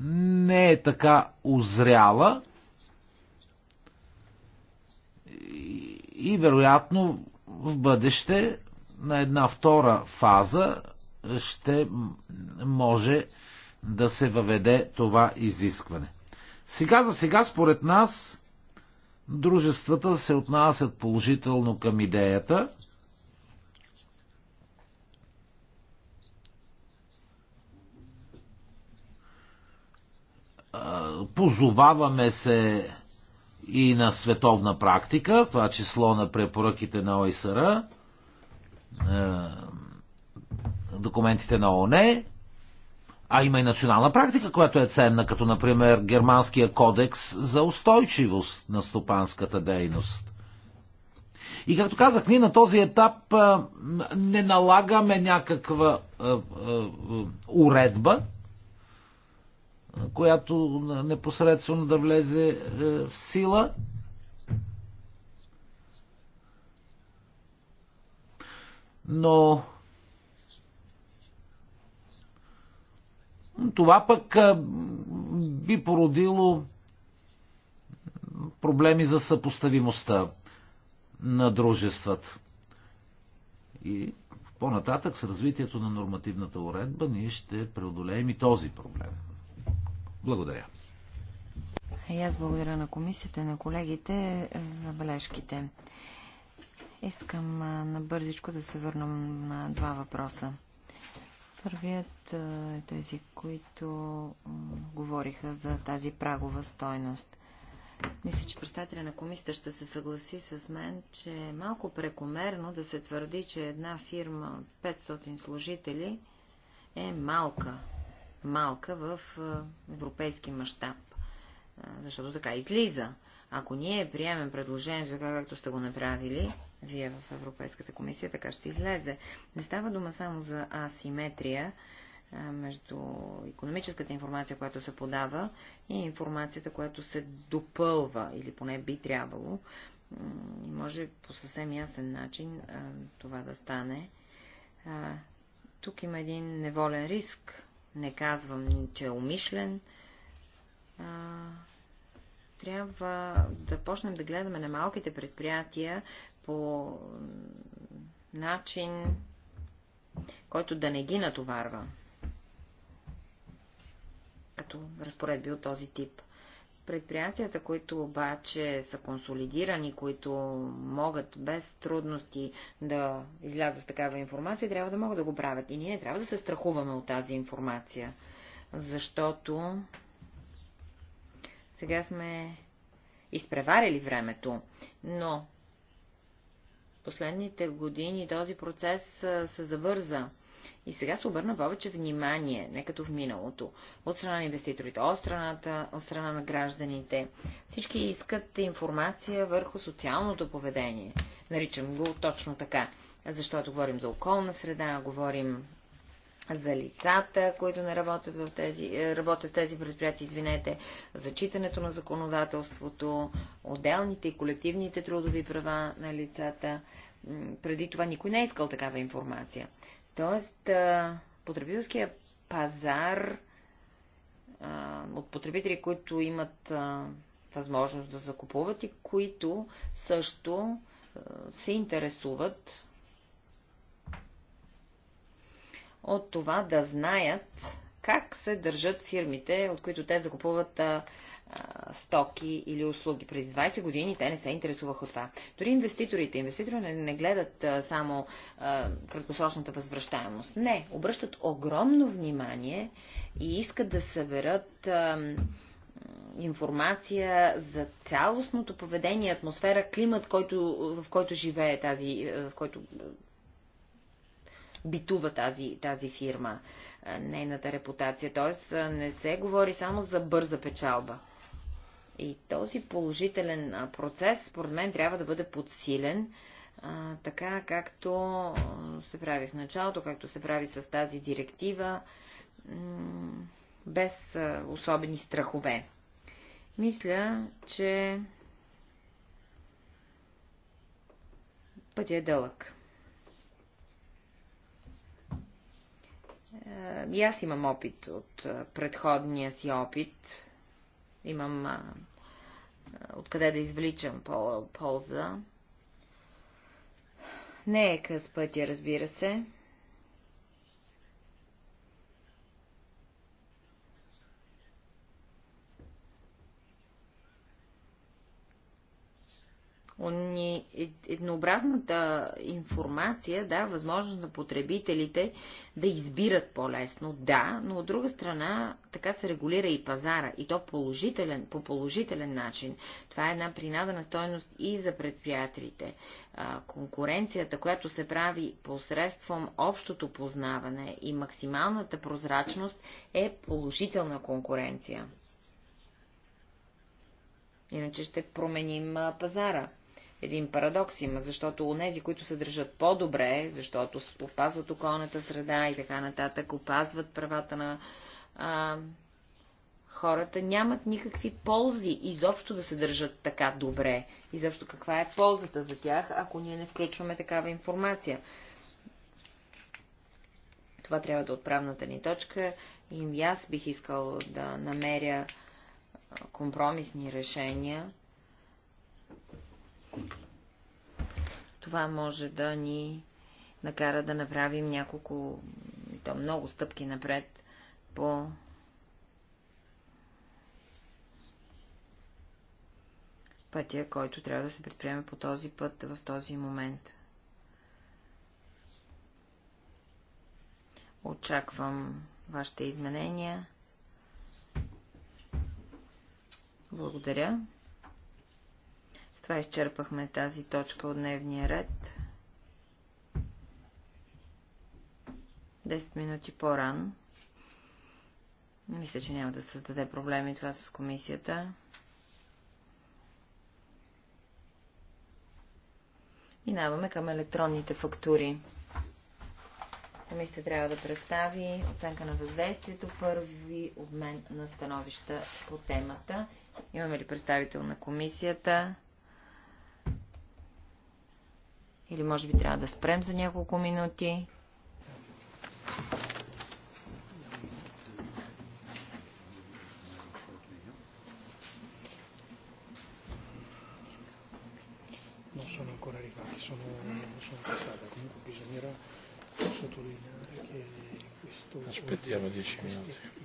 Speaker 5: не е така озряла и, и вероятно в бъдеще на една втора фаза ще може да се въведе това изискване. Сега за сега, според нас, дружествата се отнасят положително към идеята – позоваваме се и на световна практика, това число на препоръките на ОИСР, документите на ОНЕ, а има и национална практика, която е ценна, като например Германския кодекс за устойчивост на стопанската дейност. И както казах, ние на този етап не налагаме някаква уредба, която непосредствено да влезе е, в сила. Но това пък е, би породило проблеми за съпоставимостта на дружествата. И по-нататък с развитието на нормативната уредба ние ще преодолеем и този проблем. Благодаря.
Speaker 3: И аз благодаря на комисията на колегите за бележките. Искам набързичко да се върнам на два въпроса. Първият е тези, които говориха за тази прагова стойност. Мисля, че представителя на комисията ще се съгласи с мен, че е малко прекомерно да се твърди, че една фирма 500 служители е малка малка в европейски мащаб. Защото така излиза. Ако ние приемем предложението така, както сте го направили, вие в Европейската комисия, така ще излезе. Не става дума само за асиметрия между економическата информация, която се подава и информацията, която се допълва, или поне би трябвало. И може по съвсем ясен начин това да стане. Тук има един неволен риск, не казвам, че е умишлен, а, трябва да почнем да гледаме на малките предприятия по начин, който да не ги натоварва като разпоредби от този тип. Предприятията, които обаче са консолидирани, които могат без трудности да излязат с такава информация, трябва да могат да го правят. И ние трябва да се страхуваме от тази информация, защото сега сме изпреварили времето, но последните години този процес се завърза. И сега се обърна повече внимание, не като в миналото, от страна на инвеститорите, от, страната, от страна на гражданите. Всички искат информация върху социалното поведение. Наричам го точно така, защото говорим за околна среда, говорим за лицата, които не работят в тези, е, работят с тези предприятия, извинете, зачитането на законодателството, отделните и колективните трудови права на лицата. Преди това никой не е искал такава информация. Тоест, потребителския пазар от потребители, които имат възможност да закупуват и които също се интересуват от това да знаят как се държат фирмите, от които те закупуват стоки или услуги. Преди 20 години те не се интересуваха от това. Дори инвеститорите, инвеститори не, не гледат а, само а, краткосрочната възвръщаемост. Не, обръщат огромно внимание и искат да съберат а, информация за цялостното поведение, атмосфера, климат, който, в който живее тази, в който битува тази, тази фирма, нейната репутация. Тоест не се говори само за бърза печалба. И този положителен процес, според мен, трябва да бъде подсилен, а, така както се прави в началото, както се прави с тази директива, без а, особени страхове. Мисля, че път е дълъг. Е, и аз имам опит от предходния си опит имам а, откъде да извличам пол, полза. Не е къс пътя, разбира се. еднообразната информация да възможност на потребителите да избират по-лесно, да, но от друга страна така се регулира и пазара, и то положителен, по положителен начин. Това е една принадена стойност и за предприятелите. конкуренцията, която се прави посредством общото познаване и максималната прозрачност е положителна конкуренция. Иначе ще променим пазара един парадокс има, защото онези, които се държат по-добре, защото опазват околната среда и така нататък, опазват правата на а, хората, нямат никакви ползи изобщо да се държат така добре. Изобщо каква е ползата за тях, ако ние не включваме такава информация. Това трябва да е отправната ни точка и аз бих искал да намеря компромисни решения това може да ни накара да направим няколко, то много стъпки напред по пътя, който трябва да се предприеме по този път в този момент. Очаквам вашите изменения. Благодаря това изчерпахме тази точка от дневния ред. 10 минути по-ран. Мисля, че няма да създаде проблеми това с комисията. Минаваме към електронните фактури. Комисията трябва да представи оценка на въздействието, първи обмен на становища по темата. Имаме ли представител на комисията? Или може би трябва да спрем за няколко минути.
Speaker 1: Non sono ancora arrivati, sono, sono passata. Comunque bisognerà sottolineare che questo,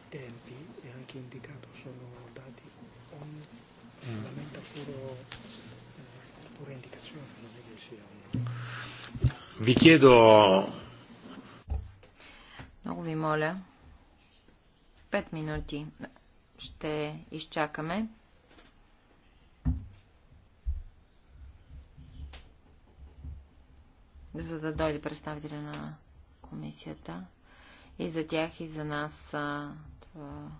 Speaker 1: i tempi e anche indicato sono dati on, solamente a puro
Speaker 3: chiedo... Много ви моля. Пет минути ще изчакаме. За да дойде представителя на комисията. И за тях, и за нас това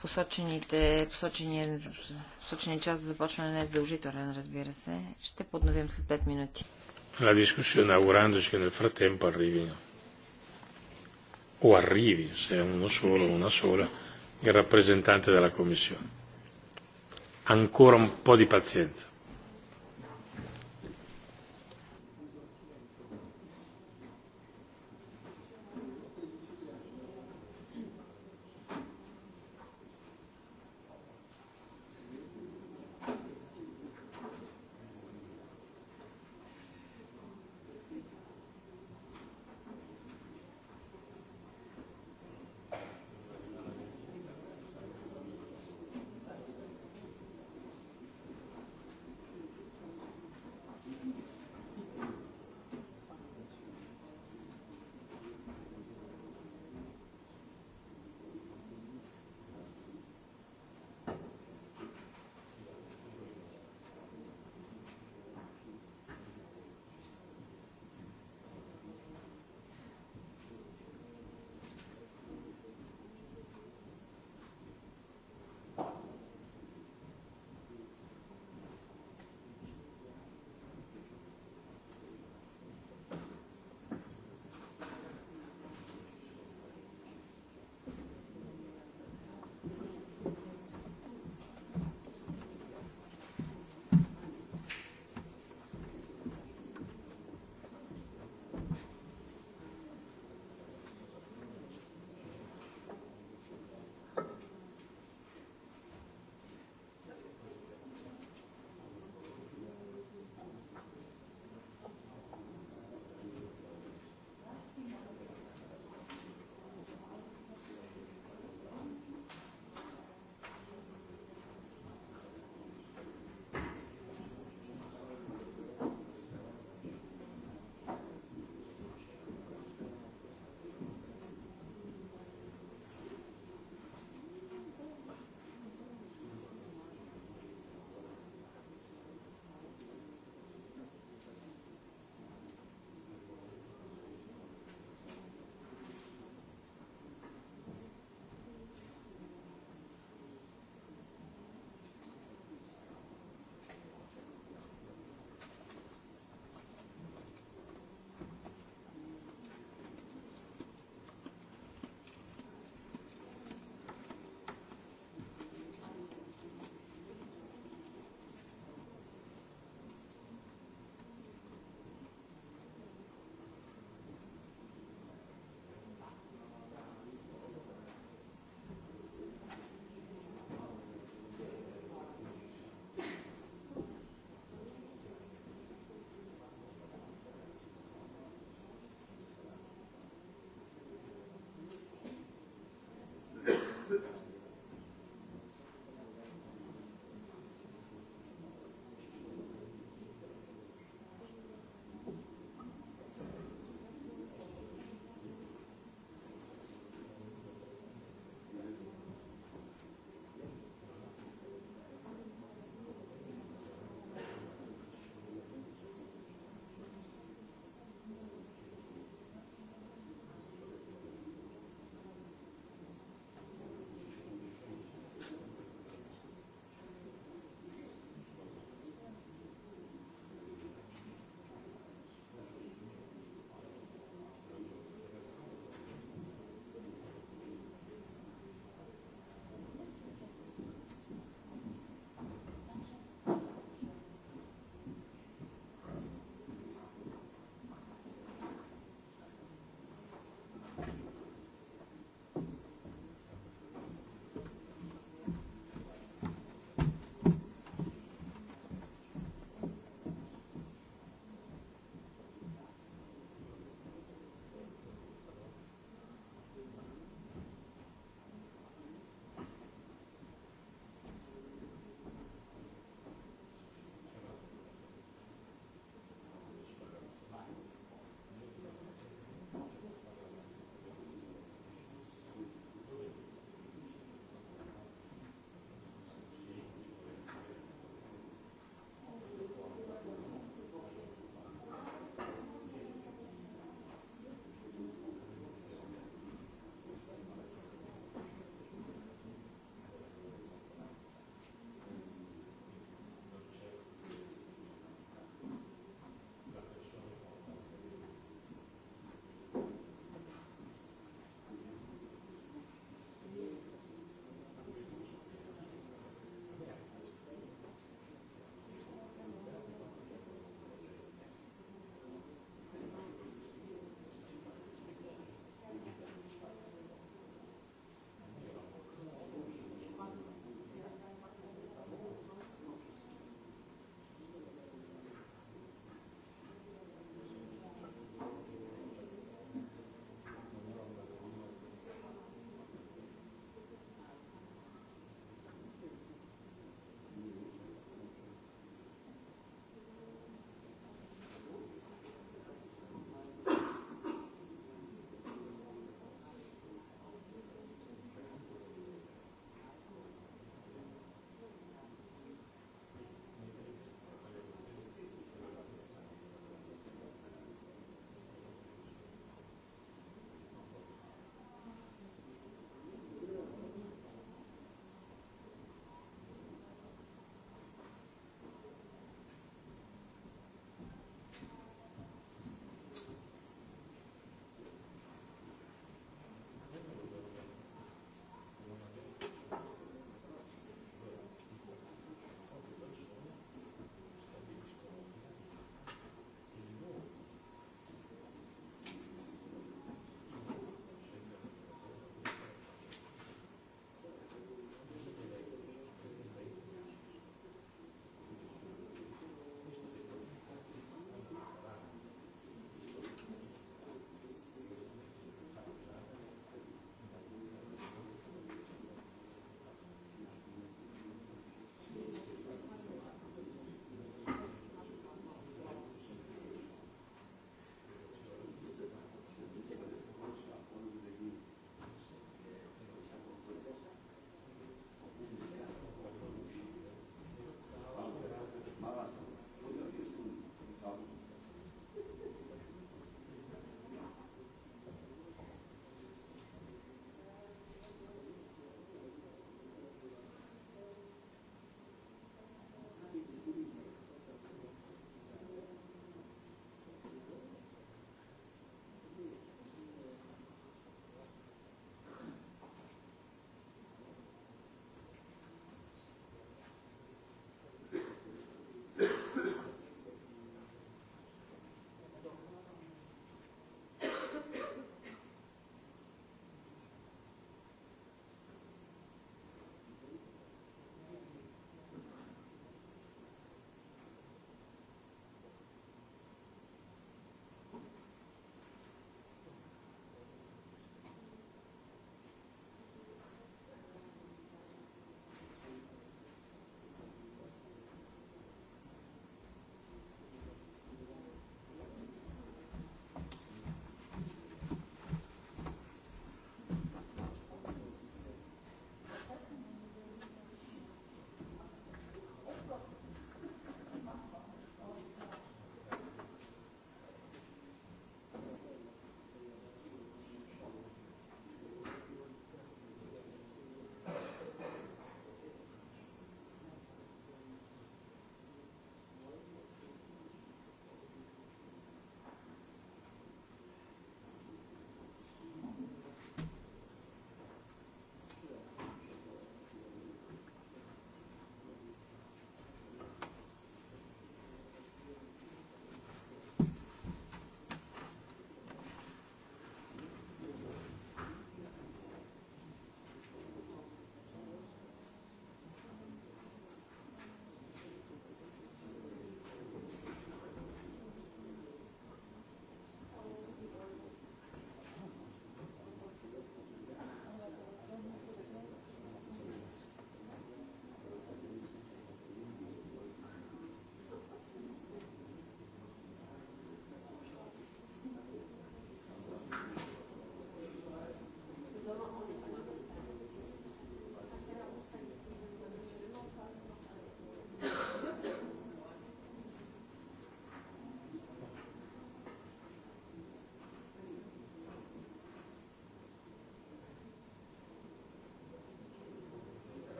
Speaker 3: посочените, посочения, посочения час за започване не е задължителен, разбира се. Ще подновим след 5 минути.
Speaker 4: La discussione augurandoci che nel frattempo arrivino o arrivi, se è uno solo o una sola, il rappresentante della Commissione. Ancora un po' di pazienza.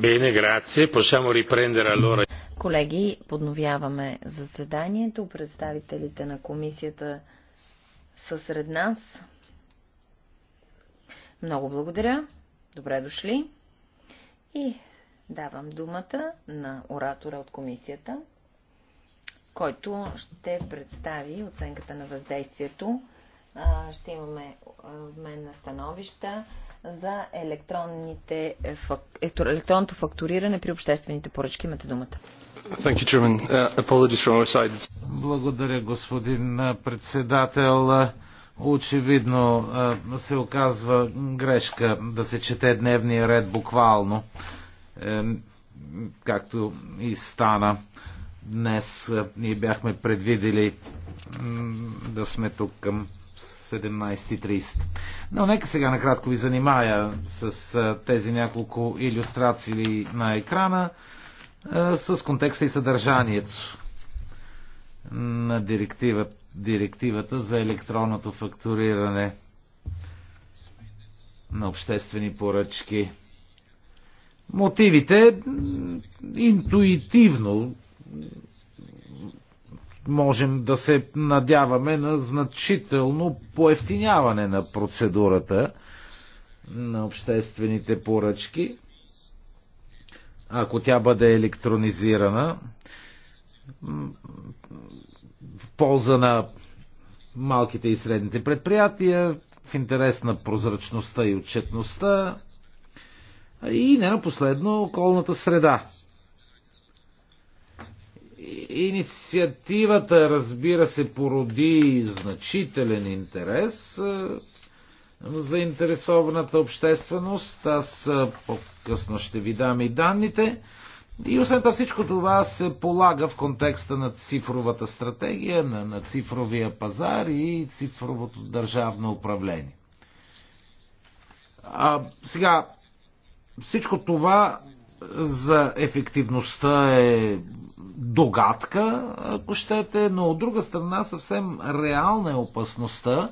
Speaker 4: Bene, grazie. Possiamo riprendere allora.
Speaker 3: Колеги, подновяваме заседанието. Представителите на комисията са сред нас. Много благодаря. Добре дошли. И давам думата на оратора от комисията, който ще представи оценката на въздействието. Ще имаме обмен на становища за електронните, е, е, електронното фактуриране при обществените поръчки. Имате думата.
Speaker 5: Uh, Благодаря, господин председател. Очевидно се оказва грешка да се чете дневния ред буквално, е, както и стана. Днес ние бяхме предвидели да сме тук към 17.30. Но нека сега накратко ви занимая с тези няколко иллюстрации на екрана, с контекста и съдържанието на директивата, директивата за електронното фактуриране на обществени поръчки. Мотивите интуитивно можем да се надяваме на значително поевтиняване на процедурата на обществените поръчки, ако тя бъде електронизирана в полза на малките и средните предприятия, в интерес на прозрачността и отчетността и не на последно околната среда. Инициативата, разбира се, породи значителен интерес за заинтересованата общественост. Аз по-късно ще ви дам и данните. И освен това всичко това се полага в контекста на цифровата стратегия, на, на цифровия пазар и цифровото държавно управление. А, сега, всичко това за ефективността е догадка, ако щете, но от друга страна съвсем реална е опасността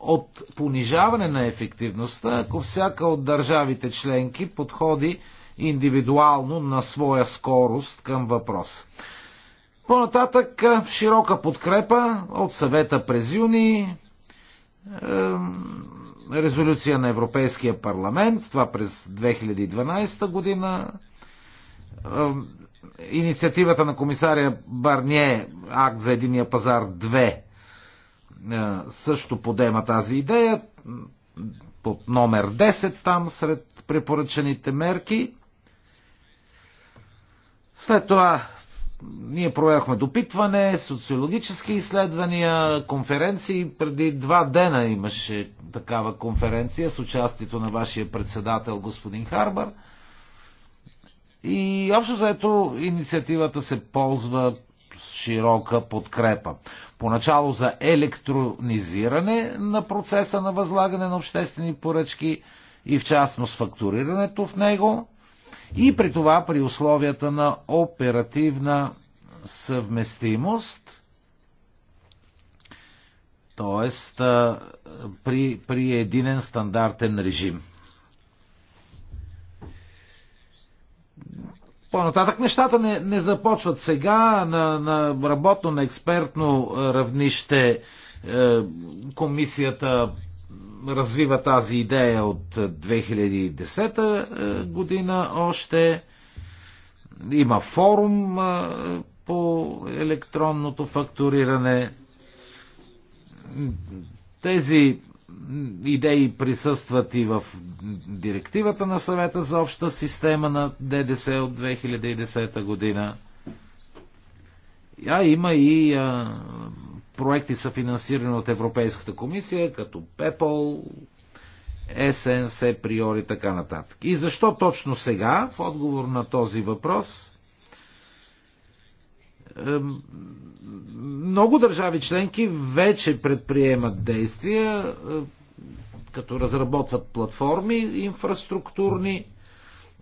Speaker 5: от понижаване на ефективността, ако всяка от държавите членки подходи индивидуално на своя скорост към въпрос. По-нататък е, широка подкрепа от съвета през юни, е, резолюция на Европейския парламент, това през 2012 година, инициативата на комисаря Барние, акт за единия пазар 2, също подема тази идея под номер 10 там сред препоръчаните мерки. След това ние проведохме допитване, социологически изследвания, конференции. Преди два дена имаше такава конференция с участието на вашия председател господин Харбър. И общо заето инициативата се ползва с широка подкрепа. Поначало за електронизиране на процеса на възлагане на обществени поръчки и в частност фактурирането в него и при това при условията на оперативна съвместимост – т.е. При, при единен стандартен режим. По-нататък нещата не, не започват сега на, на работно, на експертно равнище. Е, комисията развива тази идея от 2010 е, година още. Има форум е, по електронното фактуриране. Тези идеи присъстват и в директивата на съвета за обща система на ДДС от 2010 година. А има и а, проекти са финансирани от Европейската комисия, като PEPOL, СНС, Приори и така нататък. И защо точно сега, в отговор на този въпрос, много държави членки вече предприемат действия, е, като разработват платформи инфраструктурни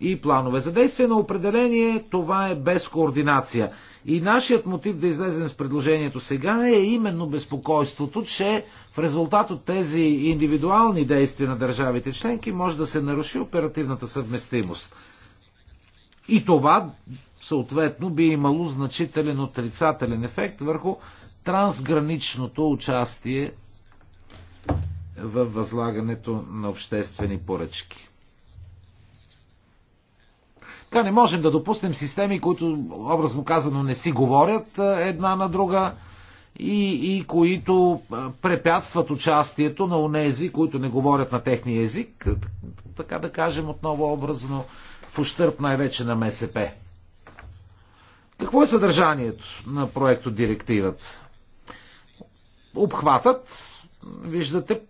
Speaker 5: и планове. За действие на определение това е без координация. И нашият мотив да излезем с предложението сега е именно безпокойството, че в резултат от тези индивидуални действия на държавите членки може да се наруши оперативната съвместимост. И това съответно би имало значителен отрицателен ефект върху трансграничното участие във възлагането на обществени поръчки. Така не можем да допуснем системи, които, образно казано, не си говорят една на друга и, и които препятстват участието на онези, които не говорят на техния език, така да кажем отново образно, в ущърп най-вече на МСП. Какво е съдържанието на проекто директивата? Обхватът, виждате,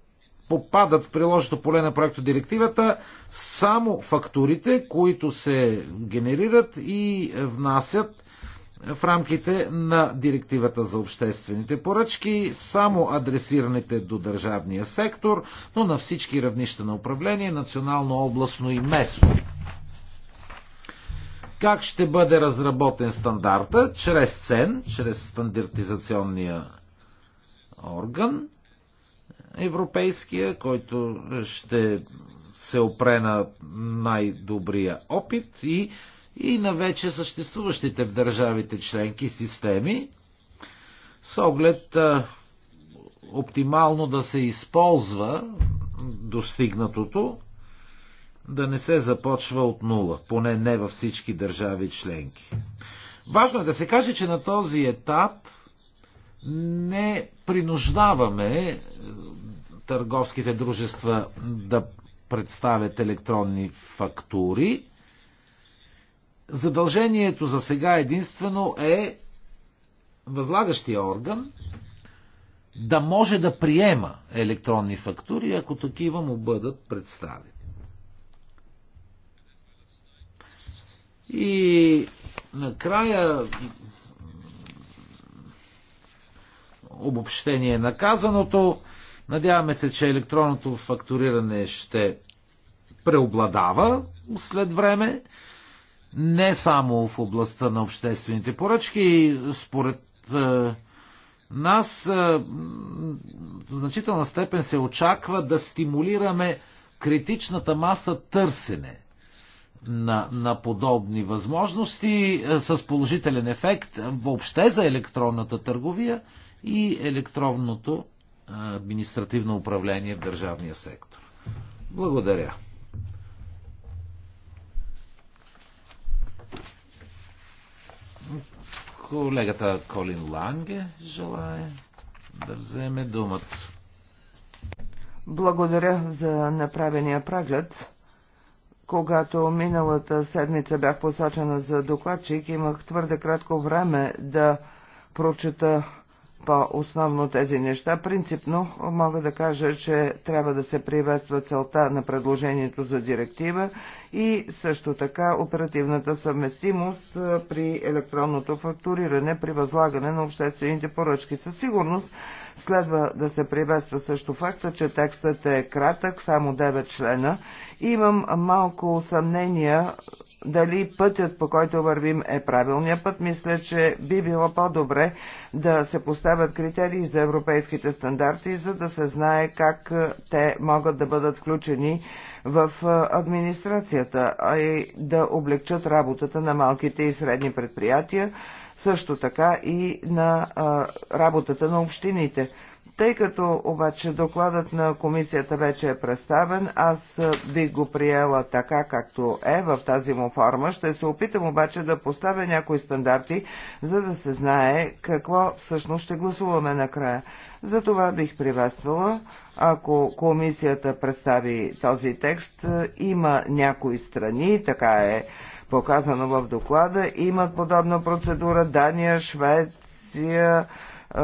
Speaker 5: попадат в приложното поле на проекто директивата само фактурите, които се генерират и внасят в рамките на директивата за обществените поръчки, само адресираните до държавния сектор, но на всички равнища на управление, национално, областно и местно. Как ще бъде разработен стандарта? Чрез ЦЕН, чрез стандартизационния орган европейския, който ще се опре на най-добрия опит и, и на вече съществуващите в държавите членки системи, с оглед а, оптимално да се използва достигнатото да не се започва от нула, поне не във всички държави членки. Важно е да се каже, че на този етап не принуждаваме е, търговските дружества да представят електронни фактури. Задължението за сега единствено е възлагащия орган да може да приема електронни фактури, ако такива му бъдат представени. И накрая обобщение на казаното. Надяваме се, че електронното фактуриране ще преобладава след време, не само в областта на обществените поръчки. Според е, нас е, в значителна степен се очаква да стимулираме критичната маса търсене на, на подобни възможности е, с положителен ефект въобще за електронната търговия и електронното е, административно управление в държавния сектор. Благодаря. Колегата Колин Ланге желая да вземе думата.
Speaker 2: Благодаря за направения преглед. Когато миналата седмица бях посочена за докладчик, имах твърде кратко време да прочета по-основно тези неща. Принципно мога да кажа, че трябва да се приветства целта на предложението за директива и също така оперативната съвместимост при електронното фактуриране при възлагане на обществените поръчки. Със сигурност следва да се приветства също факта, че текстът е кратък, само 9 члена Имам малко съмнения дали пътят, по който вървим, е правилния път, мисля, че би било по-добре да се поставят критерии за европейските стандарти, за да се знае как те могат да бъдат включени в администрацията, а и да облегчат работата на малките и средни предприятия, също така и на работата на общините. Тъй като обаче докладът на комисията вече е представен, аз бих го приела така, както е в тази му форма. Ще се опитам обаче да поставя някои стандарти, за да се знае какво всъщност ще гласуваме накрая. Затова бих приветствала, ако комисията представи този текст, има някои страни, така е показано в доклада, имат подобна процедура Дания, Швеция, е,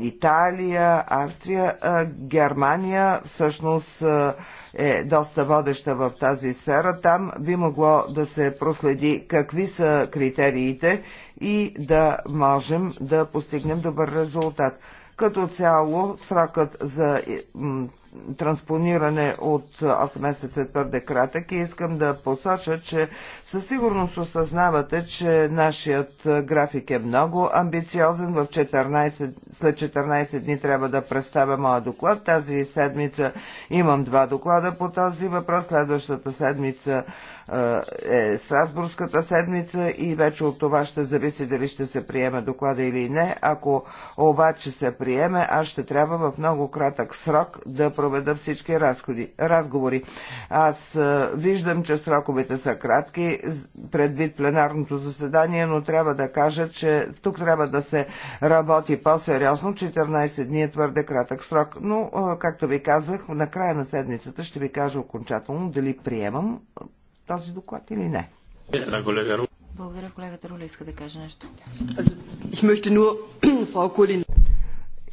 Speaker 2: Италия, Австрия, е, Германия всъщност е, е доста водеща в тази сфера. Там би могло да се проследи какви са критериите и да можем да постигнем добър резултат. Като цяло срокът за транспониране от 8 месеца е твърде кратък и искам да посоча, че със сигурност осъзнавате, че нашият график е много амбициозен. В 14, след 14 дни трябва да представя моя доклад. Тази седмица имам два доклада по този въпрос. Следващата седмица е, е Страсбургската седмица и вече от това ще зависи дали ще се приеме доклада или не. Ако обаче се приеме, аз ще трябва в много кратък срок да проведа всички разходи, разговори. Аз виждам, че сроковете са кратки предвид пленарното заседание, но трябва да кажа, че тук трябва да се работи по-сериозно. 14 дни е твърде кратък срок, но, както ви казах, на края на седмицата ще ви кажа окончателно дали приемам този доклад или не.
Speaker 3: Благодаря, колегата Руля иска да каже нещо.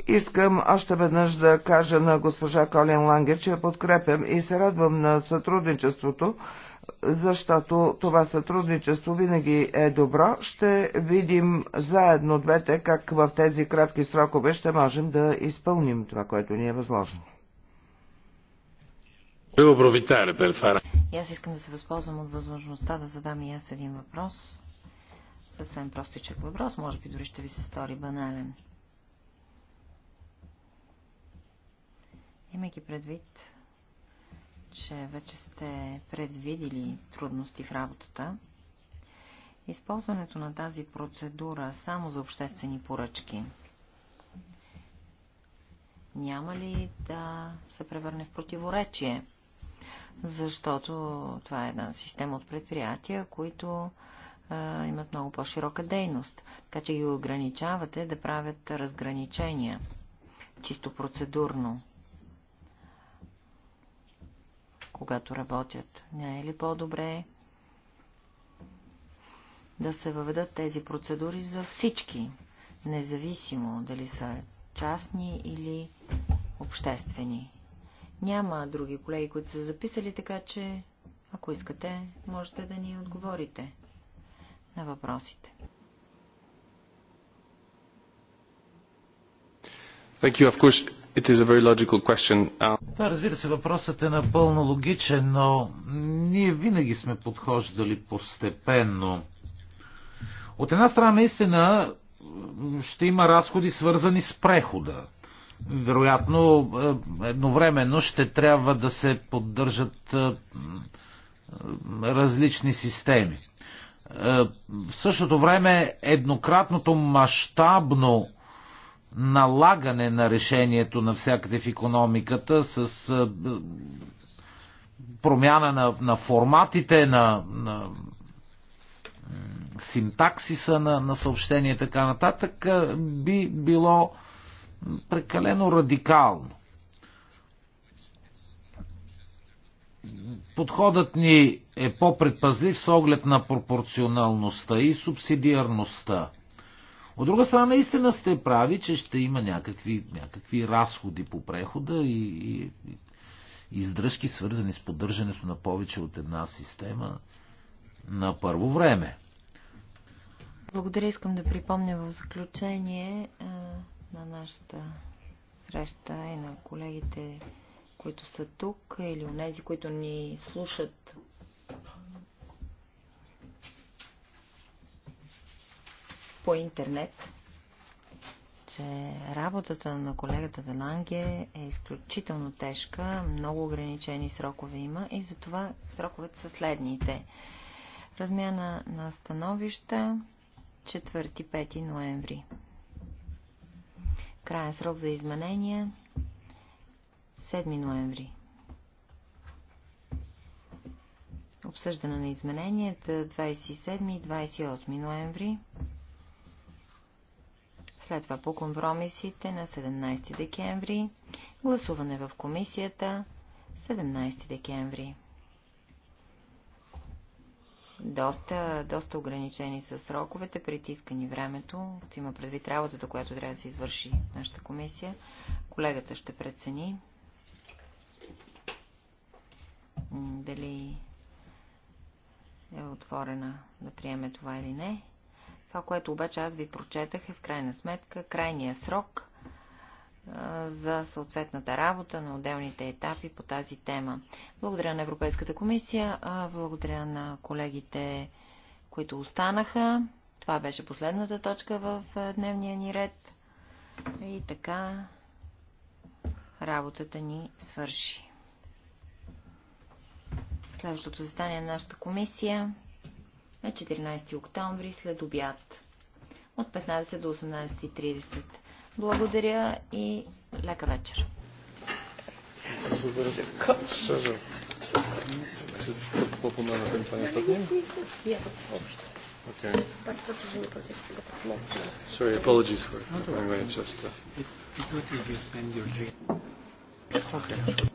Speaker 2: Искам още веднъж да кажа на госпожа Колин Лангер, че я подкрепям и се радвам на сътрудничеството, защото това сътрудничество винаги е добро. Ще видим заедно двете как в тези кратки срокове ще можем да изпълним това, което ни е възложено.
Speaker 3: И аз искам да се възползвам от възможността да задам и аз един въпрос. Съвсем простичък въпрос, може би дори ще ви се стори банален. Имайки предвид, че вече сте предвидили трудности в работата, използването на тази процедура само за обществени поръчки няма ли да се превърне в противоречие? Защото това е една система от предприятия, които е, имат много по-широка дейност, така че ги ограничавате да правят разграничения, чисто процедурно когато работят. Не е ли по-добре да се въведат тези процедури за всички, независимо дали са частни или обществени? Няма други колеги, които са записали, така че, ако искате, можете да ни отговорите на въпросите.
Speaker 4: Thank you. Of course, it is a very logical question. Um,
Speaker 5: да, разбира се, въпросът е напълно логичен, но ние винаги сме подхождали постепенно. От една страна, наистина, ще има разходи свързани с прехода. Вероятно, е, едновременно ще трябва да се поддържат е, различни системи. Е, в същото време еднократното мащабно налагане на решението навсякъде в економиката с промяна на, на форматите, на, на синтаксиса на, на съобщения и така нататък, би било прекалено радикално. Подходът ни е по-предпазлив с оглед на пропорционалността и субсидиарността – от друга страна, наистина сте прави, че ще има някакви, някакви разходи по прехода и, и издръжки, свързани с поддържането на повече от една система на първо време.
Speaker 3: Благодаря. Искам да припомня в заключение на нашата среща и на колегите, които са тук или онези, които ни слушат по интернет, че работата на колегата Дананге е изключително тежка, много ограничени срокове има и затова сроковете са следните. Размяна на становища 4-5 ноември. Краен срок за изменения 7 ноември. Обсъждане на измененията 27 и 28 ноември. След това по компромисите на 17 декември. Гласуване в комисията 17 декември. Доста, доста ограничени са сроковете, притискани времето. Има предвид работата, която трябва да се извърши нашата комисия. Колегата ще прецени дали е отворена да приеме това или не. Това, което обаче аз ви прочетах е в крайна сметка крайния срок за съответната работа на отделните етапи по тази тема. Благодаря на Европейската комисия, благодаря на колегите, които останаха. Това беше последната точка в дневния ни ред. И така работата ни свърши. Следващото застание на нашата комисия на 14 октомври след обяд от 15 до 18.30. Благодаря и лека вечер.
Speaker 1: Okay. Sorry, apologies for no, anyway, it's just... Uh... It, it would be you send your... Okay.